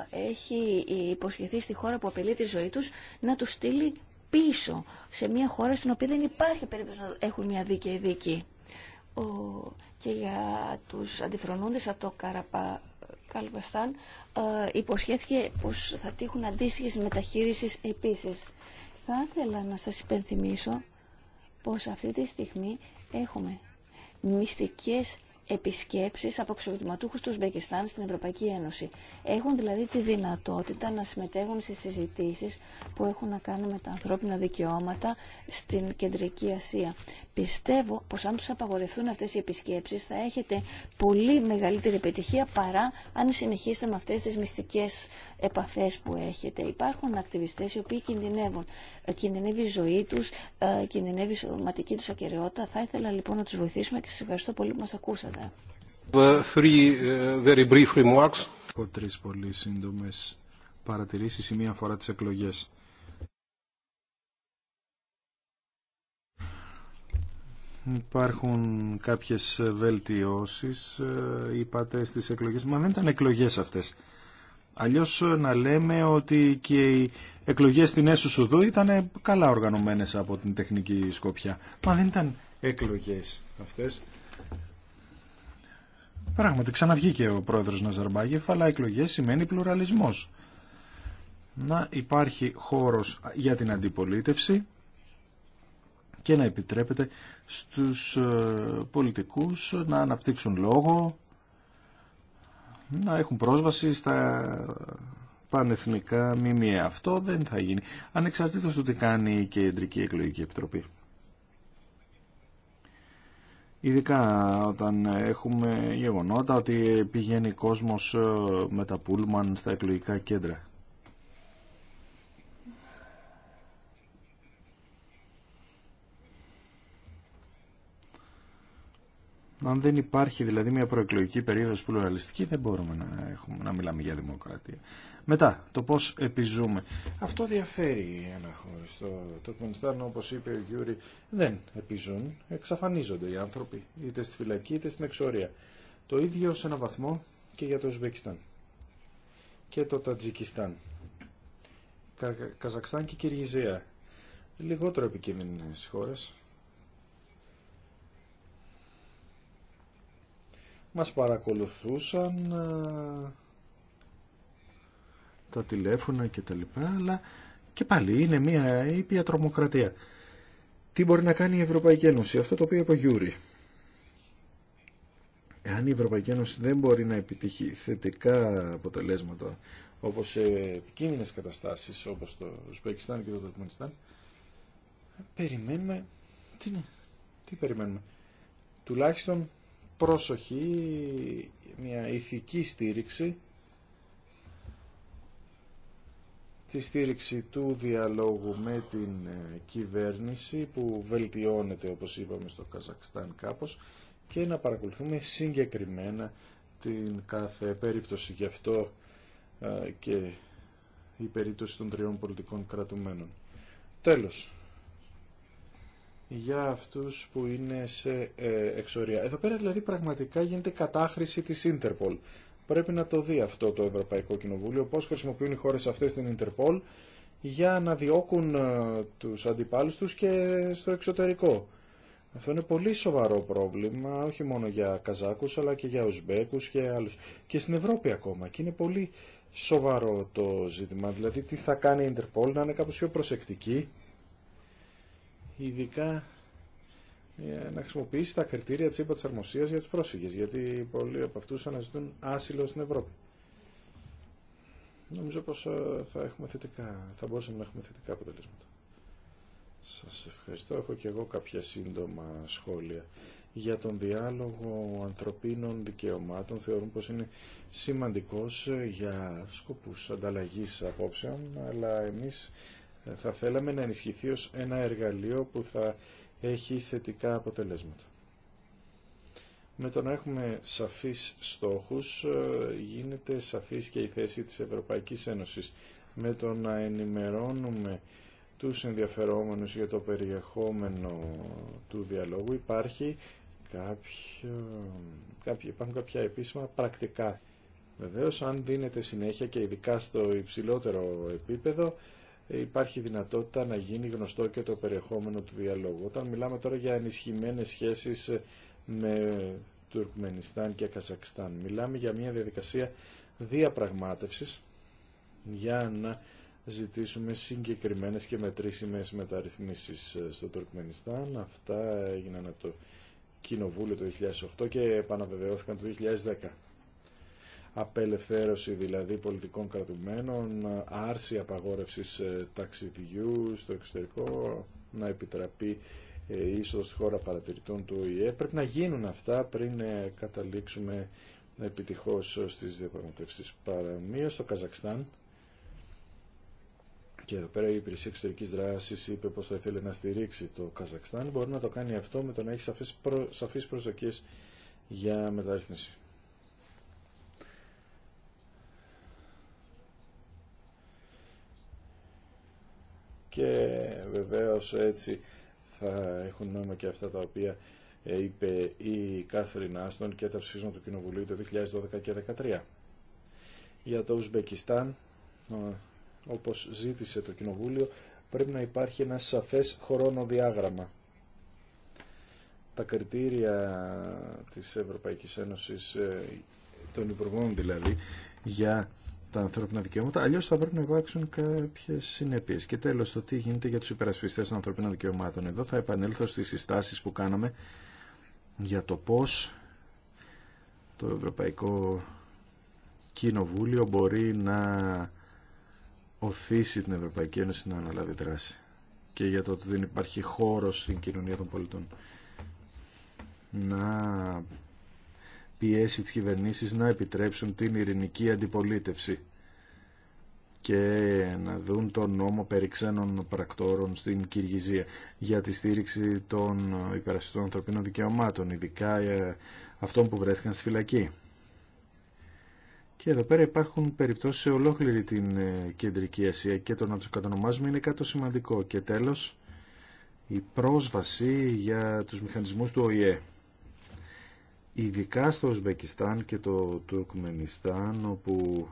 έχει υποσχεθεί στη χώρα που απειλεί τη ζωή τους να τους στείλει πίσω σε μια χώρα στην οποία δεν υπάρχει περίπτωση να έχουν μια δίκαιη δίκη και για τους αντιφρονούντες από το Καραπα... Καλβαστάν ε, υποσχέθηκε πως θα τύχουν αντίστοιχες μεταχείρισεις επίσης. Θα ήθελα να σας υπενθυμίσω πως αυτή τη στιγμή έχουμε μυστικές επισκέψεις από αξιωματούχους του Ουσμπεκιστάν στην Ευρωπαϊκή Ένωση. Έχουν δηλαδή τη δυνατότητα να συμμετέχουν σε συζητήσεις που έχουν να κάνουν με τα ανθρώπινα δικαιώματα στην Κεντρική Ασία. Πιστεύω πως αν τους απαγορευτούν αυτές οι επισκέψεις θα έχετε πολύ μεγαλύτερη επιτυχία παρά αν συνεχίσετε με αυτές τις μυστικές επαφές που έχετε. Υπάρχουν ακτιβιστές οι οποίοι κινδυνεύουν. Ε, κινδυνεύει η ζωή τους, ε, κινδυνεύει η σωματική τους ακαιρεότητα. Θα ήθελα λοιπόν να τους βοηθήσουμε και σας ευχαριστώ πολύ που μας ακούσατε. Έχω uh, πολύ σύντομες παρατηρήσεις η μία φορά τις εκλογές. Υπάρχουν κάποιες βελτιώσεις, ε, είπατε, στις εκλογές. Μα δεν ήταν εκλογές αυτές. Αλλιώς ε, να λέμε ότι και οι εκλογές στην Έσουσουδού ήταν καλά οργανωμένες από την τεχνική σκοπιά. Μα δεν ήταν εκλογές αυτές. Πράγματι, ξαναβγήκε ο πρόεδρος Ναζαρμπάγεφ, αλλά εκλογές σημαίνει πλουραλισμό. Να υπάρχει χώρος για την αντιπολίτευση και να επιτρέπεται στους ε, πολιτικούς να αναπτύξουν λόγο, να έχουν πρόσβαση στα πανεθνικά μήμια. Αυτό δεν θα γίνει, ανεξαρτήτως του τι κάνει η Κεντρική Εκλογική Επιτροπή. Ειδικά όταν έχουμε γεγονότα ότι πηγαίνει κόσμος ε, με τα πούλμαν στα εκλογικά κέντρα. Αν δεν υπάρχει δηλαδή μια προεκλογική περίοδος πλουραλιστική δεν μπορούμε να, έχουμε, να μιλάμε για δημοκρατία. Μετά, το πώς επιζούμε. Αυτό διαφέρει ένα χώρο. Στο Τουρκμενιστάν, όπως είπε ο Γιούρι, δεν επιζούν, εξαφανίζονται οι άνθρωποι, είτε στη φυλακή είτε στην εξορία. Το ίδιο σε ένα βαθμό και για το Ουσβέκισταν και το Τατζικιστάν. Κα, Καζακστάν και Κυργιζία. Λιγότερο επικίνδυνες χώρες, μας παρακολουθούσαν ε, τα τηλέφωνα και τα λοιπά, αλλά και πάλι είναι μια ήπια τρομοκρατία. Τι μπορεί να κάνει η Ευρωπαϊκή Ένωση, αυτό το οποίο είπε ο Γιούρι. Εάν η Ευρωπαϊκή Ένωση δεν μπορεί να επιτύχει θετικά αποτελέσματα, όπως σε επικίνδυνες καταστάσεις, όπως το Ουσπεκιστάν και το Τουρκμανιστάν περιμένουμε... Τι, ναι, τι περιμένουμε. Τουλάχιστον πρόσοχη, μια ηθική στήριξη, τη στήριξη του διαλόγου με την ε, κυβέρνηση που βελτιώνεται όπως είπαμε στο Καζακστάν κάπως και να παρακολουθούμε συγκεκριμένα την κάθε περίπτωση. Γι' αυτό ε, και η περίπτωση των τριών πολιτικών κρατουμένων. Τέλος για αυτούς που είναι σε ε, εξορία. Εδώ πέρα δηλαδή πραγματικά γίνεται κατάχρηση της Interpol. Πρέπει να το δει αυτό το Ευρωπαϊκό Κοινοβούλιο, πώς χρησιμοποιούν οι χώρες αυτές την Interpol για να διώκουν ε, τους αντιπάλους τους και στο εξωτερικό. Αυτό είναι πολύ σοβαρό πρόβλημα, όχι μόνο για Καζάκους, αλλά και για Ουσμπέκους και άλλους. Και στην Ευρώπη ακόμα. Και είναι πολύ σοβαρό το ζήτημα. Δηλαδή, τι θα κάνει η Interpol να είναι κάπως πιο προσεκτική ειδικά να χρησιμοποιήσει τα κριτήρια της ύπα αρμοσίας για τους πρόσφυγες, γιατί πολλοί από αυτούς αναζητούν άσυλο στην Ευρώπη. Νομίζω πως ε, θα, έχουμε θετικά, θα μπορούσαμε να έχουμε θετικά αποτελέσματα. Σας ευχαριστώ. Έχω και εγώ κάποια σύντομα σχόλια για τον διάλογο ανθρωπίνων δικαιωμάτων. Θεωρούν πως είναι σημαντικός ε, για σκοπούς ανταλλαγής απόψεων, αλλά εμείς ε, θα θέλαμε να ενισχυθεί ως ένα εργαλείο που θα έχει θετικά αποτελέσματα. Με το να έχουμε σαφείς στόχους ε, γίνεται σαφής και η θέση της Ευρωπαϊκής Ένωσης. Με το να ενημερώνουμε τους ενδιαφερόμενους για το περιεχόμενο του διαλόγου υπάρχει κάποιο, κάποιο, υπάρχουν κάποια επίσημα πρακτικά. Βεβαίως αν δίνεται συνέχεια και ειδικά στο υψηλότερο επίπεδο υπάρχει δυνατότητα να γίνει γνωστό και το περιεχόμενο του διαλόγου. Όταν μιλάμε τώρα για ενισχυμένες σχέσεις με Τουρκμενιστάν και Καζακστάν, μιλάμε για μια διαδικασία διαπραγμάτευσης για να ζητήσουμε συγκεκριμένες και μετρήσιμες μεταρρυθμίσεις ε, στο Τουρκμενιστάν. Αυτά έγιναν από το Κοινοβούλιο το 2008 και επαναβεβαιώθηκαν το 2010 απελευθέρωση δηλαδή πολιτικών κρατουμένων, άρση απαγόρευσης ε, ταξιδιού στο εξωτερικό, να επιτραπεί ε, είσοδος στη χώρα παρατηρητών του ΟΗΕ. Πρέπει να γίνουν αυτά πριν ε, καταλήξουμε επιτυχώς στις διαπραγματεύσεις Παραμία στο Καζακστάν. Και εδώ πέρα η υπηρεσία εξωτερική δράση είπε πω θα ήθελε να στηρίξει το Καζακστάν. Μπορεί να το κάνει αυτό με το να έχει σαφεί προσδοκίε για μεταρρύθμιση. και βεβαίως έτσι θα έχουν νόημα και αυτά τα οποία ε, είπε η Κάθριν Άστον και τα ψηφίσμα του Κοινοβουλίου το 2012 και 2013. Για το Ουσμπεκιστάν, όπως ζήτησε το Κοινοβούλιο, πρέπει να υπάρχει ένα σαφές χρονοδιάγραμμα. Τα κριτήρια της Ευρωπαϊκής Ένωσης, ε, των Υπουργών δηλαδή, για τα ανθρώπινα δικαιώματα, αλλιώς θα πρέπει να υπάρξουν κάποιες συνέπειε. Και τέλο το τι γίνεται για τους υπερασπιστές των ανθρωπίνων δικαιωμάτων. Εδώ θα επανέλθω στις συστάσεις που κάναμε για το πώς το Ευρωπαϊκό Κοινοβούλιο μπορεί να οθήσει την Ευρωπαϊκή Ένωση να αναλάβει δράση. Και για το ότι δεν υπάρχει χώρος στην κοινωνία των πολιτών να πιέσει τις κυβερνήσεις να επιτρέψουν την ειρηνική αντιπολίτευση και να δουν τον νόμο περί ξένων πρακτόρων στην Κυργυζία για τη στήριξη των υπερασπιστών ανθρωπίνων δικαιωμάτων, ειδικά ε, αυτών που βρέθηκαν στη φυλακή. Και εδώ πέρα υπάρχουν περιπτώσεις σε ολόκληρη την ε, Κεντρική Ασία και το να τους κατανομάζουμε είναι κάτι σημαντικό. Και τέλος, η πρόσβαση για τους μηχανισμούς του ΟΗΕ ειδικά στο Ουσβεκιστάν και το Τουρκμενιστάν όπου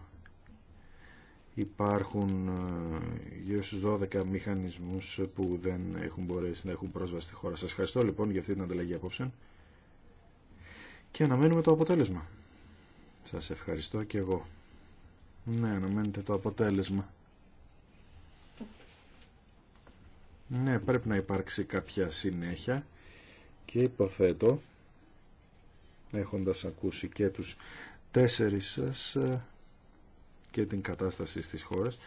υπάρχουν ε, γύρω στους 12 μηχανισμούς που δεν έχουν μπορέσει να έχουν πρόσβαση στη χώρα. Σας ευχαριστώ λοιπόν για αυτή την ανταλλαγή απόψε και αναμένουμε το αποτέλεσμα. Σας ευχαριστώ και εγώ. Ναι, αναμένετε το αποτέλεσμα. Ναι, πρέπει να υπάρξει κάποια συνέχεια και υποθέτω έχοντας ακούσει και τους τέσσερις σας ε, και την κατάσταση στις χώρες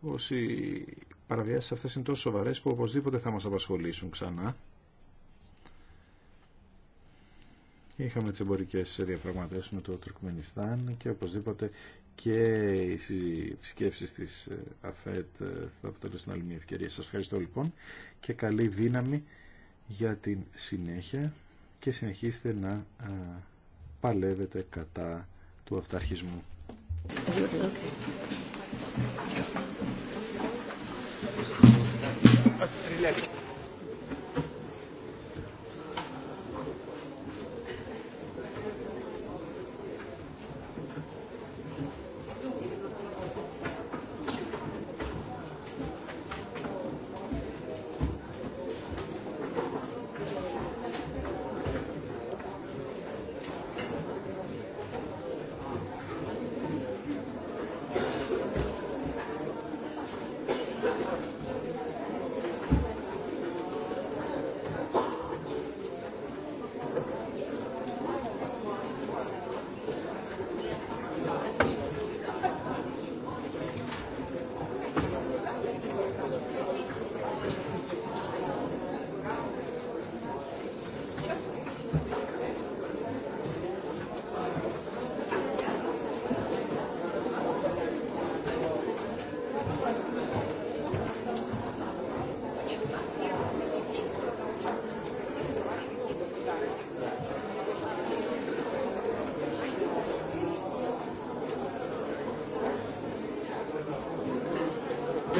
όσοι οι παραβιάσεις αυτές είναι τόσο σοβαρές που οπωσδήποτε θα μας απασχολήσουν ξανά είχαμε τις εμπορικές διαπραγματεύσεις με το Τουρκμενιστάν και οπωσδήποτε και οι επισκέψεις της ε, ΑΦΕΤ ε, θα αποτελέσουν άλλη μια ευκαιρία σας ευχαριστώ λοιπόν και καλή δύναμη για την συνέχεια και συνεχίστε να παλεύετε κατά του αυταρχισμού.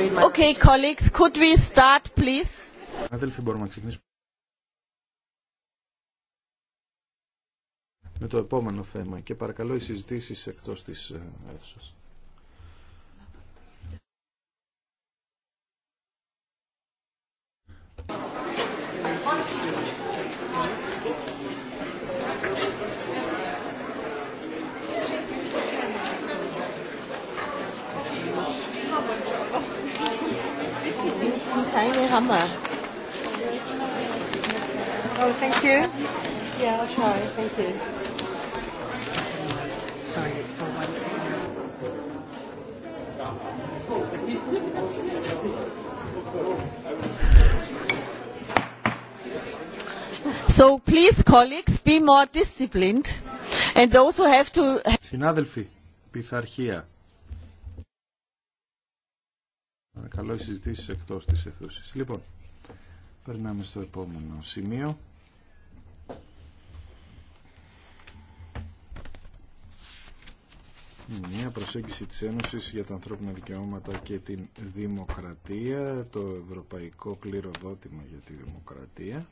Okay, colleagues, could we start, please? μπορούμε να ξεκινήσουμε. Με το επόμενο θέμα και παρακαλώ οι συζητήσεις εκτός της ε, αίθουσας. summer. Oh, thank you. Yeah, I'll try. Thank you. Sorry, for one So please, colleagues, be more disciplined. And those who have to... Συνάδελφοι, πειθαρχία. Παρακαλώ οι συζητήσει εκτός της αιθούση. Λοιπόν, περνάμε στο επόμενο σημείο. Μια προσέγγιση της Ένωσης για τα ανθρώπινα δικαιώματα και την δημοκρατία, το ευρωπαϊκό κληροδότημα για τη δημοκρατία.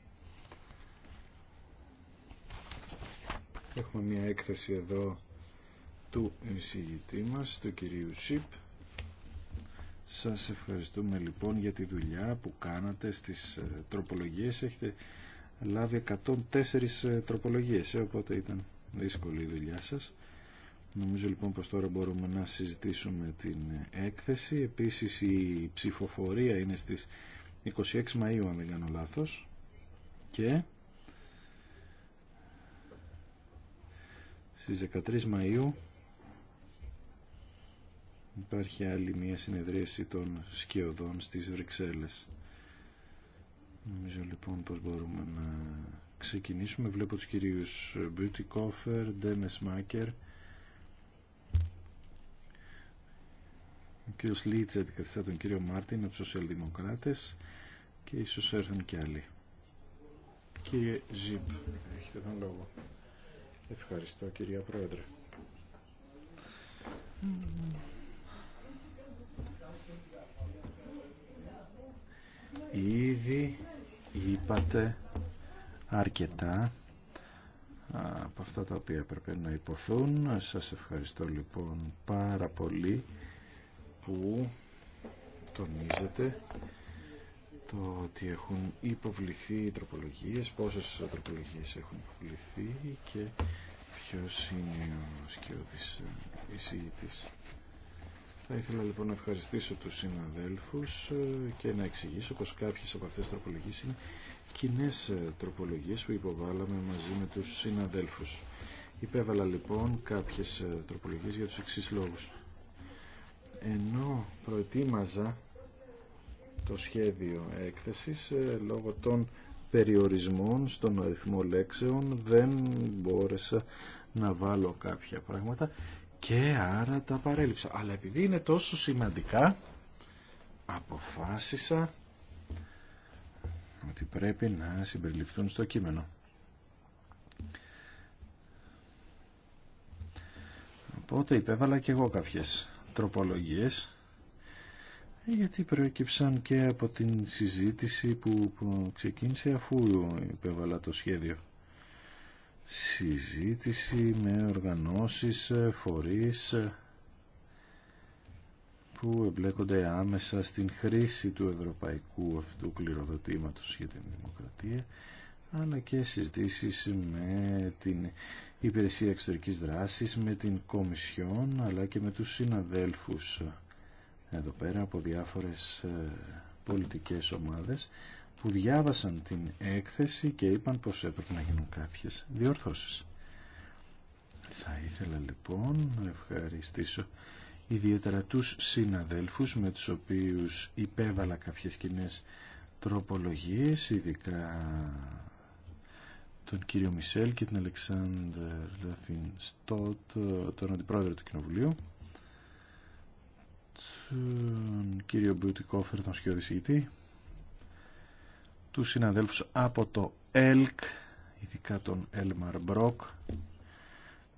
Έχουμε μια έκθεση εδώ του εισηγητή μας, του κυρίου Σιπ. Σας ευχαριστούμε λοιπόν για τη δουλειά που κάνατε στις ε, τροπολογίες. Έχετε λάβει 104 ε, τροπολογίες, ε, οπότε ήταν δύσκολη η δουλειά σας. Νομίζω λοιπόν πως τώρα μπορούμε να συζητήσουμε την έκθεση. Επίσης η ψηφοφορία είναι στις 26 Μαΐου αν δεν κάνω λάθος. Και στις 13 Μαΐου Υπάρχει άλλη μια συνεδρίαση των σκιωδών στις Βρυξέλλες. Νομίζω λοιπόν πως μπορούμε να ξεκινήσουμε. Βλέπω τους κυρίους Dennis Μάκερ. ο κύριος Λίτς αντικαθιστά τον κύριο Μάρτιν από σοσιαλδημοκράτες και ίσως έρθουν και άλλοι. Κύριε Ζιμπ, έχετε τον λόγο. Ευχαριστώ κυρία Πρόεδρε. Ήδη είπατε αρκετά από αυτά τα οποία έπρεπε να υποθούν. Σας ευχαριστώ λοιπόν πάρα πολύ που τονίζετε το ότι έχουν υποβληθεί οι τροπολογίες, πόσες τροπολογίες έχουν υποβληθεί και ποιος είναι ο σκιώδης ε, εισηγητής. Θα ήθελα λοιπόν να ευχαριστήσω τους συναδέλφους ε, και να εξηγήσω πως κάποιες από αυτές τις τροπολογίες είναι κοινέ ε, τροπολογίες που υποβάλαμε μαζί με τους συναδέλφους. Υπέβαλα λοιπόν κάποιες ε, τροπολογίες για τους εξή λόγους. Ενώ προετοίμαζα το σχέδιο έκθεσης λόγω των περιορισμών στον αριθμό λέξεων δεν μπόρεσα να βάλω κάποια πράγματα και άρα τα παρέλειψα. Αλλά επειδή είναι τόσο σημαντικά, αποφάσισα ότι πρέπει να συμπεριληφθούν στο κείμενο. Οπότε υπέβαλα και εγώ κάποιες τροπολογίες γιατί προέκυψαν και από την συζήτηση που, που ξεκίνησε αφού υπέβαλα το σχέδιο συζήτηση με οργανώσεις, φορείς που εμπλέκονται άμεσα στην χρήση του ευρωπαϊκού αυτού κληροδοτήματος για την δημοκρατία αλλά και συζήτηση με την Υπηρεσία Εξωτερικής Δράσης, με την Κομισιόν αλλά και με τους συναδέλφους εδώ πέρα από διάφορες ε, πολιτικές ομάδες που διάβασαν την έκθεση και είπαν πως έπρεπε να γίνουν κάποιες διορθώσεις. Θα ήθελα λοιπόν να ευχαριστήσω ιδιαίτερα τους συναδέλφους με τους οποίους υπέβαλα κάποιες κοινέ τροπολογίες, ειδικά τον κύριο Μισελ και την Αλεξάνδρ Λαφίν Στότ, τον αντιπρόεδρο του Κοινοβουλίου, τον κύριο Μπιουτικόφερ, τον σκιώδη τους συναδέλφους από το ΕΛΚ, ειδικά τον Έλμαρ Μπρόκ,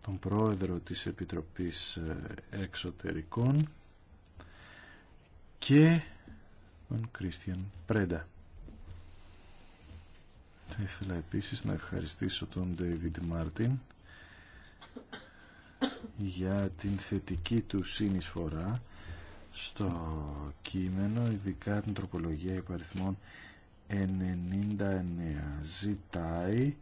τον πρόεδρο της Επιτροπής ε, Εξωτερικών και τον Κρίστιαν Πρέντα. Θα ήθελα επίσης να ευχαριστήσω τον Ντέιβιντ Μάρτιν για την θετική του συνεισφορά στο κείμενο, ειδικά την τροπολογία υπαριθμών 99 ζητάει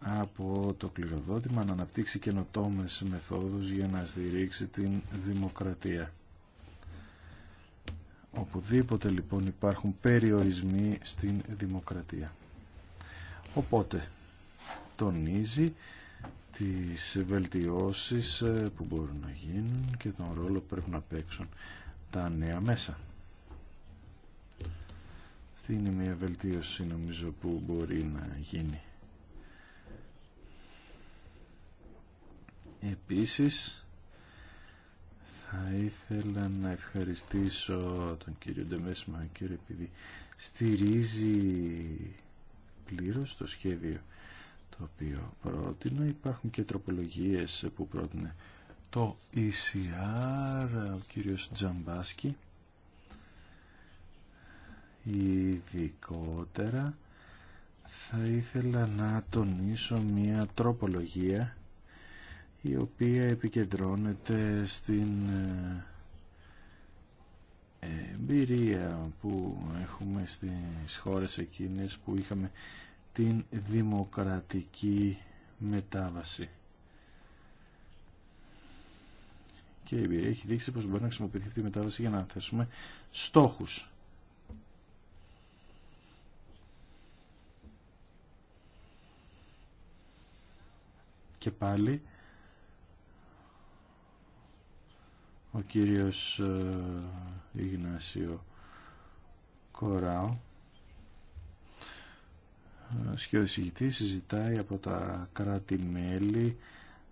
από το κληροδότημα να αναπτύξει καινοτόμες μεθόδους για να στηρίξει την δημοκρατία. Οπουδήποτε λοιπόν υπάρχουν περιορισμοί στην δημοκρατία. Οπότε τονίζει τις βελτιώσεις ε, που μπορούν να γίνουν και τον ρόλο που πρέπει να παίξουν τα νέα μέσα είναι μια βελτίωση νομίζω που μπορεί να γίνει. Επίσης θα ήθελα να ευχαριστήσω τον κύριο Ντεμέσμα επειδή στηρίζει πλήρως το σχέδιο το οποίο πρότεινα. Υπάρχουν και τροπολογίες που πρότεινε το ECR, ο κύριος Τζαμπάσκι. Ειδικότερα θα ήθελα να τονίσω μια τροπολογία η οποία επικεντρώνεται στην ε, εμπειρία που έχουμε στις χώρες εκείνες που είχαμε την δημοκρατική μετάβαση. Και η εμπειρία έχει δείξει πως μπορεί να χρησιμοποιηθεί αυτή η μετάβαση για να θέσουμε στόχους και πάλι ο κύριος ε, Ιγνάσιο Κοράου ε, σκιοδησηγητή συζητάει από τα κράτη-μέλη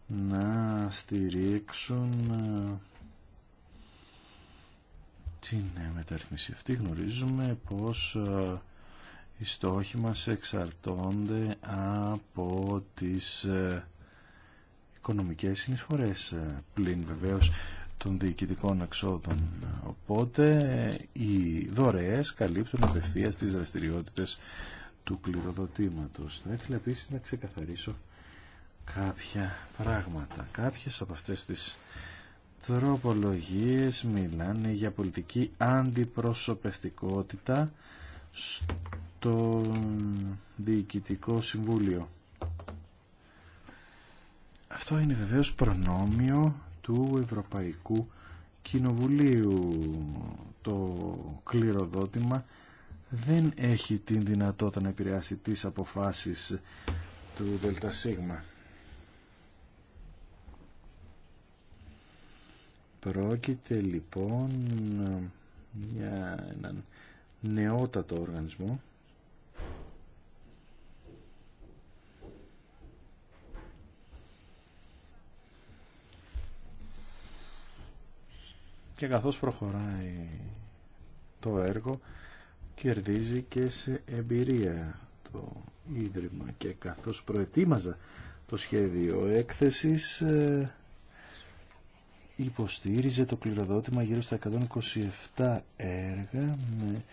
να στηρίξουν ε, την μεταρρύθμιση αυτή. Γνωρίζουμε πως οι στόχοι μας εξαρτώνται από τις οικονομικές συνεισφορές ε, πλην βεβαίως των διοικητικών εξόδων. Οπότε ε, οι δωρεές καλύπτουν απευθείας τις δραστηριότητες του κληροδοτήματος. Θα ήθελα επίσης να ξεκαθαρίσω κάποια πράγματα. Κάποιες από αυτές τις τροπολογίες μιλάνε για πολιτική αντιπροσωπευτικότητα στο Διοικητικό Συμβούλιο. Αυτό είναι βεβαίως προνόμιο του Ευρωπαϊκού Κοινοβουλίου. Το κληροδότημα δεν έχει την δυνατότητα να επηρεάσει τις αποφάσεις του ΔΣ. Πρόκειται λοιπόν για έναν νεότατο οργανισμό και καθώς προχωράει το έργο κερδίζει και σε εμπειρία το Ίδρυμα και καθώς προετοίμαζα το σχέδιο έκθεσης ε, υποστήριζε το κληροδότημα γύρω στα 127 έργα με,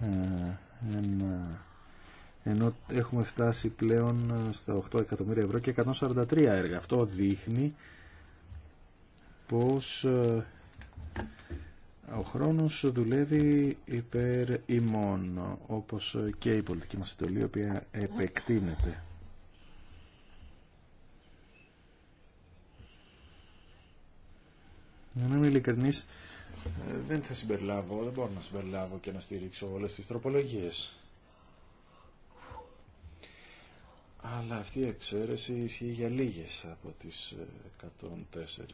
ε, ένα, ενώ έχουμε φτάσει πλέον ε, στα 8 εκατομμύρια ευρώ και 143 έργα. Αυτό δείχνει πως ο χρόνος δουλεύει υπέρ ημών, όπως και η πολιτική μας συντολή, η οποία επεκτείνεται. Για να είμαι ειλικρινής, δεν θα συμπεριλάβω, δεν μπορώ να συμπεριλάβω και να στηρίξω όλες τις τροπολογίες. Αλλά αυτή η εξαίρεση ισχύει για λίγες από τις 104 ε,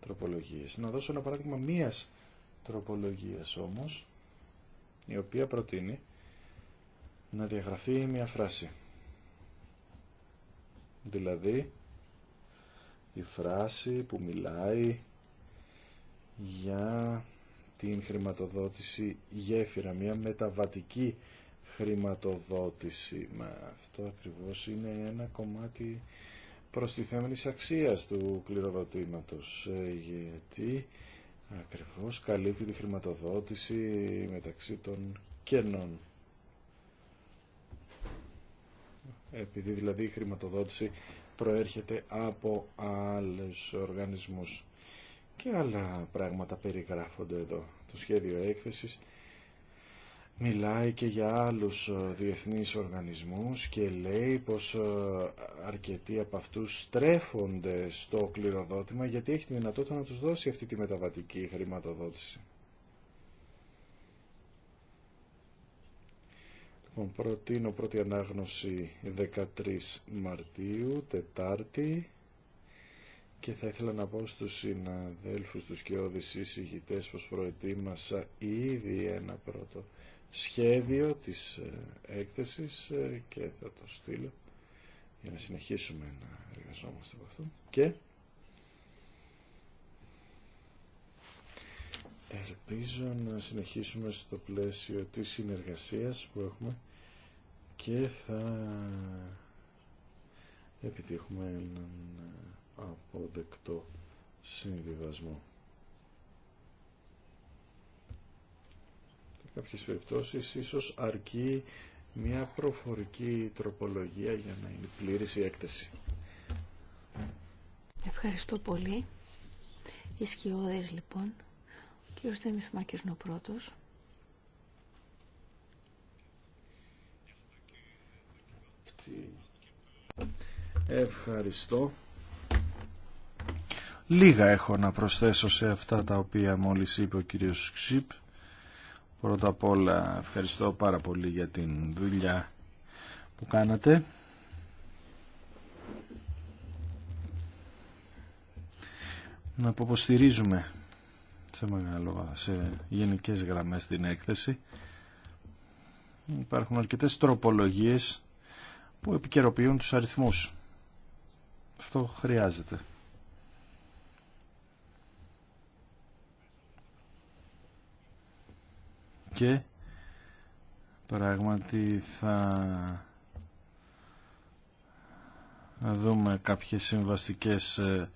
τροπολογίες. Να δώσω ένα παράδειγμα μίας τροπολογίας όμως, η οποία προτείνει να διαγραφεί μια φράση. Δηλαδή, η φράση που μιλάει για την χρηματοδότηση γέφυρα, μια μεταβατική χρηματοδότηση. Μα αυτό ακριβώς είναι ένα κομμάτι προστιθέμενης αξίας του κληροδοτήματος ε, γιατί ακριβώς καλύπτει τη χρηματοδότηση μεταξύ των κενών. Επειδή δηλαδή η χρηματοδότηση προέρχεται από άλλους οργανισμούς και άλλα πράγματα περιγράφονται εδώ. Το σχέδιο έκθεσης μιλάει και για άλλους ε, διεθνείς οργανισμούς και λέει πως ε, αρκετοί από αυτούς στρέφονται στο κληροδότημα γιατί έχει τη δυνατότητα να τους δώσει αυτή τη μεταβατική χρηματοδότηση. Λοιπόν, προτείνω πρώτη ανάγνωση 13 Μαρτίου, Τετάρτη και θα ήθελα να πω στους συναδέλφους τους και όδησης ηγητές πως προετοίμασα ήδη ένα πρώτο σχέδιο της ε, έκθεσης ε, και θα το στείλω για να συνεχίσουμε να εργαζόμαστε από αυτό και ελπίζω να συνεχίσουμε στο πλαίσιο της συνεργασίας που έχουμε και θα επιτύχουμε έναν αποδεκτό συνδυασμό. Κάποιε περιπτώσει ίσως αρκεί μια προφορική τροπολογία για να είναι πλήρη η έκθεση. Ευχαριστώ πολύ. Οι σκιώδε λοιπόν. Ο κύριο Θέμης Μακερνό Ευχαριστώ. Λίγα έχω να προσθέσω σε αυτά τα οποία μόλις είπε ο κύριος Ξύπ. Πρώτα απ' όλα ευχαριστώ πάρα πολύ για την δουλειά που κάνατε. Να υποποστηρίζουμε σε μεγάλο, σε γενικές γραμμές την έκθεση. Υπάρχουν αρκετές τροπολογίες που επικαιροποιούν τους αριθμούς. Αυτό χρειάζεται. και πράγματι θα δούμε κάποιες συμβαστικές ε,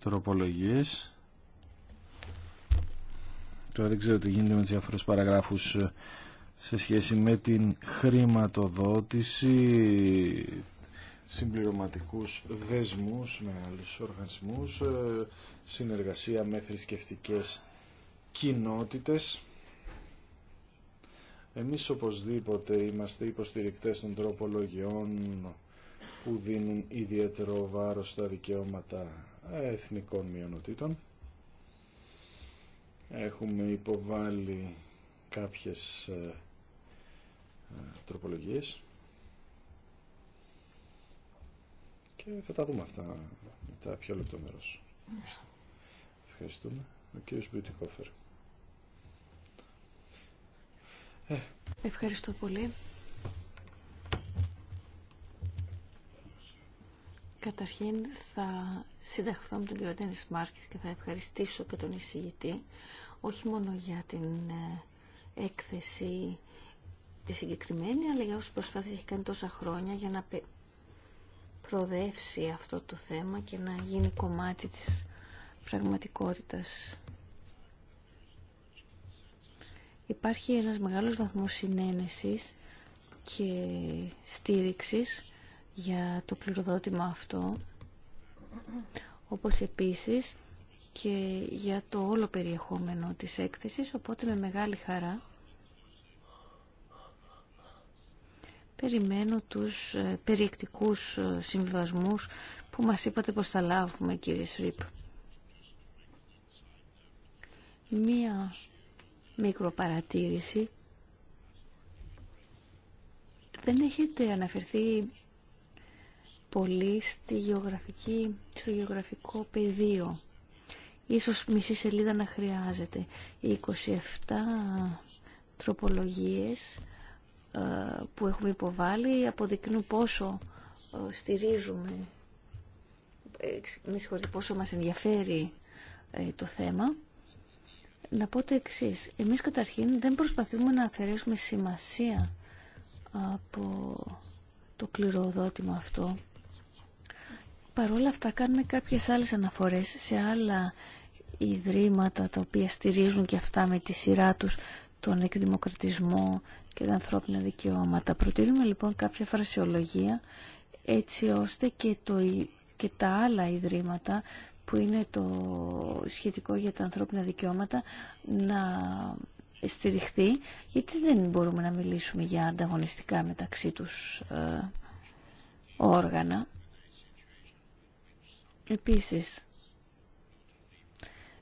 τροπολογίες τώρα δεν ξέρω τι γίνεται με τις διάφορες παραγράφους ε, σε σχέση με την χρηματοδότηση συμπληρωματικούς δεσμούς με άλλους οργανισμούς ε, συνεργασία με θρησκευτικές κοινότητες εμείς οπωσδήποτε είμαστε υποστηρικτές των τροπολογιών που δίνουν ιδιαίτερο βάρος στα δικαιώματα εθνικών μειονοτήτων. Έχουμε υποβάλει κάποιες ε, ε, τροπολογίες και θα τα δούμε αυτά μετά πιο λεπτομερώς. Ευχαριστούμε. Ο κύριος Ευχαριστώ πολύ. Καταρχήν θα συνταχθώ με τον κύριο Τένις Μάρκερ και θα ευχαριστήσω και τον εισηγητή όχι μόνο για την ε, έκθεση τη συγκεκριμένη αλλά για όσους προσπάθειες έχει κάνει τόσα χρόνια για να προοδεύσει αυτό το θέμα και να γίνει κομμάτι της πραγματικότητας υπάρχει ένας μεγάλος βαθμός συνένεσης και στήριξης για το πληροδότημα αυτό, όπως επίσης και για το όλο περιεχόμενο της έκθεσης, οπότε με μεγάλη χαρά περιμένω τους ε, περιεκτικούς ε, συμβιβασμούς που μας είπατε πως θα λάβουμε κύριε Σρίπ. Μία μικροπαρατήρηση. Δεν έχετε αναφερθεί πολύ στη γεωγραφική, στο γεωγραφικό πεδίο. Ίσως μισή σελίδα να χρειάζεται. Οι 27 τροπολογίες ε, που έχουμε υποβάλει αποδεικνύουν πόσο ε, στηρίζουμε, ε, συγχωρείτε πόσο μας ενδιαφέρει το θέμα να πω το εξή. Εμείς καταρχήν δεν προσπαθούμε να αφαιρέσουμε σημασία από το κληροδότημα αυτό. Παρόλα αυτά κάνουμε κάποιες άλλες αναφορές σε άλλα ιδρύματα τα οποία στηρίζουν και αυτά με τη σειρά τους τον εκδημοκρατισμό και τα ανθρώπινα δικαιώματα. Προτείνουμε λοιπόν κάποια φρασιολογία έτσι ώστε και, το, και τα άλλα ιδρύματα που είναι το σχετικό για τα ανθρώπινα δικαιώματα να στηριχθεί γιατί δεν μπορούμε να μιλήσουμε για ανταγωνιστικά μεταξύ τους ε, όργανα. Επίσης,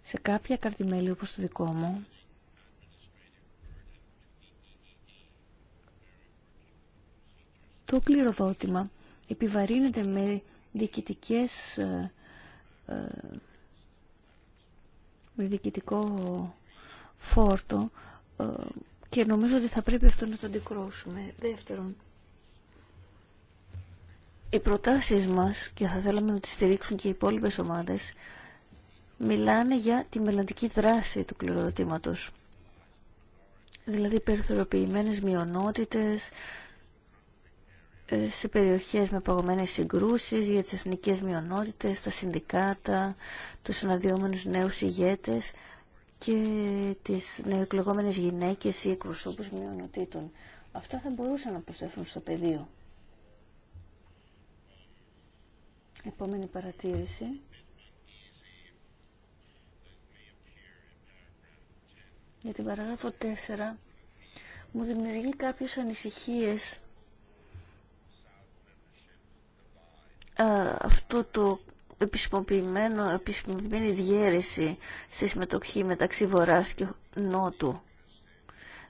σε κάποια καρδιμέλη όπως το δικό μου, το κληροδότημα επιβαρύνεται με διοικητικές ε, ε, διοικητικό φόρτο ε, και νομίζω ότι θα πρέπει αυτό να το αντικρούσουμε. Δεύτερον, οι προτάσεις μας, και θα θέλαμε να τις στηρίξουν και οι υπόλοιπες ομάδες, μιλάνε για τη μελλοντική δράση του κληροδοτήματος. Δηλαδή περιθωριοποιημένες μειονότητες, ε, σε περιοχές με παγωμένες συγκρούσεις, για τις εθνικές μειονότητες, τα συνδικάτα, τους αναδυόμενους νέους ηγέτες και τις νεοεκλεγόμενες γυναίκες ή εκπροσώπους μειονοτήτων. Αυτά θα μπορούσαν να προσθέσουν στο πεδίο. Επόμενη παρατήρηση. Για την παράγραφο 4 μου δημιουργεί κάποιες ανησυχίες αυτού το επισημοποιημένο, επισημοποιημένη διέρεση στη συμμετοχή μεταξύ Βορράς και Νότου.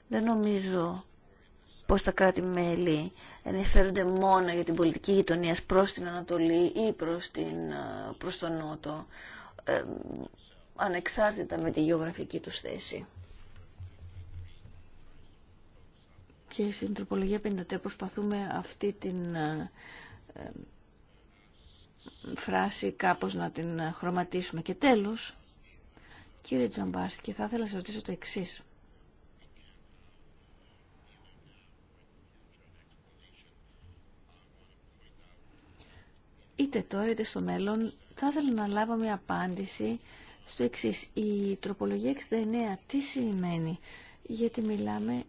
Δεν νομίζω πως τα κράτη-μέλη ενδιαφέρονται μόνο για την πολιτική γειτονία προς την Ανατολή ή προς, την, προς τον Νότο, ε, ανεξάρτητα με τη γεωγραφική του θέση. Και στην τροπολογία 53 προσπαθούμε αυτή την ε, φράση κάπως να την χρωματίσουμε. Και τέλος, κύριε Τζαμπάστη, θα ήθελα να σας ρωτήσω το εξής. είτε τώρα είτε στο μέλλον, θα ήθελα να λάβω μια απάντηση στο εξή. Η τροπολογία 69 τι σημαίνει, γιατί μιλάμε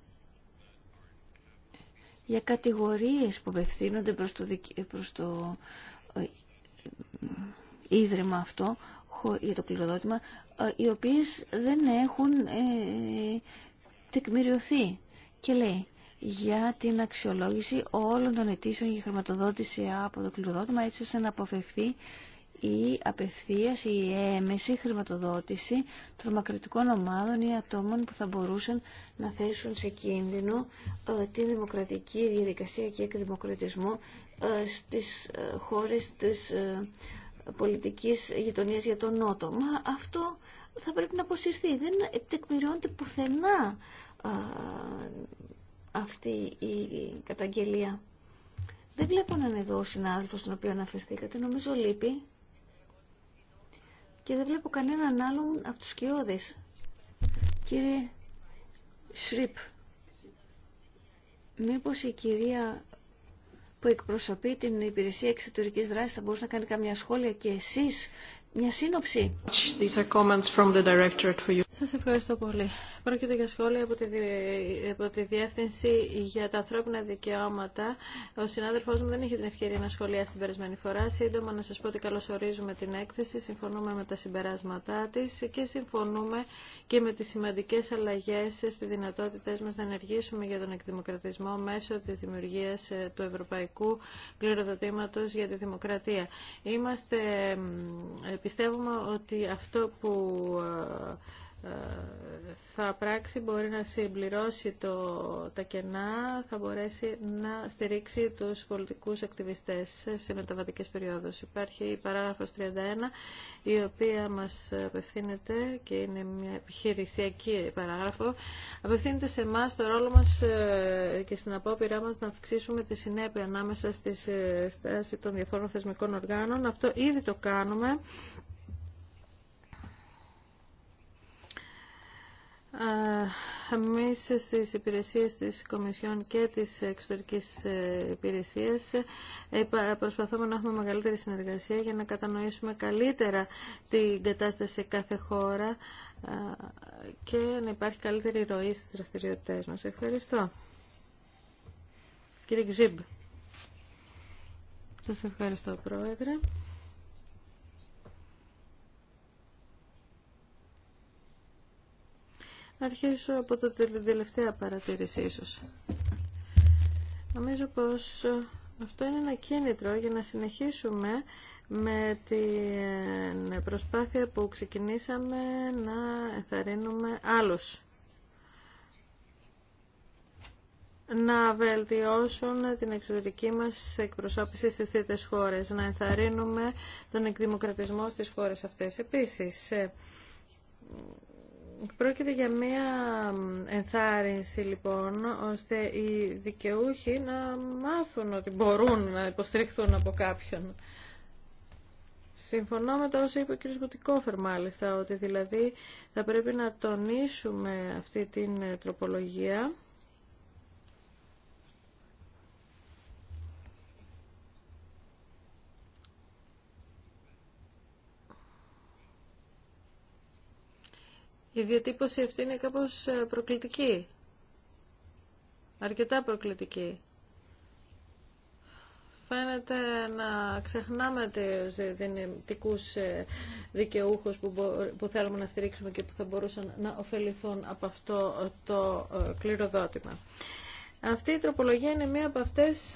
για κατηγορίες που απευθύνονται προς προς το ε, ίδρυμα αυτό για το πληροδότημα, ε, οι οποίες δεν έχουν ε, τεκμηριωθεί. Και λέει, για την αξιολόγηση όλων των αιτήσεων για χρηματοδότηση από το κληροδότημα έτσι ώστε να αποφευθεί η απευθείας ή η εμεση χρηματοδότηση τρομακρατικών ομάδων ή ατόμων που θα μπορούσαν να θέσουν σε κίνδυνο ε, τη δημοκρατική διαδικασία και εκδημοκρατισμό ε, στις ε, χώρες της πολιτικής γειτονίας για τον Νότο. Μα αυτό θα πρέπει να αποσυρθεί. Δεν τεκμηριώνεται πουθενά αυτή η καταγγελία. Δεν βλέπω να είναι εδώ ο συνάδελφος στον οποίο αναφερθήκατε. Νομίζω λείπει και δεν βλέπω κανέναν άλλον από τους κοιόδες. Κύριε Σρίπ, μήπως η κυρία που εκπροσωπεί την υπηρεσία εξωτερικής δράσης θα μπορούσε να κάνει καμιά σχόλια και εσείς μια σύνοψη. Σας ευχαριστώ πολύ. Πρόκειται για σχόλια από τη, από τη Διεύθυνση για τα ανθρώπινα δικαιώματα. Ο συνάδελφός μου δεν είχε την ευκαιρία να σχολιάσει την περισμένη φορά. Σύντομα να σας πω ότι καλωσορίζουμε την έκθεση, συμφωνούμε με τα συμπεράσματά της και συμφωνούμε και με τις σημαντικές αλλαγές στις δυνατότητες μας να ενεργήσουμε για τον εκδημοκρατισμό μέσω της δημιουργίας ε, του Ευρωπαϊκού Κληροδοτήματος για τη Δημοκρατία. Είμαστε, ε, πιστεύουμε ότι αυτό που ε, θα πράξει μπορεί να συμπληρώσει το, τα κενά, θα μπορέσει να στηρίξει τους πολιτικούς ακτιβιστές σε μεταβατικές περιόδους. Υπάρχει η παράγραφος 31, η οποία μας απευθύνεται και είναι μια επιχειρησιακή παράγραφο, απευθύνεται σε εμά το ρόλο μας ε, και στην απόπειρά μας να αυξήσουμε τη συνέπεια ανάμεσα στη ε, στάση των διαφόρων θεσμικών οργάνων. Αυτό ήδη το κάνουμε. Εμεί στις υπηρεσίες της Κομισιόν και της Εξωτερικής ε, Υπηρεσίας ε, προσπαθούμε να έχουμε μεγαλύτερη συνεργασία για να κατανοήσουμε καλύτερα την κατάσταση σε κάθε χώρα και να υπάρχει καλύτερη ροή στις δραστηριότητές μας. Ευχαριστώ. Κύριε Ξύμπ. Σας ευχαριστώ Πρόεδρε. Να αρχίσω από το τελευταία παρατήρηση ίσως. Νομίζω πως ε, αυτό είναι ένα κίνητρο για να συνεχίσουμε με την προσπάθεια που ξεκινήσαμε να εθαρρύνουμε άλλους να βελτιώσουν την εξωτερική μας εκπροσώπηση στις τρίτες χώρες, να ενθαρρύνουμε τον εκδημοκρατισμό στις χώρες αυτές. Επίσης, ε, Πρόκειται για μια ενθάρρυνση λοιπόν ώστε οι δικαιούχοι να μάθουν ότι μπορούν να υποστηριχθούν από κάποιον. Συμφωνώ με το όσο είπε ο κ. Μπουτικόφερ μάλιστα, ότι δηλαδή θα πρέπει να τονίσουμε αυτή την ε, τροπολογία Η διατύπωση αυτή είναι κάπως ε, προκλητική. Αρκετά προκλητική. Φαίνεται να ξεχνάμε τους δυνητικούς ε, δικαιούχους που θέλουμε να στηρίξουμε και που θα μπορούσαν να ωφεληθούν από αυτό το ε, κληροδότημα. Αυτή η τροπολογία είναι μία από, αυτές,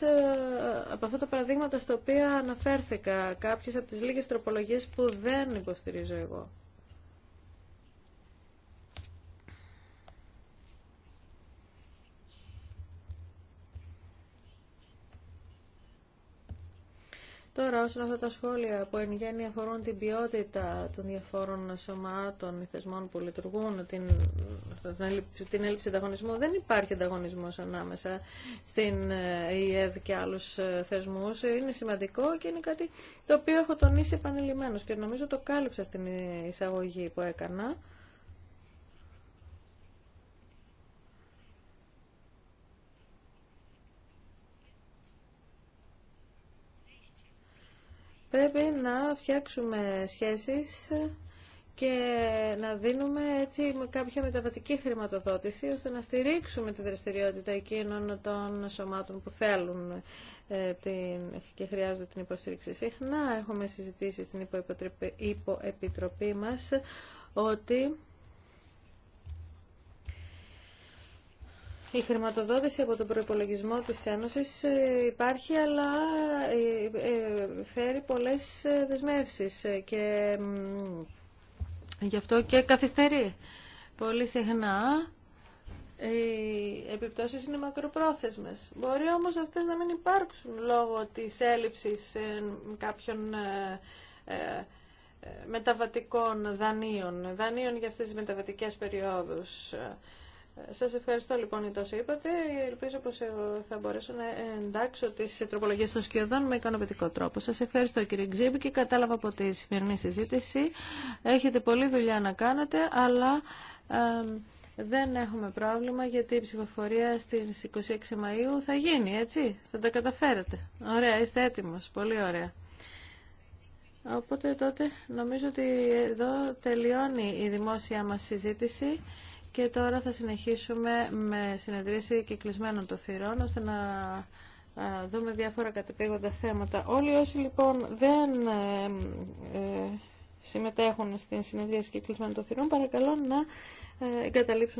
από αυτά τα παραδείγματα στα οποία αναφέρθηκα. Κάποιες από τις λίγες τροπολογίες που δεν υποστηρίζω εγώ. Τώρα όσον αυτά τα σχόλια που εν γέννη αφορούν την ποιότητα των διαφόρων σωμάτων ή θεσμών που λειτουργούν, την, την έλλειψη ανταγωνισμού, δεν υπάρχει ανταγωνισμός ανάμεσα στην ΕΕΔ και άλλους ε, θεσμούς. Είναι σημαντικό και είναι κάτι το οποίο έχω τονίσει επανειλημμένως και νομίζω το κάλυψα στην εισαγωγή που έκανα. Πρέπει να φτιάξουμε σχέσεις και να δίνουμε έτσι κάποια μεταβατική χρηματοδότηση ώστε να στηρίξουμε τη δραστηριότητα εκείνων των σωμάτων που θέλουν ε, την, και χρειάζονται την υποστήριξη. Συχνά έχουμε συζητήσει στην υποεπιτροπή μας ότι Η χρηματοδότηση από τον προϋπολογισμό της Ένωσης ε, υπάρχει, αλλά ε, ε, φέρει πολλές δεσμεύσεις και γι' αυτό και καθυστερεί. Πολύ συχνά οι επιπτώσεις είναι μακροπρόθεσμες. Μπορεί όμως αυτές να μην υπάρξουν λόγω της έλλειψης κάποιων μεταβατικών δανείων, δανείων για αυτές τις μεταβατικές περιόδους. Σας ευχαριστώ λοιπόν για τόσο είπατε. Ελπίζω πως ε, θα μπορέσω να εντάξω τις τροπολογίες των σκιωδών με ικανοποιητικό τρόπο. Σας ευχαριστώ κύριε Ξύμπη και κατάλαβα από τη σημερινή συζήτηση. Έχετε πολλή δουλειά να κάνετε, αλλά... Δεν έχουμε πρόβλημα γιατί η ψηφοφορία στις 26 Μαΐου θα γίνει, έτσι. Θα τα καταφέρετε. Ωραία, είστε έτοιμος. Πολύ ωραία. Οπότε τότε νομίζω ότι εδώ τελειώνει η δημόσια μας συζήτηση. Και τώρα θα συνεχίσουμε με συνεδρίαση κυκλισμένων των θυρών, ώστε να δούμε διάφορα κατεπήγοντα θέματα. Όλοι όσοι λοιπόν δεν ε, ε, συμμετέχουν στην συνεδρίαση κυκλισμένων των θυρών, παρακαλώ να ε, εγκαταλείψουν.